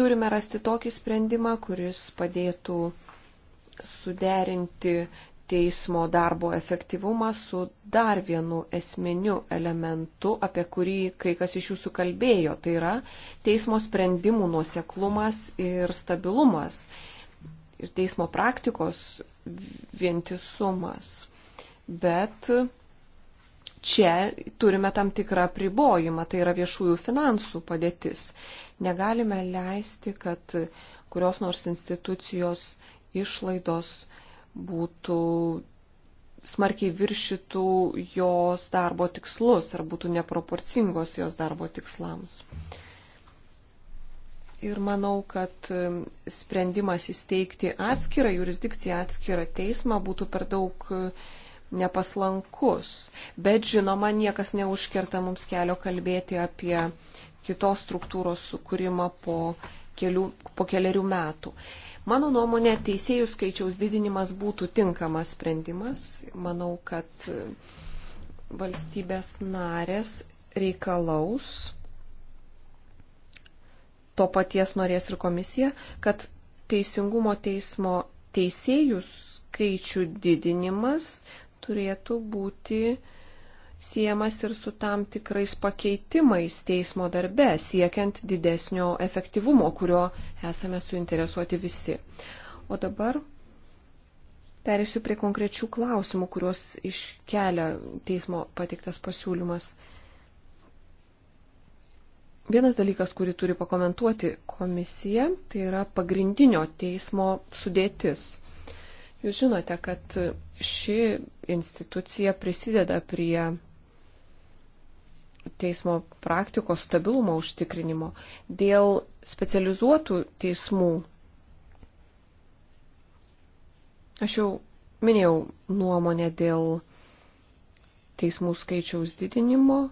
turime rasti tokį sprendimą, kuris padėtų suderinti teismo darbo efektyvumą su dar vienu esminiu elementu, apie kurį kai kas iš jūsų kalbėjo, tai yra teismo sprendimų nuoseklumas ir stabilumas ir teismo praktikos vientisumas. Bet čia turime tam tikrą pribojimą, tai yra viešųjų finansų padėtis. Negalime leisti, kad kurios nors institucijos išlaidos būtų smarkiai viršytų jos darbo tikslus ar būtų neproporcingos jos darbo tikslams. Uh, ir manau, kad sprendimas įsteigti atskirą jurisdikciją, atskirą teismą būtų per daug e, nepaslankus. Bet žinoma, niekas neužkerta mums kelio kalbėti apie kitos struktūros sukūrimą po, kelių, po keliarių metų. Mano nuomonė, teisėjų skaičiaus didinimas būtų tinkamas sprendimas. Manau, kad e, valstybės narės reikalaus to paties norės ir komisija, kad teisingumo teismo teisėjų skaičių didinimas turėtų būti siejamas ir su tam tikrais pakeitimais teismo darbe, siekiant didesnio efektyvumo, kurio esame suinteresuoti visi. O dabar perėsiu prie konkrečių klausimų, kuriuos iškelia teismo pateiktas pasiūlymas. Vienas dalykas, kurį turi pakomentuoti komisija, tai yra pagrindinio teismo sudėtis. Jūs žinote, kad ši institucija prisideda prie teismo praktikos stabilumo užtikrinimo dėl specializuotų teismų. Aš jau minėjau nuomonę dėl teismų skaičiaus didinimo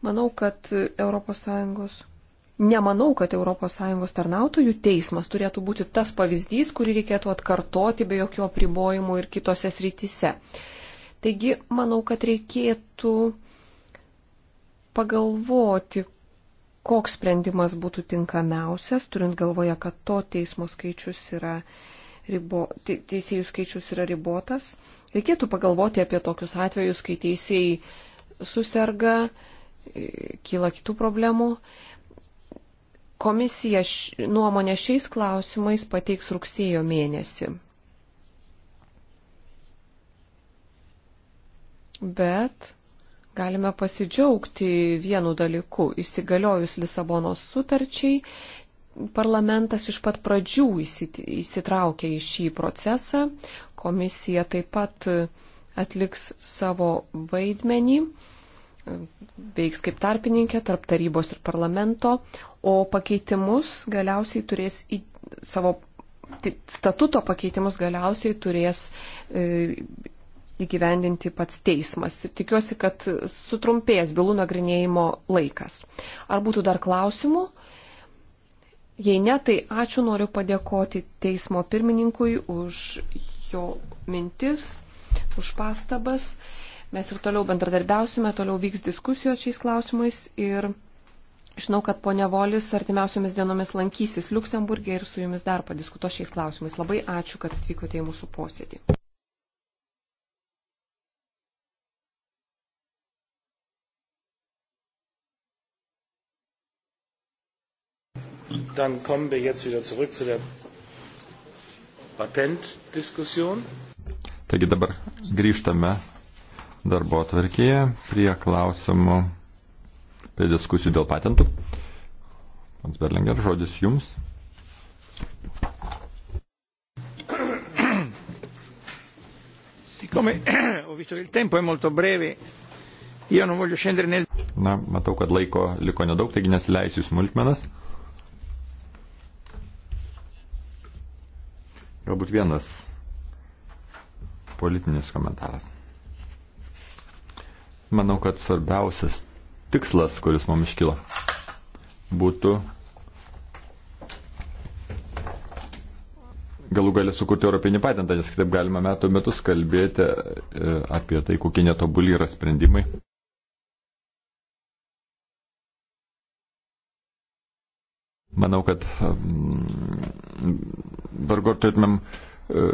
Manau, kad ES. Nemanau, kad ES tarnautojų teismas turėtų būti tas pavyzdys, kurį reikėtų atkartoti be jokių apribojimų ir kitose srityse. Taigi, manau, kad reikėtų pagalvoti, koks sprendimas būtų tinkamiausias, turint galvoje, kad to teismo skaičius yra ribo, te, teisėjų skaičius yra ribotas. Reikėtų pagalvoti apie tokius atvejus, kai teisėjai susirga, kyla kitų problemų. Komisija nuomonę šiais klausimais pateiks rugsėjo mėnesį. Bet galime pasidžiaugti vienu dalyku. Įsigaliojus Lisabonos sutarčiai, parlamentas iš pat pradžių įsitraukė į šį procesą. Komisija taip pat atliks savo vaidmenį veiks kaip tarpininkė tarp tarybos ir parlamento, o pakeitimus galiausiai turės į savo statuto pakeitimus galiausiai turės e, įgyvendinti pats teismas. Ir tikiuosi, kad sutrumpės bylų nagrinėjimo laikas. Ar būtų dar klausimų? Jei ne, tai ačiū noriu padėkoti teismo pirmininkui už jo mintis, už pastabas. Mes ir toliau bendradarbiausime, toliau vyks diskusijos šiais klausimais ir žinau, kad ponia Volis artimiausiomis dienomis lankysis Luksemburgė ir su jumis dar padiskuto šiais klausimais. Labai ačiū, kad atvykote į mūsų posėdį. Dann kommen wir jetzt wieder zurück zu der Patentdiskussion. Taigi dabar grįžtame darbo atvarkėje prie klausimų, prie diskusijų dėl patentų. Pans Berlinger, žodis jums. Come ho visto che il tempo è molto breve, io non voglio scendere nel... Na, matau, kad laiko liko nedaug, taigi nesileisiu smulkmenas. Galbūt vienas politinis komentaras manau, kad svarbiausias tikslas, kuris mums iškilo, būtų galų gali sukurti europinį patentą, nes kitaip galima metų metus kalbėti e, apie tai, kokie netobuli yra sprendimai. Manau, kad mm, vargu ar turėtumėm e,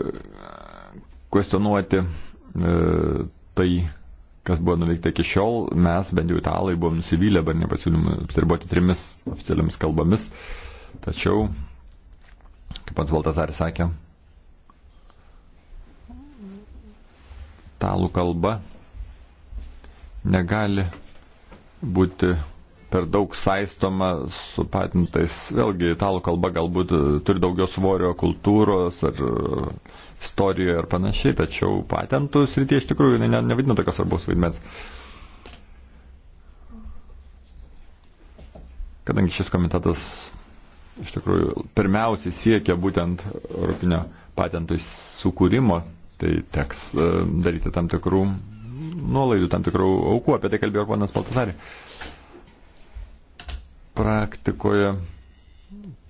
kvestionuoti e, tai, kas buvo nuveikta iki šiol, mes, bent jau italai, buvom nusivylę, bet nepasiūlymų apsiriboti trimis oficialiomis kalbomis. Tačiau, kaip pats Valtazaris sakė, italų kalba negali būti per daug saistoma su patintais. Vėlgi, italų kalba galbūt turi daugiau svorio kultūros ar istorijoje ir panašiai, tačiau patentų srityje iš tikrųjų ne, ne, nevadino tokios svarbos vaidmens. Kadangi šis komitetas iš tikrųjų pirmiausiai siekia būtent Europinio patentų sukūrimo, tai teks e, daryti tam tikrų nuolaidų, tam tikrų aukų, apie tai kalbėjo ponas Paltasarė. Praktikoje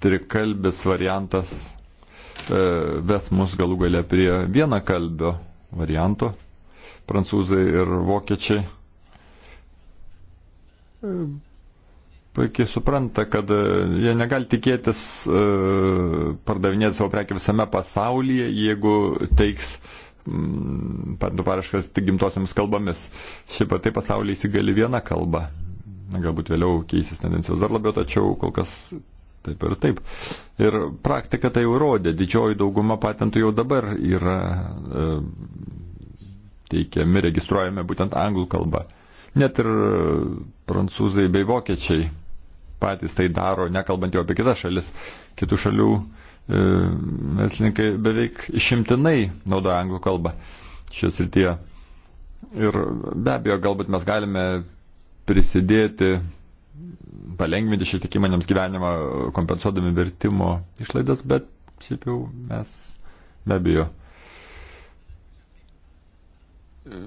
trikalbis variantas E, ves mus galų galę prie vieną kalbio varianto. Prancūzai ir vokiečiai e, puikiai supranta, kad e, jie negali tikėtis pardavinėti savo prekį visame pasaulyje, jeigu teiks mm, patentų paraškas tik gimtosiams kalbomis. Šiaip ar taip pasaulyje įsigali viena kalba. Galbūt vėliau keisis tendencijos dar labiau, tačiau kol kas taip ir taip. Ir praktika tai jau rodė, didžioji dauguma patentų jau dabar yra e, teikiami, registruojami būtent anglų kalba. Net ir e, prancūzai bei vokiečiai patys tai daro, nekalbant jau apie kitas šalis, kitų šalių e, verslininkai beveik išimtinai naudoja anglų kalbą šioje srityje. Ir be abejo, galbūt mes galime prisidėti palengvinti šiek tiek įmonėms gyvenimą, kompensuodami vertimo išlaidas, bet šiaip jau mes be abejo e,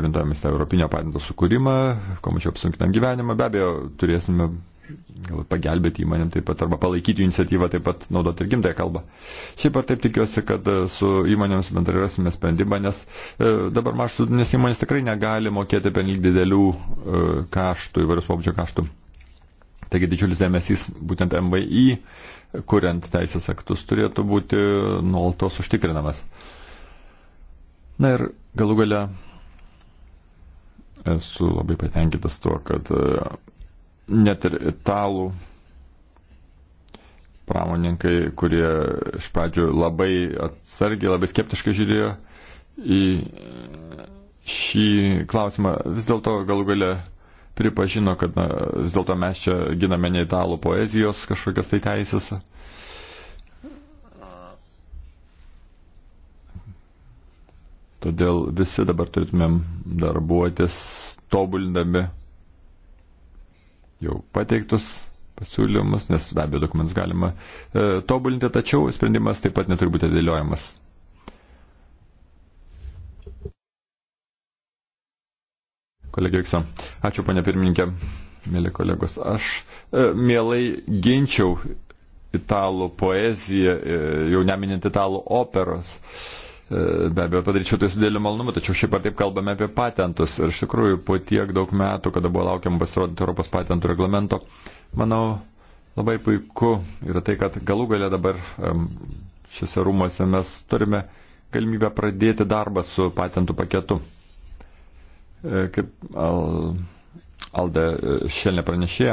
orientuojamės tą Europinio patento sukūrimą, kuo mažiau apsunkinam gyvenimą, be abejo turėsime gal pagelbėti įmonėm taip pat arba palaikyti iniciatyvą taip pat naudoti ir gimtąją kalbą. Šiaip ar taip tikiuosi, kad e, su įmonėms bendrai rasime sprendimą, nes e, dabar mažsudinės įmonės tikrai negali mokėti pernelyg didelių e, kaštų, įvairius pobūdžio kaštų. Taigi didžiulis dėmesys būtent MVI, kuriant teisės aktus, turėtų būti nuolatos užtikrinamas. Na ir galų gale esu labai patenkintas tuo, kad e, net ir italų pramoninkai, kurie iš pradžių labai atsargiai, labai skeptiškai žiūrėjo į šį klausimą, vis dėlto galų gale pripažino, kad na, vis dėlto mes čia giname ne italų poezijos kažkokias tai teisės. Todėl visi dabar turėtumėm darbuotis tobulindami jau pateiktus pasiūlymus, nes be abejo dokumentus galima e, tobulinti, tačiau sprendimas taip pat neturi būti atidėliojamas. kolegė Iksa. Ačiū, ponė pirmininkė, mėly kolegos. Aš e, mielai ginčiau italų poeziją, e, jau neminint italų operos. E, be abejo, padaryčiau tai su dėliu malonumu, tačiau šiaip ar taip kalbame apie patentus. Ir iš tikrųjų, po tiek daug metų, kada buvo laukiam pasirodyti Europos patentų reglamento, manau, labai puiku yra tai, kad galų galę dabar šiuose rūmose mes turime galimybę pradėti darbą su patentų paketu. E, kaip Alde e, šelnė pranešėja,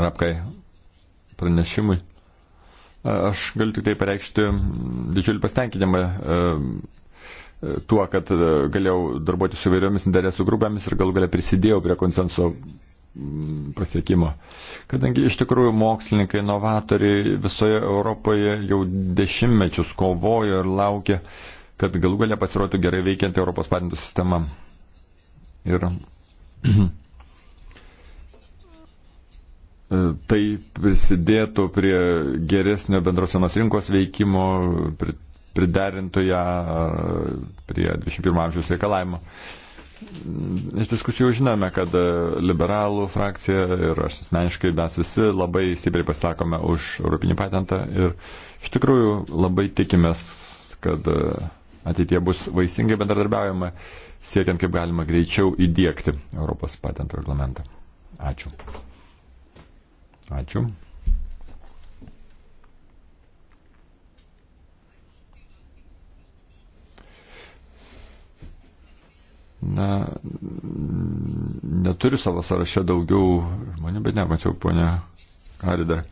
rapkai pranešimui. E, aš galiu tik tai pareikšti didžiulį pasitenkinimą tuo, kad galėjau darbuoti su įvairiomis interesų grupėmis ir galų galę prisidėjau prie konsenso pasiekimo. Kadangi iš tikrųjų mokslininkai, inovatoriai visoje Europoje jau dešimtmečius kovojo ir laukė, kad galų galę pasirodytų gerai veikianti Europos patentų sistema. Ir e, tai prisidėtų prie geresnio bendrosios rinkos veikimo, priderintų ją e, prie 21 amžiaus reikalavimo. Iš diskusijų žinome, kad e, liberalų frakcija ir aš asmeniškai mes visi labai stipriai pasakome už europinį patentą ir iš tikrųjų labai tikimės, kad ateitie bus vaisingai bendradarbiaujama siekiant kaip galima greičiau įdėkti Europos patentų reglamentą. Ačiū. Ačiū. Na, neturiu savo sąraše daugiau žmonių, bet nemačiau, ponia Karida,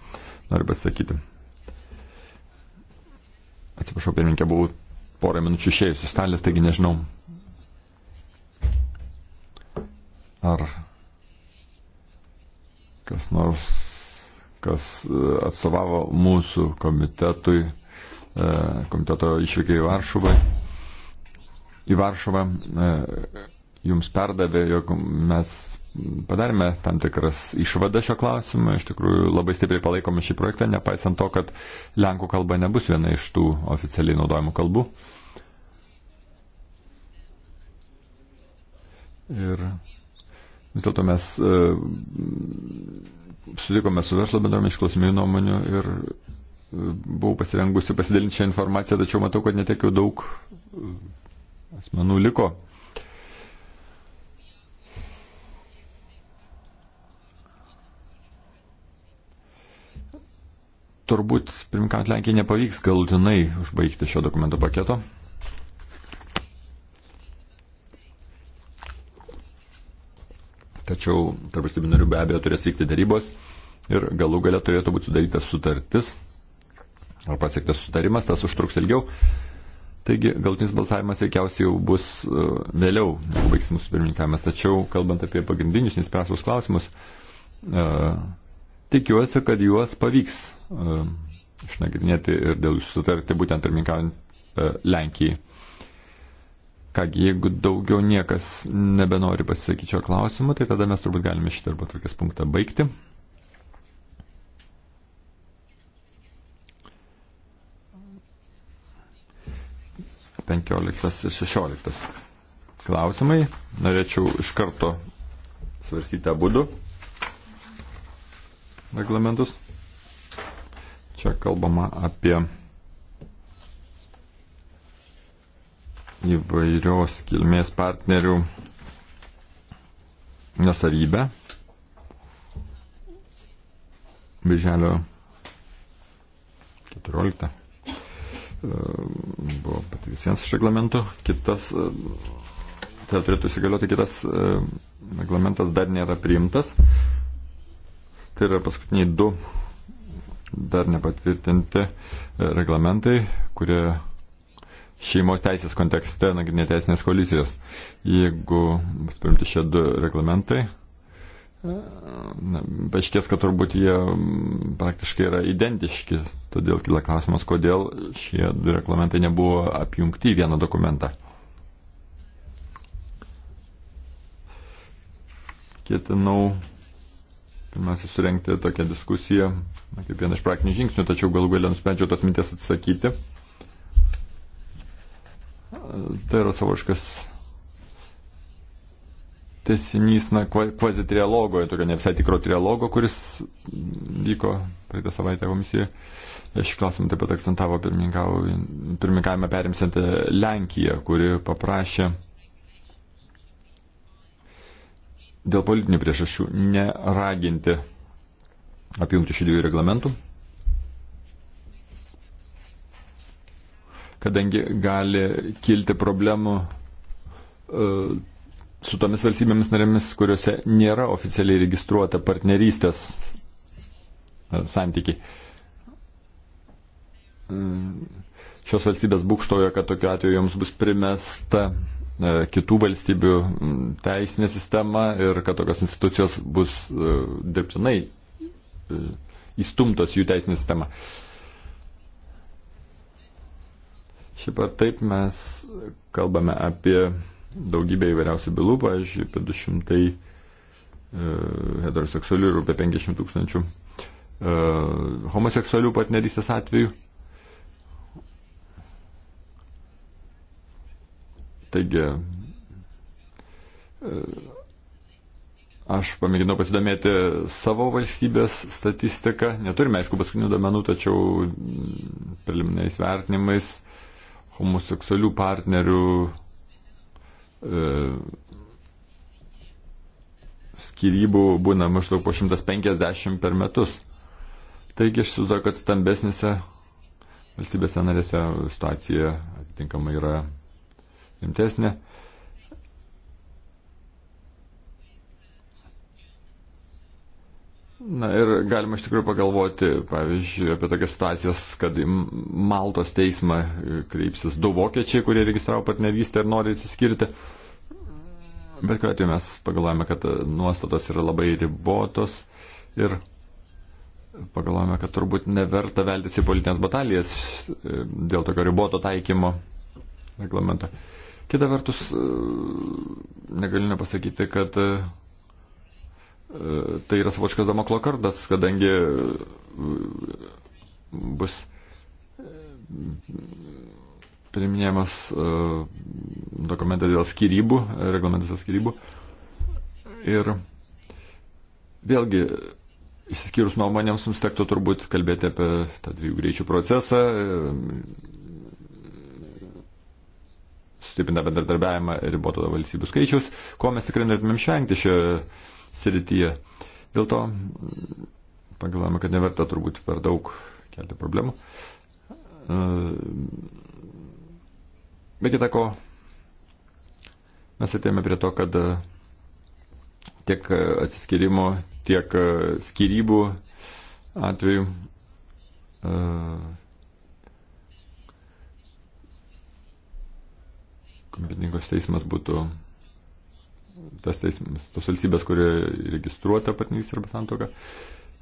noriu pasakyti. Atsiprašau, pirmininkė, buvau porą minučių išėjusi stalės, taigi nežinau, Ar kas nors, kas e, atstovavo mūsų komitetui, e, komiteto išvykė į Varšuvą, į Varšuvą e, jums perdavė, jog mes padarėme tam tikras išvadas šio klausimo, iš tikrųjų labai stipriai palaikome šį projektą, nepaisant to, kad lenkų kalba nebus viena iš tų oficialiai naudojamų kalbų. Ir Vis dėlto mes e, sutikome su verslo bendromis išklausimėjų nuomonių ir e, buvau pasirengusi pasidalinti šią informaciją, tačiau matau, kad netiek jau daug e, asmenų liko. Turbūt, pirmkant, Lenkijai nepavyks galutinai užbaigti šio dokumento paketo. Tačiau tarp valstybių narių be abejo turės vykti darybos ir galų gale turėtų būti sudarytas sutartis ar pasiektas sutarimas, tas užtruks ilgiau. Taigi galutinis balsavimas veikiausiai jau bus e, vėliau, negu baigs mūsų pirmininkavimas. Tačiau, kalbant apie pagrindinius nespręstus klausimus, e, tikiuosi, kad juos pavyks e, išnagrinėti ir dėl jų sutarti būtent pirmininkaujant e, Lenkijai. Kągi, jeigu daugiau niekas nebenori pasisakyti šio klausimu, tai tada mes turbūt galime šitą arba tokias punktą baigti. Penkioliktas ir šešioliktas klausimai. Norėčiau iš karto svarstyti abu du reglamentus. Čia kalbama apie įvairios kilmės partnerių nesavybę. Birželio 14 e, buvo patvirtintas iš reglamento, kitas, e, tai turėtų įsigalioti kitas e, reglamentas dar nėra priimtas. Tai yra paskutiniai du dar nepatvirtinti reglamentai, kurie šeimos teisės kontekste nagrinėti teisinės koalicijos. Jeigu bus primti šie du reglamentai, paaiškės, kad turbūt jie praktiškai yra identiški, todėl kila klausimas, kodėl šie du reglamentai nebuvo apjungti į vieną dokumentą. Ketinau pirmiausia surenkti tokią diskusiją, kaip vieną iš praktinių žingsnių, tačiau galų galę nusprendžiau tos minties atsisakyti tai yra savoškas tesinys, na, kvazi trialogo, tokio ne visai tikro trialogo, kuris vyko praeitą savaitę komisijoje. Šį klausimą taip pat akcentavo pirmininkavimą perimsianti Lenkija, kuri paprašė dėl politinių priežasčių neraginti apjungti šių dviejų reglamentų. kadangi gali kilti problemų e, su tomis valstybėmis narėmis, kuriuose nėra oficialiai registruota partnerystės e, santykiai. Mm, šios valstybės būkštojo, kad tokiu atveju joms bus primesta e, kitų valstybių mm, teisinė sistema ir kad tokios institucijos bus dirbtinai įstumtos jų teisinė sistema. Uh, Šiaip ar taip mes kalbame apie daugybę įvairiausių bylų, pavyzdžiui, apie 200 e, heteroseksualių ir apie 50 tūkstančių e, homoseksualių partnerystės atvejų. Taigi, e, Aš pamėginau pasidomėti savo valstybės statistiką. Neturime, aišku, paskutinių domenų, tačiau preliminariais vertinimais uh, homoseksualių partnerių e, skirybų būna maždaug po 150 per metus. Taigi aš suvokiu, kad stambesnėse valstybėse narėse situacija atitinkamai yra rimtesnė. Na ir galima iš tikrųjų pagalvoti, pavyzdžiui, apie tokias situacijas, kad Maltos teismą e, kreipsis du vokiečiai, kurie registravo partnerystę ir nori įsiskirti. Bet kuriuo atveju mes pagalvojame, kad e, nuostatos yra labai ribotos ir pagalvojame, kad turbūt neverta veltis į politinės batalijas e, dėl tokio riboto taikymo reglamento. Kita vertus, negaliu nepasakyti, kad tai yra savočkas damoklo kardas, kadangi e, bus e, priminėjamas e, dokumentas dėl skirybų, reglamentas dėl skirybų. Ir vėlgi, išsiskyrus nuomonėms, mums tektų turbūt kalbėti apie tą dviejų greičių procesą, sustiprintą bendradarbiavimą ir ribotą valstybių skaičius, ko mes tikrai norėtumėm švengti šio srityje. Dėl to mm, pagalvojame, kad neverta turbūt per daug kelti problemų. E, be kita ko, mes atėjome prie to, kad e, tiek atsiskirimo, tiek e, skirybų atveju kompetingos teismas būtų tas teismas, tos valstybės, kurie registruota partnerystė arba santoka.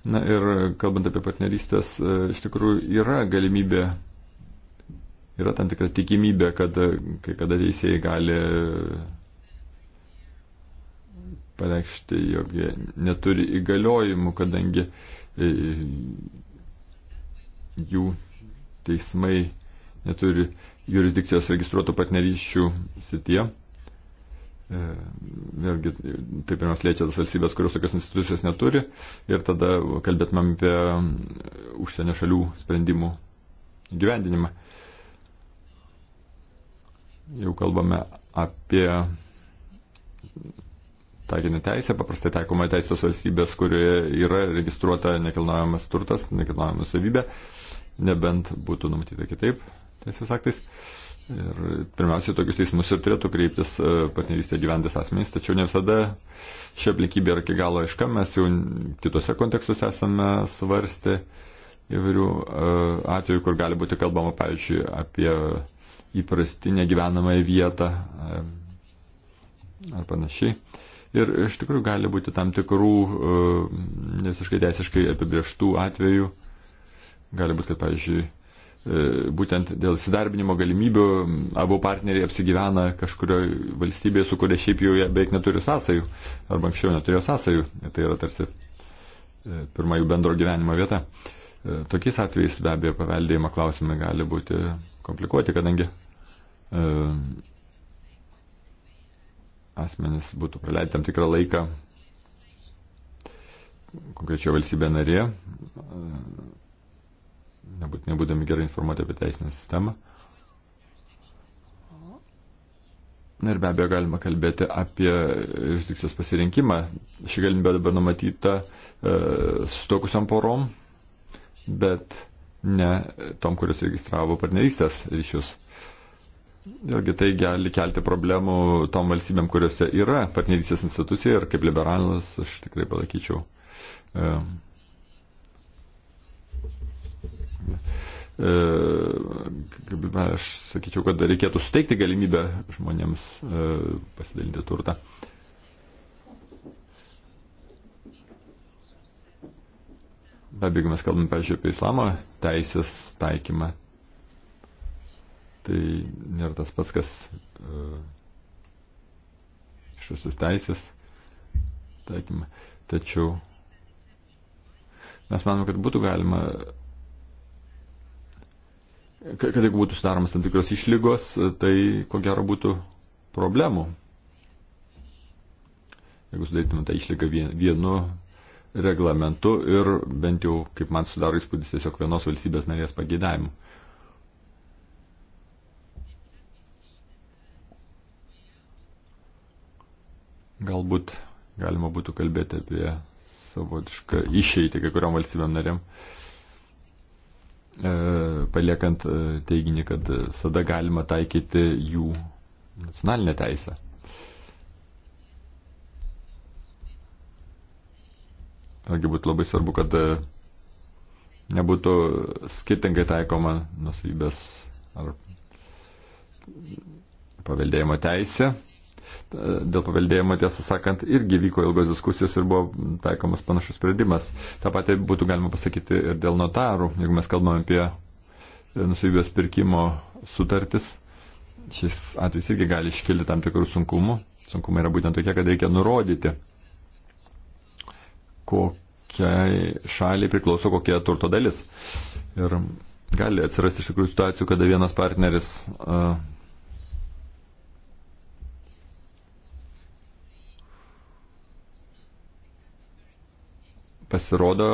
Na ir kalbant apie partnerystės, e, iš tikrųjų yra galimybė, yra tam tikra tikimybė, kad e, kai kada teisėjai gali e, pareikšti, jog jie neturi įgaliojimų, kadangi jų teismai neturi jurisdikcijos registruotų partnerysčių sitie. E, vėlgi tai pirmiausia liečia tas valstybės, kurios tokios institucijos neturi ir tada kalbėtumėm apie užsienio šalių sprendimų gyvendinimą. Jau kalbame apie taikinį teisę, paprastai taikoma teisės valstybės, kurioje yra registruota nekilnojamas turtas, nekilnojamas savybė, nebent būtų numatyta kitaip teisės aktais. Uh, Ir pirmiausia, tokius teismus ir turėtų kreiptis e, partnerystė gyventis asmenys, tačiau ne visada ši aplinkybė yra iki galo aiška, mes jau kitose kontekstuose esame svarstę įvairių e, atvejų, kur gali būti kalbama, pavyzdžiui, apie įprastinę gyvenamąją vietą e, ar panašiai. Ir iš tikrųjų gali būti tam tikrų visiškai teisiškai apibrieštų atvejų. Gali būti, kad, pavyzdžiui, E, būtent dėl įsidarbinimo galimybių abu partneriai apsigyvena kažkurioje valstybėje, su kuria šiaip jau beveik neturi sąsajų, arba anksčiau neturėjo sąsajų, tai yra tarsi e, pirma jų bendro gyvenimo vieta. E, tokiais atvejais be abejo paveldėjimo klausimai gali būti komplikuoti, kadangi e, asmenys būtų praleidę tam tikrą laiką konkrečioje valstybėje narėje. E, nebūtinai būdami gerai informuoti apie teisinę sistemą. Na ir be abejo galima kalbėti apie jurisdikcijos pasirinkimą. Ši galimybė dabar numatyta e, sustokusiam porom, bet ne tom, kuris registravo partnerystės ryšius. Vėlgi tai gali kelti problemų tom valstybėm, kuriuose yra partnerystės institucija ir kaip liberalas aš tikrai palaikyčiau. E, E, aš sakyčiau, kad reikėtų suteikti galimybę žmonėms e, pasidalinti turtą. Be abejo, mes kalbame, pažiūrėjau, apie islamą teisės taikymą. Tai nėra tas pats, kas e, išusius teisės taikymą. Tačiau mes manome, kad būtų galima kad jeigu būtų sudaromas tam tikros išlygos, tai ko gero būtų problemų. Jeigu sudarytume tą išlygą vienu reglamentu ir bent jau, kaip man sudaro įspūdis, tiesiog vienos valstybės narės pagėdavimu. Galbūt galima būtų kalbėti apie savotišką išeitį kai kuriam valstybėm narėm. Uh, E, paliekant e, teiginį, kad visada galima taikyti jų nacionalinę teisę. Argi būtų labai svarbu, kad e, nebūtų skirtingai taikoma nusvybės ar paveldėjimo teisė, dėl paveldėjimo, tiesą sakant, irgi vyko ilgos diskusijos ir buvo taikomas panašus sprendimas. Ta pati būtų galima pasakyti ir dėl notarų, jeigu mes kalbame apie nusavybės pirkimo sutartis. Šis atvejs irgi gali iškilti tam tikrų sunkumų. Sunkumai yra būtent tokie, kad reikia nurodyti, kokiai šaliai priklauso kokia turto dalis. Ir gali atsirasti iš tikrųjų situacijų, kada vienas partneris uh, pasirodo,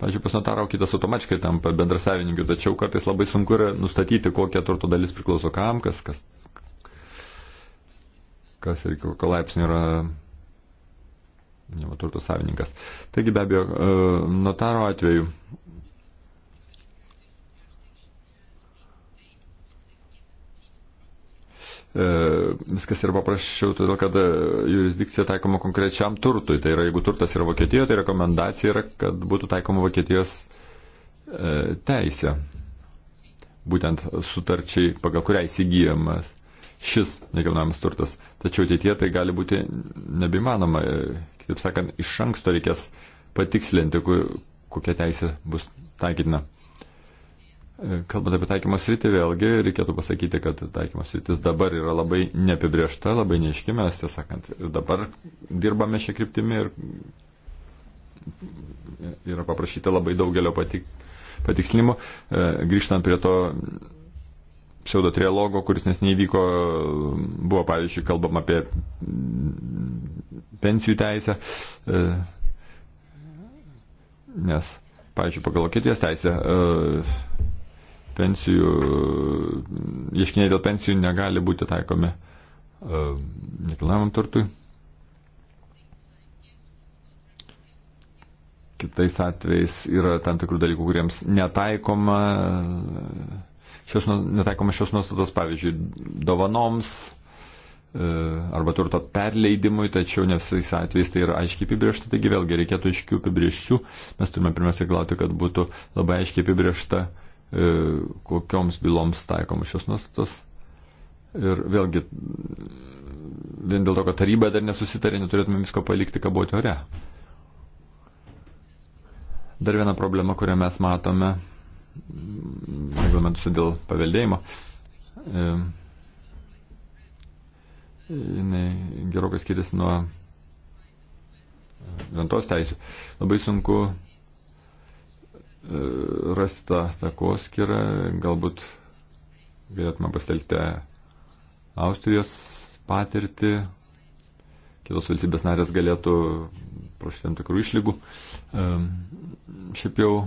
pažiūrėjau, pas notarą kitas automatiškai tampa bendrasavininku, tačiau kartais labai sunku yra nustatyti, kokia turto dalis priklauso kam, kas, kas, kas ir kokio laipsnio yra turto savininkas. Taigi be abejo, e, notaro atveju E, viskas yra paprasčiau, todėl kad e, jurisdikcija taikoma konkrečiam turtui. Tai yra, jeigu turtas yra Vokietijoje, tai rekomendacija yra, kad būtų taikoma Vokietijos e, teisė. Būtent sutarčiai, pagal kurią įsigijamas šis nekilnojamas turtas. Tačiau ateitie tai gali būti nebeimanoma. Kitaip sakant, iš anksto reikės patikslinti, kokia teisė bus taikytina. Kalbant apie taikymo sritį, vėlgi reikėtų pasakyti, kad taikymo sritis dabar yra labai neapibriešta, labai neiški, mes tiesą sakant, dabar dirbame šią kryptimį ir yra paprašyta labai daugelio patik, patikslimų. E, grįžtant prie to pseudo trialogo, kuris nesiniai vyko, buvo pavyzdžiui kalbama apie pensijų teisę, e, nes, pavyzdžiui, pagal Vokietijos teisę e, pensijų, ieškiniai dėl pensijų negali būti taikomi e, nekilnojamam turtui. Kitais atvejais yra tam tikrų dalykų, kuriems netaikoma šios, nu, netaikoma šios nuostatos, pavyzdžiui, dovanoms e, arba turto perleidimui, tačiau ne visais atvejais tai yra aiškiai apibriešta, taigi vėlgi reikėtų aiškių apibrieščių. Mes turime pirmiausia galvoti, kad būtų labai aiškiai apibriešta uh, E, kokioms byloms taikomos šios nuostatos. Ir vėlgi, vien dėl to, kad taryba dar nesusitarė, neturėtume visko palikti kaboti ore. Dar viena problema, kurią mes matome reglamentuose dėl paveldėjimo. E, gerokai skiriasi nuo rentos teisų. Labai sunku rasti tą takoskirą, galbūt galėtume pastelti Austrijos patirtį, kitos valstybės narės galėtų prašyti tam tikrų išlygų. Šiaip jau e,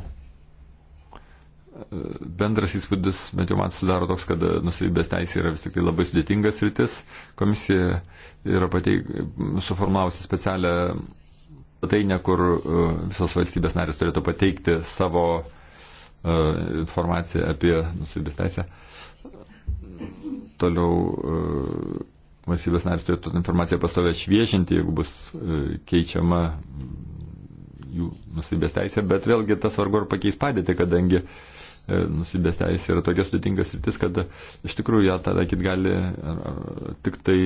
bendras įspūdis, bent jau man susidaro toks, kad nusavybės teisė yra vis tik tai labai sudėtingas rytis. Komisija yra pateik, suformavusi specialią svetainę, kur e, visos valstybės narės turėtų pateikti savo e, informaciją apie nusibės teisę. Toliau e, valstybės narės turėtų informaciją pastovę šviežinti, jeigu bus keičiama jų nusibės teisė, bet vėlgi tas vargu ar pakeis padėti, kadangi nusibės teisė yra tokia sudėtingas rytis, kad iš tikrųjų ją tą taikyti gali ar, ar, tik tai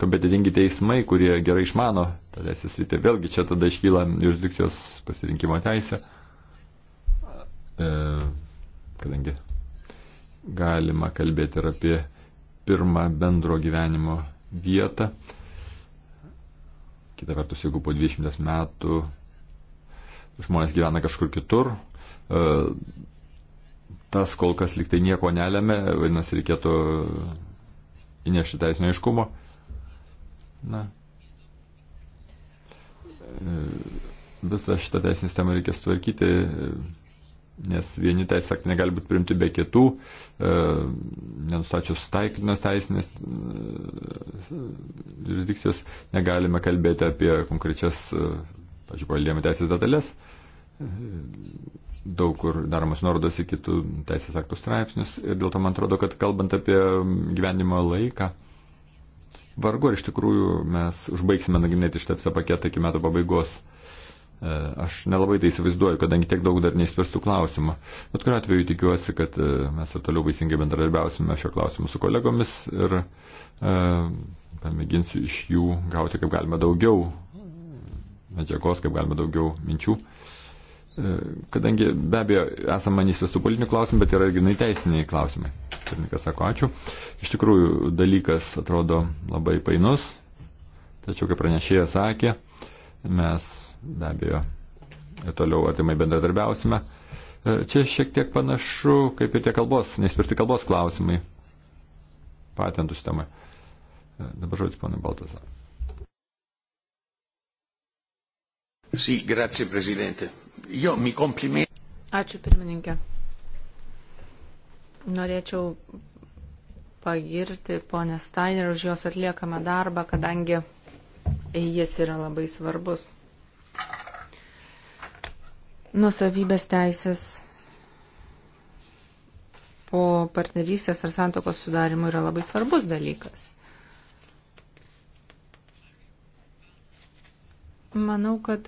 kompetitingi teismai, kurie gerai išmano tą teisės rytį. Vėlgi čia tada iškyla jurisdikcijos pasirinkimo teisė, e, kadangi galima kalbėti ir apie pirmą bendro gyvenimo vietą. Kita vertus, jeigu po 20 metų žmonės gyvena kažkur kitur, e, tas kol kas liktai nieko nelėmė, vadinasi, reikėtų įnešti teisinio aiškumo. E, Na. E, visą šitą teisinį sistemą reikės tvarkyti, e, nes vieni teisės aktai negali būti priimti be kitų, e, nenustačius taikytinos teisinės jurisdikcijos, negalime kalbėti apie konkrečias, pažiūrėjau, paveldėjimo teisės detalės daug kur daromas nuorodos į kitų teisės aktų straipsnius ir dėl to man atrodo, kad kalbant apie gyvenimo laiką, vargu ar iš tikrųjų mes užbaigsime nagrinėti šitą visą paketą iki metų pabaigos. E, aš nelabai tai įsivaizduoju, kadangi tiek daug dar neįspręstų klausimų. Bet kuriu atveju tikiuosi, kad e, mes ir toliau vaisingai bendradarbiausime šio klausimu su kolegomis ir e, pamėginsiu iš jų gauti kaip galima daugiau medžiagos, kaip galima daugiau minčių. E, E, kadangi be abejo esame manysvestų politinių klausimų, bet yra ir grinai teisiniai klausimai. Pirmininkas sako, ačiū. Iš tikrųjų, dalykas atrodo labai painus, tačiau, kaip pranešėjas sakė, mes be abejo toliau artimai bendradarbiausime. E, čia šiek tiek panašu, kaip ir tie kalbos, nespirti kalbos klausimai patentų sistemai. E, dabar žodis ponui Baltasar. Sì, si, grazie Presidente. Jo, mi kompliment. Ačiū pirmininkė. Norėčiau pagirti ponę Steiner už jos atliekamą darbą, kadangi jis yra labai svarbus. Nusavybės teisės po partnerystės ar santokos sudarimo yra labai svarbus dalykas. Manau, kad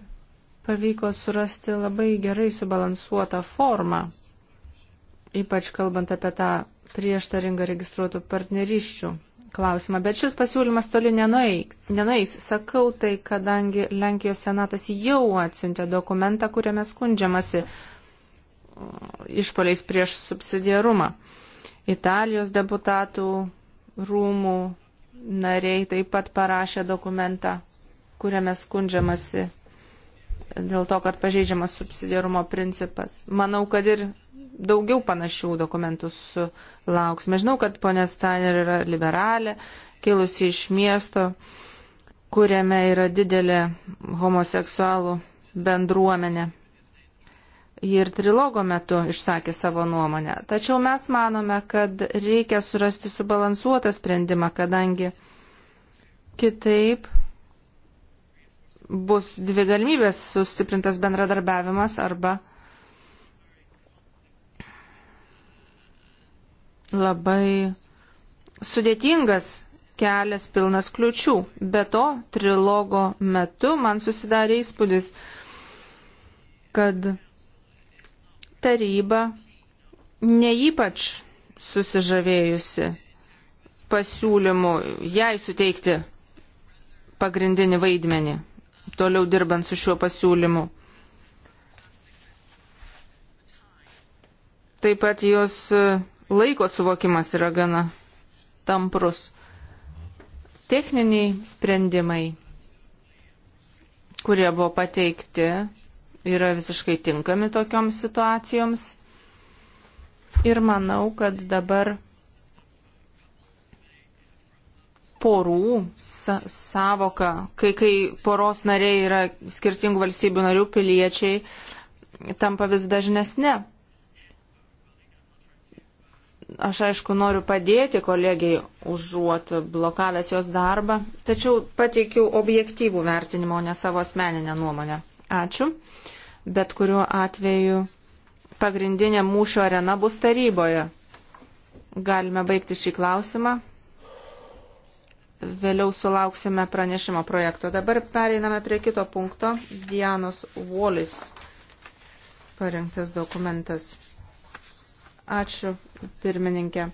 pavyko surasti labai gerai subalansuotą formą, ypač kalbant apie tą prieštaringą registruotų partneriščių klausimą. Bet šis pasiūlymas toli nenueis. Sakau tai, kadangi Lenkijos senatas jau atsiuntė dokumentą, kuriame skundžiamasi išpoliais prieš subsidiarumą. Italijos deputatų rūmų nariai taip pat parašė dokumentą, kuriame skundžiamasi dėl to, kad pažeidžiamas subsidiarumo principas. Manau, kad ir daugiau panašių dokumentų sulauksime. Žinau, kad ponė Steiner yra liberalė, kilusi iš miesto, kuriame yra didelė homoseksualų bendruomenė. Ji ir trilogo metu išsakė savo nuomonę. Tačiau mes manome, kad reikia surasti subalansuotą sprendimą, kadangi kitaip bus dvi galimybės - sustiprintas bendradarbiavimas arba labai sudėtingas kelias pilnas kliučių. Be to, trilogo metu man susidarė įspūdis, kad taryba ne ypač susižavėjusi pasiūlymu jai suteikti pagrindinį vaidmenį toliau dirbant su šiuo pasiūlymu. Taip pat jos e, laiko suvokimas yra gana tamprus. Techniniai sprendimai, kurie buvo pateikti, yra visiškai tinkami tokioms situacijoms. Ir manau, kad dabar porų sa savoka, kai, kai poros nariai yra skirtingų valstybių narių piliečiai, tampa vis dažnesnė. Aš aišku noriu padėti kolegiai užuot blokavęs jos darbą, tačiau pateikiau objektyvų vertinimo, ne savo asmeninę nuomonę. Ačiū. Bet kuriuo atveju pagrindinė mūšio arena bus taryboje. Galime baigti šį klausimą. Vėliau sulauksime pranešimo projekto. Dabar pereiname prie kito punkto. Dianos Volis parengtas dokumentas. Ačiū, pirmininkė.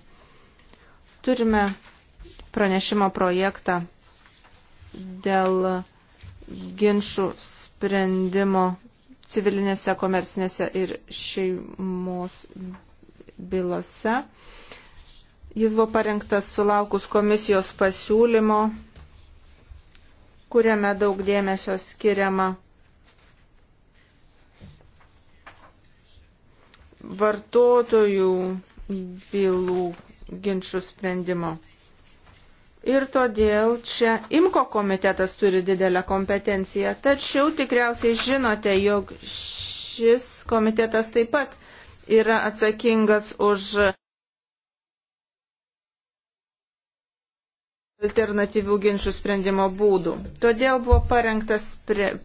Turime pranešimo projektą dėl ginčių sprendimo civilinėse, komercinėse ir šeimos bylose. Jis buvo parengtas sulaukus komisijos pasiūlymo, kuriame daug dėmesio skiriama vartotojų bylų ginčių sprendimo. Ir todėl čia IMKO komitetas turi didelę kompetenciją. Tačiau tikriausiai žinote, jog šis komitetas taip pat yra atsakingas už alternatyvių ginčių sprendimo būdų. Todėl buvo parengtas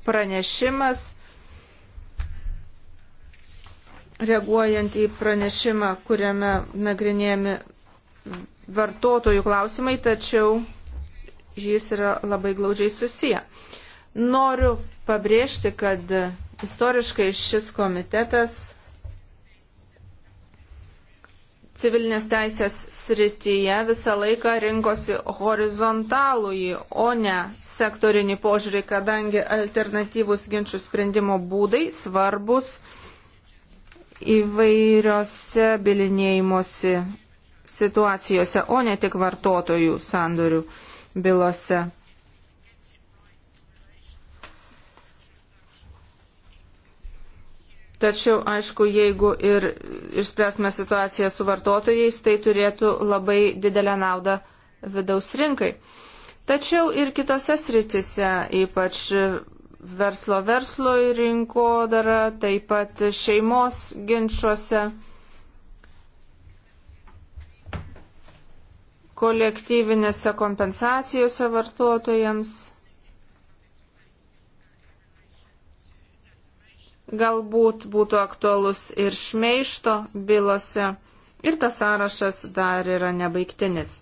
pranešimas, reaguojant į pranešimą, kuriame nagrinėjami vartotojų klausimai, tačiau jis yra labai glaudžiai susiję. Noriu pabrėžti, kad istoriškai šis komitetas civilinės teisės srityje visą laiką rinkosi horizontalųjį, o ne sektorinį požiūrį, kadangi alternatyvus ginčių sprendimo būdai svarbus įvairiose bilinėjimosi situacijose, o ne tik vartotojų sandorių bylose. Tačiau, aišku, jeigu ir išspręsime situaciją su vartotojais, tai turėtų labai didelę naudą vidaus rinkai. Tačiau ir kitose sritise, ypač verslo verslo rinkodara, taip pat šeimos ginčiuose, kolektyvinėse kompensacijose vartotojams. galbūt būtų aktualus ir šmeišto bylose. Ir tas sąrašas dar yra nebaigtinis.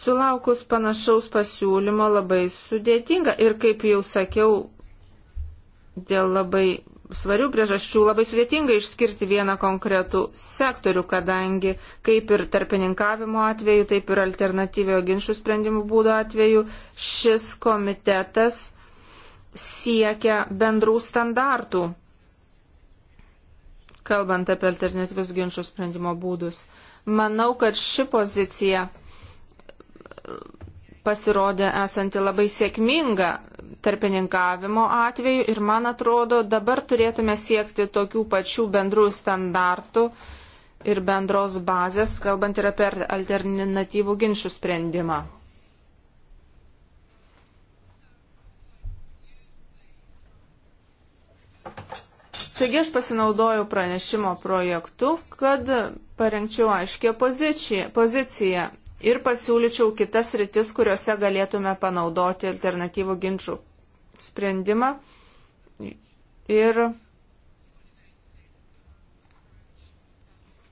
Sulaukus panašaus pasiūlymo labai sudėtinga ir, kaip jau sakiau, dėl labai svarių priežasčių labai sudėtinga išskirti vieną konkretų sektorių, kadangi kaip ir tarpininkavimo atveju, taip ir alternatyviojo ginčių sprendimų būdo atveju šis komitetas siekia bendrų standartų, kalbant apie alternatyvius ginčių sprendimo būdus. Manau, kad ši pozicija pasirodė esanti labai sėkminga tarpininkavimo atveju ir man atrodo dabar turėtume siekti tokių pačių bendrų standartų ir bendros bazės, kalbant ir apie alternatyvų ginčių sprendimą. Taigi aš pasinaudojau pranešimo projektu, kad parengčiau aiškę poziciją, poziciją ir pasiūlyčiau kitas rytis, kuriuose galėtume panaudoti alternatyvų ginčių sprendimą ir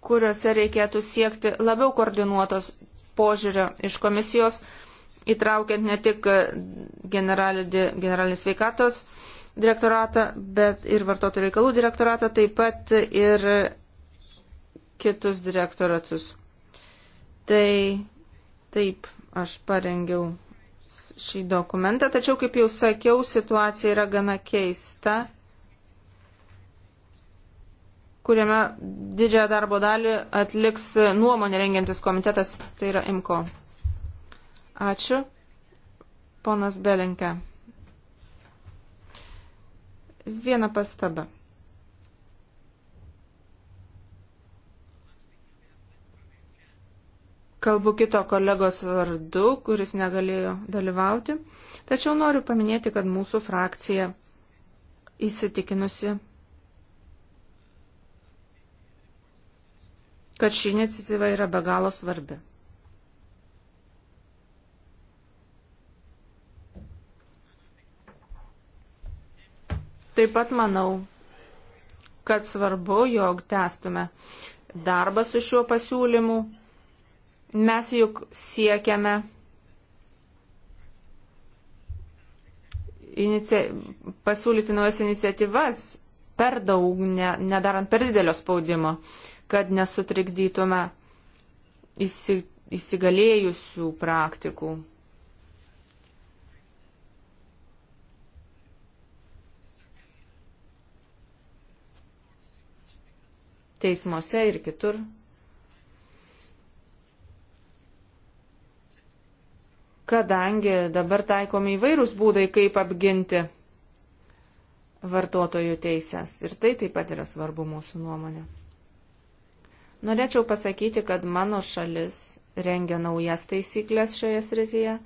kuriuose reikėtų siekti labiau koordinuotos požiūrio iš komisijos, įtraukiant ne tik generalinį sveikatos direktoratą, bet ir vartotojų reikalų direktoratą, taip pat ir kitus direktoratus. Tai taip, aš parengiau šį dokumentą, tačiau, kaip jau sakiau, situacija yra gana keista, kuriame didžiąją darbo dalį atliks nuomonė rengiantis komitetas, tai yra IMKO. Ačiū. Ponas Belenke. Viena pastaba. kalbu kito kolegos vardu, kuris negalėjo dalyvauti, tačiau noriu paminėti, kad mūsų frakcija įsitikinusi, kad ši iniciatyva yra be galo svarbi. Taip pat manau, kad svarbu, jog testume darbą su šiuo pasiūlymu, Mes juk siekiame inicia... pasiūlyti naujas iniciatyvas per daug, ne, nedarant per didelio spaudimo, kad nesutrikdytume įsi... įsigalėjusių praktikų. Teismuose ir kitur. kadangi dabar taikomi įvairūs būdai, kaip apginti vartotojų teises. Ir tai taip pat yra svarbu mūsų nuomonė. Norėčiau pasakyti, kad mano šalis rengia naujas taisyklės šioje srityje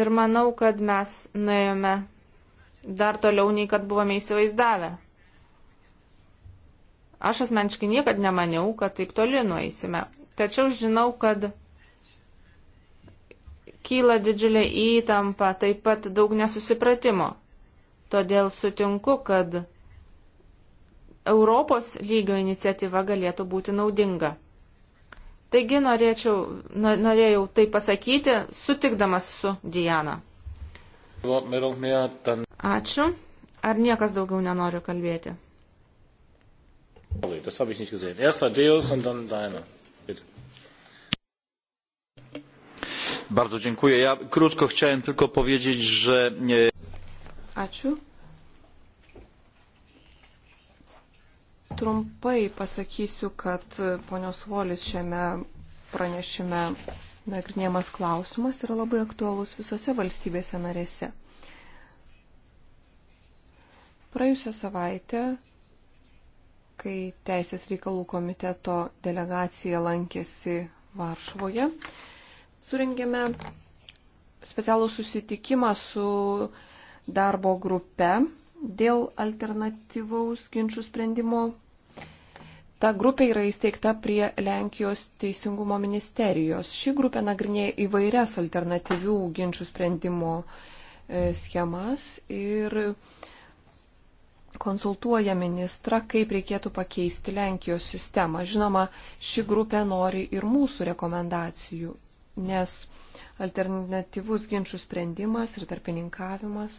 ir manau, kad mes nuėjome dar toliau, nei kad buvome įsivaizdavę. Aš asmeniškai niekad nemaniau, kad taip toli nueisime. Tačiau žinau, kad kyla didžiulė įtampa, taip pat daug nesusipratimo. Todėl sutinku, kad Europos lygio iniciatyva galėtų būti naudinga. Taigi norėčiau, norėjau tai pasakyti, sutikdamas su Diana. Ačiū. Ar niekas daugiau nenori kalbėti? Das habe ich nicht gesehen. Erst Adeus und dann deine. Bardzo dziękuję. Ja krótko chciałem tylko powiedzieć, że... Ačiū. Trumpai pasakysiu, kad ponios Volis šiame pranešime nagrinėjamas klausimas yra labai aktualus visose valstybėse narėse. Praėjusią savaitę, kai Teisės reikalų komiteto delegacija lankėsi Varšuvoje, surengėme specialų susitikimą su darbo grupe dėl alternatyvaus ginčių sprendimo. Ta grupė yra įsteigta prie Lenkijos teisingumo ministerijos. Ši grupė nagrinėja įvairias alternatyvių ginčių sprendimo e, schemas ir konsultuoja ministrą, kaip reikėtų pakeisti Lenkijos sistemą. Žinoma, ši grupė nori ir mūsų rekomendacijų nes alternatyvus ginčių sprendimas ir tarpininkavimas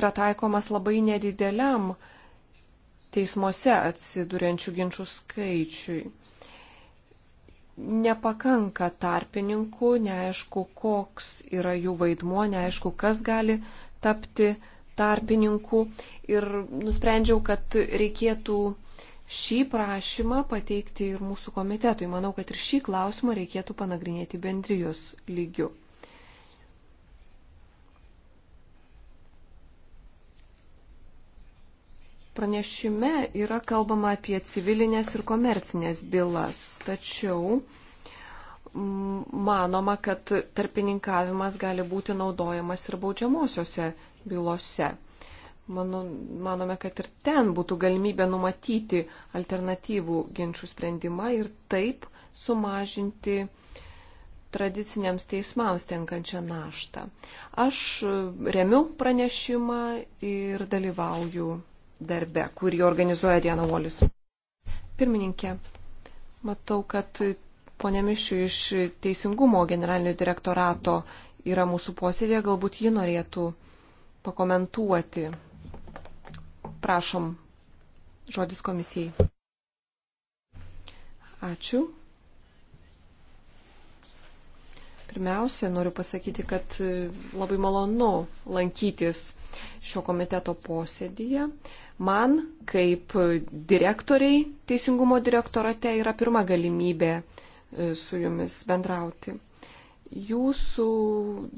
yra taikomas labai nedideliam teismuose atsidūrenčių ginčių skaičiui. Nepakanka tarpininkų, neaišku, koks yra jų vaidmuo, neaišku, kas gali tapti tarpininku. Ir nusprendžiau, kad reikėtų šį prašymą pateikti ir mūsų komitetui. Manau, kad ir šį klausimą reikėtų panagrinėti bendrijos lygiu. Pranešime yra kalbama apie civilinės ir komercinės bylas, tačiau manoma, kad tarpininkavimas gali būti naudojamas ir baudžiamosiose bylose. Mano, manome, kad ir ten būtų galimybė numatyti alternatyvų ginčių sprendimą ir taip sumažinti tradiciniams teismams tenkančią naštą. Aš e, remiu pranešimą ir dalyvauju darbe, kurį organizuoja Diena Volis. Pirmininkė, matau, kad ponė Mišių iš Teisingumo generalinio direktorato yra mūsų posėdė, galbūt ji norėtų pakomentuoti Prašom, žodis komisijai. Ačiū. Pirmiausia, noriu pasakyti, kad e, labai malonu lankytis šio komiteto posėdyje. Man, kaip direktoriai Teisingumo direktorate, yra pirma galimybė e, su jumis bendrauti. Jūsų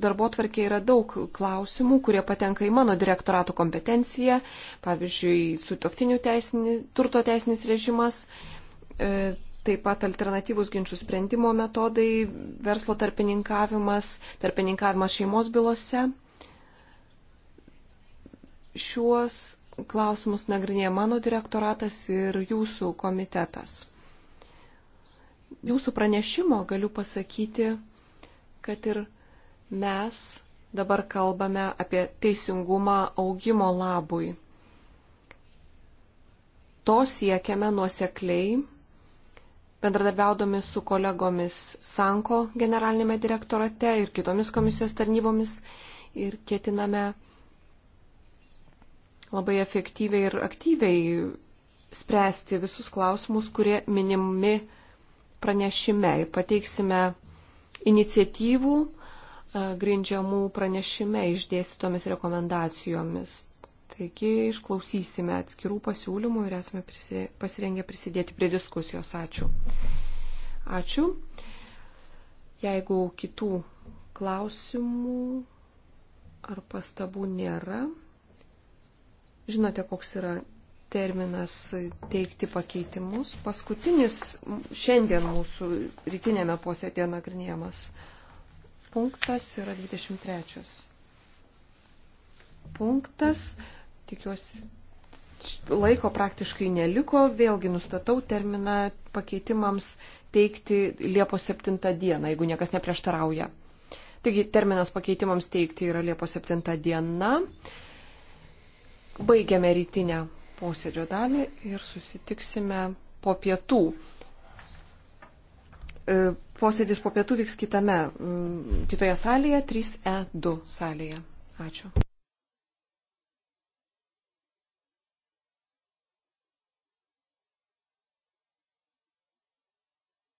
darbo tvarkė yra daug klausimų, kurie patenka į mano direktorato kompetenciją, pavyzdžiui, sutoktinių teisini, turto teisinis režimas, e, taip pat alternatyvus ginčių sprendimo metodai, verslo tarpininkavimas, tarpininkavimas šeimos bylose. Šiuos klausimus nagrinėja mano direktoratas ir jūsų komitetas. Jūsų pranešimo galiu pasakyti, kad ir mes dabar kalbame apie teisingumą augimo labui. To siekiame nuosekliai, bendradarbiaudami su kolegomis Sanko generalinėme direktorate ir kitomis komisijos tarnybomis ir ketiname labai efektyviai ir aktyviai spręsti visus klausimus, kurie minimi pranešime. Pateiksime iniciatyvų e, grindžiamų pranešime išdėstytomis rekomendacijomis. Taigi išklausysime atskirų pasiūlymų ir esame prisi, pasirengę prisidėti prie diskusijos. Ačiū. Ačiū. Jeigu kitų klausimų ar pastabų nėra, žinote, koks yra terminas teikti pakeitimus. Paskutinis šiandien mūsų rytinėme posėdėje nagrinėjamas punktas yra 23. Punktas, tikiuosi, laiko praktiškai neliko, vėlgi nustatau terminą pakeitimams teikti Liepos 7 dieną, jeigu niekas neprieštarauja. Taigi terminas pakeitimams teikti yra Liepos 7 diena. Baigiame rytinę posėdžio dalį ir susitiksime po pietų. E, posėdis po pietų vyks kitame, kitoje salėje, 3E2 salėje. Ačiū.